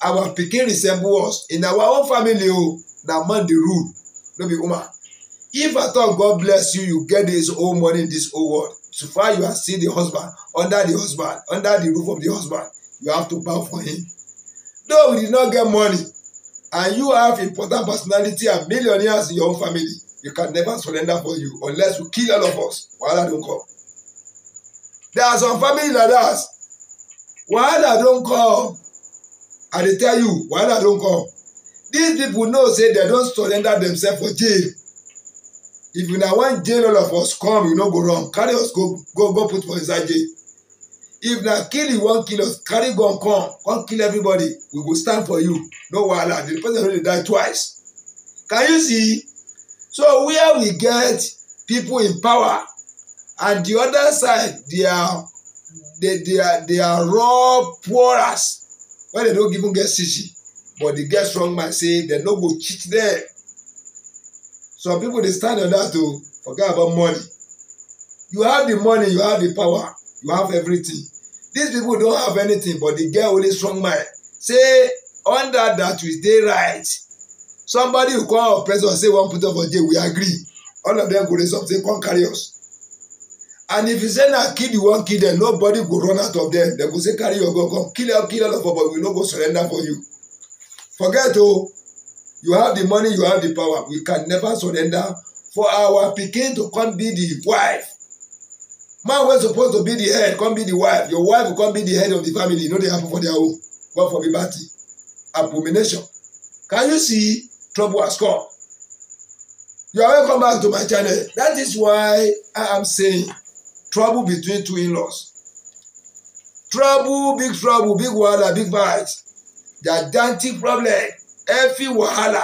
our pikin resemble us in our own family o oh, na man dey rule no be woman if at all god bless you you get this whole money in this whole world so far you are still the husband under the husband under the roof of the husband you have to bow for him though we did not get money and you have important personality and millionaires in your own family you can never surrender for you unless you kill all of us wahala don come there are some family like that wahala don come i dey tell you wahala don come these people know say they don surrender themselves for jail if una wan jail all of us come you no go run carry us go go go put for inside jail if na kill you wan kill us carry gun come come kill everybody we go stand for you no wahala the president no dey die twice can you see so where we get people in power and the other side they are they they are they are raw poorers wey dem no even get sisi but they get strong mind say dem no go cheat dem some people dey stand on that to forget about money you have the money you have the power you have everything these people don't have anything but they get only strong mind say under that we dey right somebody who come our president say one put up for jail we agree all of them go raise up say come carry us and if you say na kill you wan kill them nobody go run out of them They go say carry your gun come kill all kill all of us but we no go surrender for you forget o oh, you have the money you have the power we can never surrender for our pikin to come be the wife man wey suppose to be the head come be the wife your wife go come be the head of the family e no dey happen for their home god for bad party? abomination can you see trouble has come you are welcome back to my channel that is why i am saying trouble between two in-laws trouble big trouble big wahala big fight gigantic problem Every wahala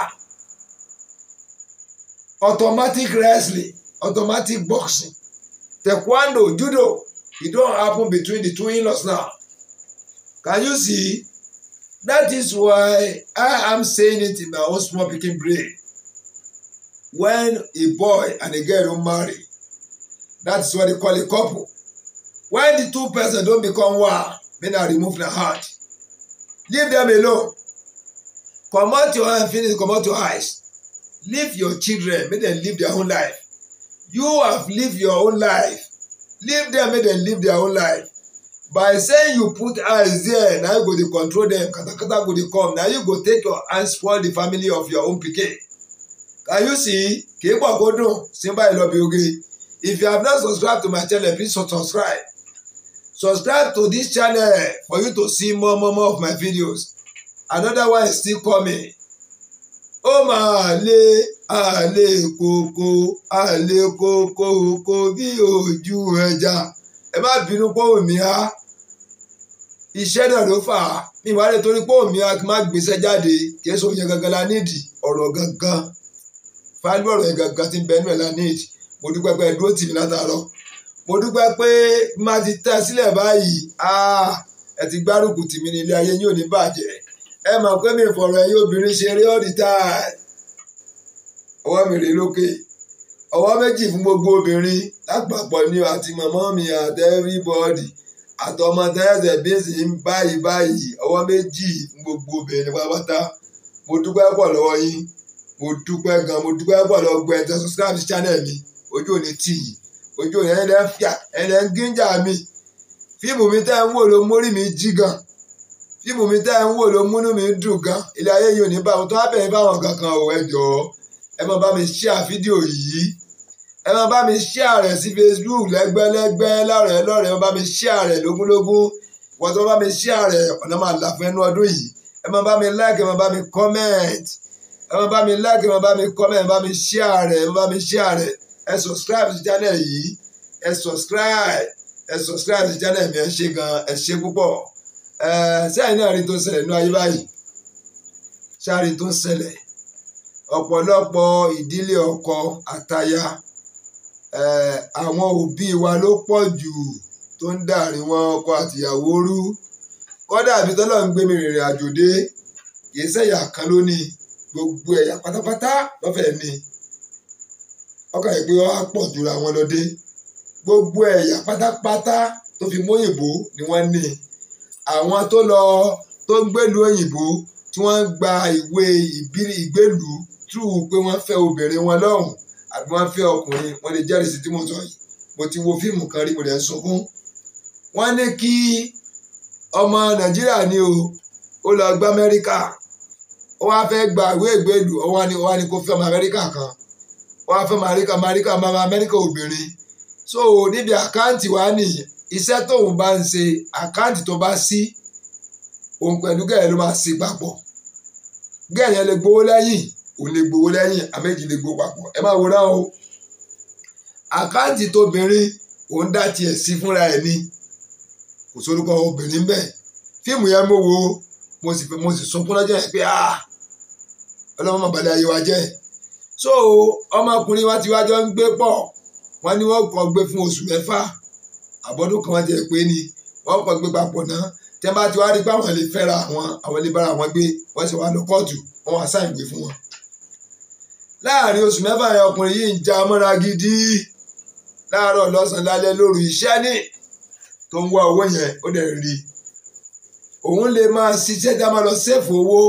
automatic wrestling automatic boxing Taekwondo, judo, it don't happen between the two in-laws now. Can you see? That is why I am saying it in my own small pikin brain. When a boy and a girl don't marry, that's what they call a couple. When the two person don't become one, then I remove the heart. Leave them alone. Comot your hand, finish, comot your eyes. Leave your children, make them live their own life you have lived your own life leave them make them live their own life by saying you put eyes there na you go dey control them katakata go dey come na you go take your hand spoil the family of your own pikin can you see kéèpọ̀ kó simba ìlọ́bi if you have not subscribed to my channel please subscribe subscribe to this channel for you to see more more more of my videos another one is still coming ó máa lé àlè kòkó àlè kòkó kò bí ojú ẹja ẹ má bínú pé omi á iṣẹ́ náà ló fà á mi wá lè torí pé omi á má gbèsè jáde kì í ṣe oúnjẹ gangan la nídìí ọ̀rọ̀ gangan fáìlì ọ̀rọ̀ yẹn gangan ti ń bẹ nílẹ̀ la nídìí mo dúpẹ́ pé ẹdúró tì mí látàárọ̀ mo dúpẹ́ pé má ti tẹ́ sílẹ̀ báyìí ẹ ti gbárùkù tì mí ní ilé ayé yín ní bàjẹ́ ẹ mọ̀ pé mi fọ̀rọ̀ ẹ̀yin obìnrin ṣeré all the owa ọwọ́ mi rè lókè ọwọ́ méjì fún gbogbo obìnrin lápapọ̀ ni àti màmá mi àti everybody àtọmọ tẹ́lẹ̀tẹ̀ bí ń báyìí báyìí ọwọ́ méjì fún gbogbo obìnrin pátápátá mo dúpẹ́ pọ̀ lọ́wọ́ yín mo dúpẹ́ gan mo dúpẹ́ pọ̀ lọ́wọ́ gbẹ subscribe channel mi ojú òní tì ojú òní ẹ̀rẹ́ ń mi gan. fíìmù mi tẹ́ ẹ ń wò ló múnú mi dùn gan ilé ayé yìí ò ní bá àwọn tó wá bẹ̀rẹ̀ fáwọn kankan ò ẹ jọ̀ọ́ ẹ máa bá mi share fídíò yìí ẹ máa bá mi share rẹ̀ sí Facebook lẹ́gbẹ́lẹ́gbẹ́ lọ́rẹ̀ẹ́ lọ́rẹ̀ẹ́ ẹ máa bá mi share rẹ̀ lógúnlógún wọ́n tó bá mi share rẹ̀ ọ̀nà máa là fún ẹnu ọdún yìí ẹ máa bá mi like ẹ máa bá mi comment ẹ máa bá mi like ẹ máa bá mi comment ẹ máa bá mi share rẹ̀ ẹ máa bá mi share rẹ̀ ẹ subscribe sí channel yìí ẹ subscribe ẹ subscribe sí channel mi ẹ ṣé gan ẹ ṣé púpọ̀ ṣé àyìn náà rí tó ń ṣẹlẹ̀ ní ayé báyìí ṣáàrin tó ń ṣẹlẹ̀ ọ̀pọ̀lọpọ̀ ìdílé ọkọ àtaya àwọn òbí wa ló pọ̀ jù tó ń dàrin wọn ọkọ àtìyàwó rú kọ́dà àbí tọ́lọ̀ ń gbé mi rìnrìn àjò dé kì í ṣẹ̀yà kan lónìí gbogbo ẹ̀yà pátápátá lọ́fẹ̀ẹ́ ni ọkàn yìí pé wọ́n á pọ̀ jù ra wọn lọ dé gbogbo ẹ̀yà pátápátá tó fi mú òyìnbó ni wọ́n ní i àwọn tó lọ tó ń gbèlú òyìnbó tí wọ́n ń gba ìwé ìgbèlú tú pé wọ́n fẹ́ obìnrin wọn lọ́hùn àbí wọ́n fẹ́ ọkùnrin wọ́n lè jẹ́rìí sí tí mo sọ yìí mo ti wo fíìmù kan rí mo lè ń sunkún. wọ́n ní kí ọmọ nàìjíríà ni o ó lọ gba amẹ́ríkà ó wá fẹ́ gba ìwé ìgbèlú ó wá ní ó wá ní kó fẹ́ ọmọ amẹ́ríkà kan ó wá fẹ́ ọmọ amẹ́ríkà ọmọ amẹ́ríkà obìnrin so níbi àkáǹtì wa nìyẹn iṣẹ́ tóun bá ń ṣe àkáǹtì tó bá sí òun pẹ̀lú gẹ̀ẹ́ ló máa ṣe papọ̀ gẹ̀ẹ́ yẹn lè gbowó lẹ́yìn òun lè gbowó lẹ́yìn àméjì lè gbowó papọ̀ ẹ máa wòrán o àkáǹtì tóbìnrin òun dá tiẹ̀ sí fúnra ẹ̀ ni kò sórúkọ obìnrin bẹ́ẹ̀ fíìmù yẹn mo wo mo sì mo sì sunkún lọ́jọ́ yẹn pé ah ọlọ́mọ balẹ̀ ayé wa jẹ́ so ọmọkùnrin wa ti wájọ ń gbé pọ̀ wọ́n ní wọ́n kọ́ gbé fún oṣù mẹ́fà àbọ̀dún kan wá jẹ́ pé ni wọ́n kàn gbé papọ̀ náà tí wọ́n bá ti wá rí pé àwọn lè fẹ́ra àwọn àwọn lè bára wọn gbé wọ́n ṣe wá lọ kóòtù wọ́n wá sáì gbé fún wọn. láàrin oṣù mẹ́fà yẹn ọkùnrin yìí ń ja mọ́ra gidi láàárọ̀ lọ́sàn-án lálẹ́ lóru iṣẹ́ ní tó ń wá owó yẹn ó dẹ̀ rí òun lè máa ṣiṣẹ́ dá máa lọ ṣèfù owó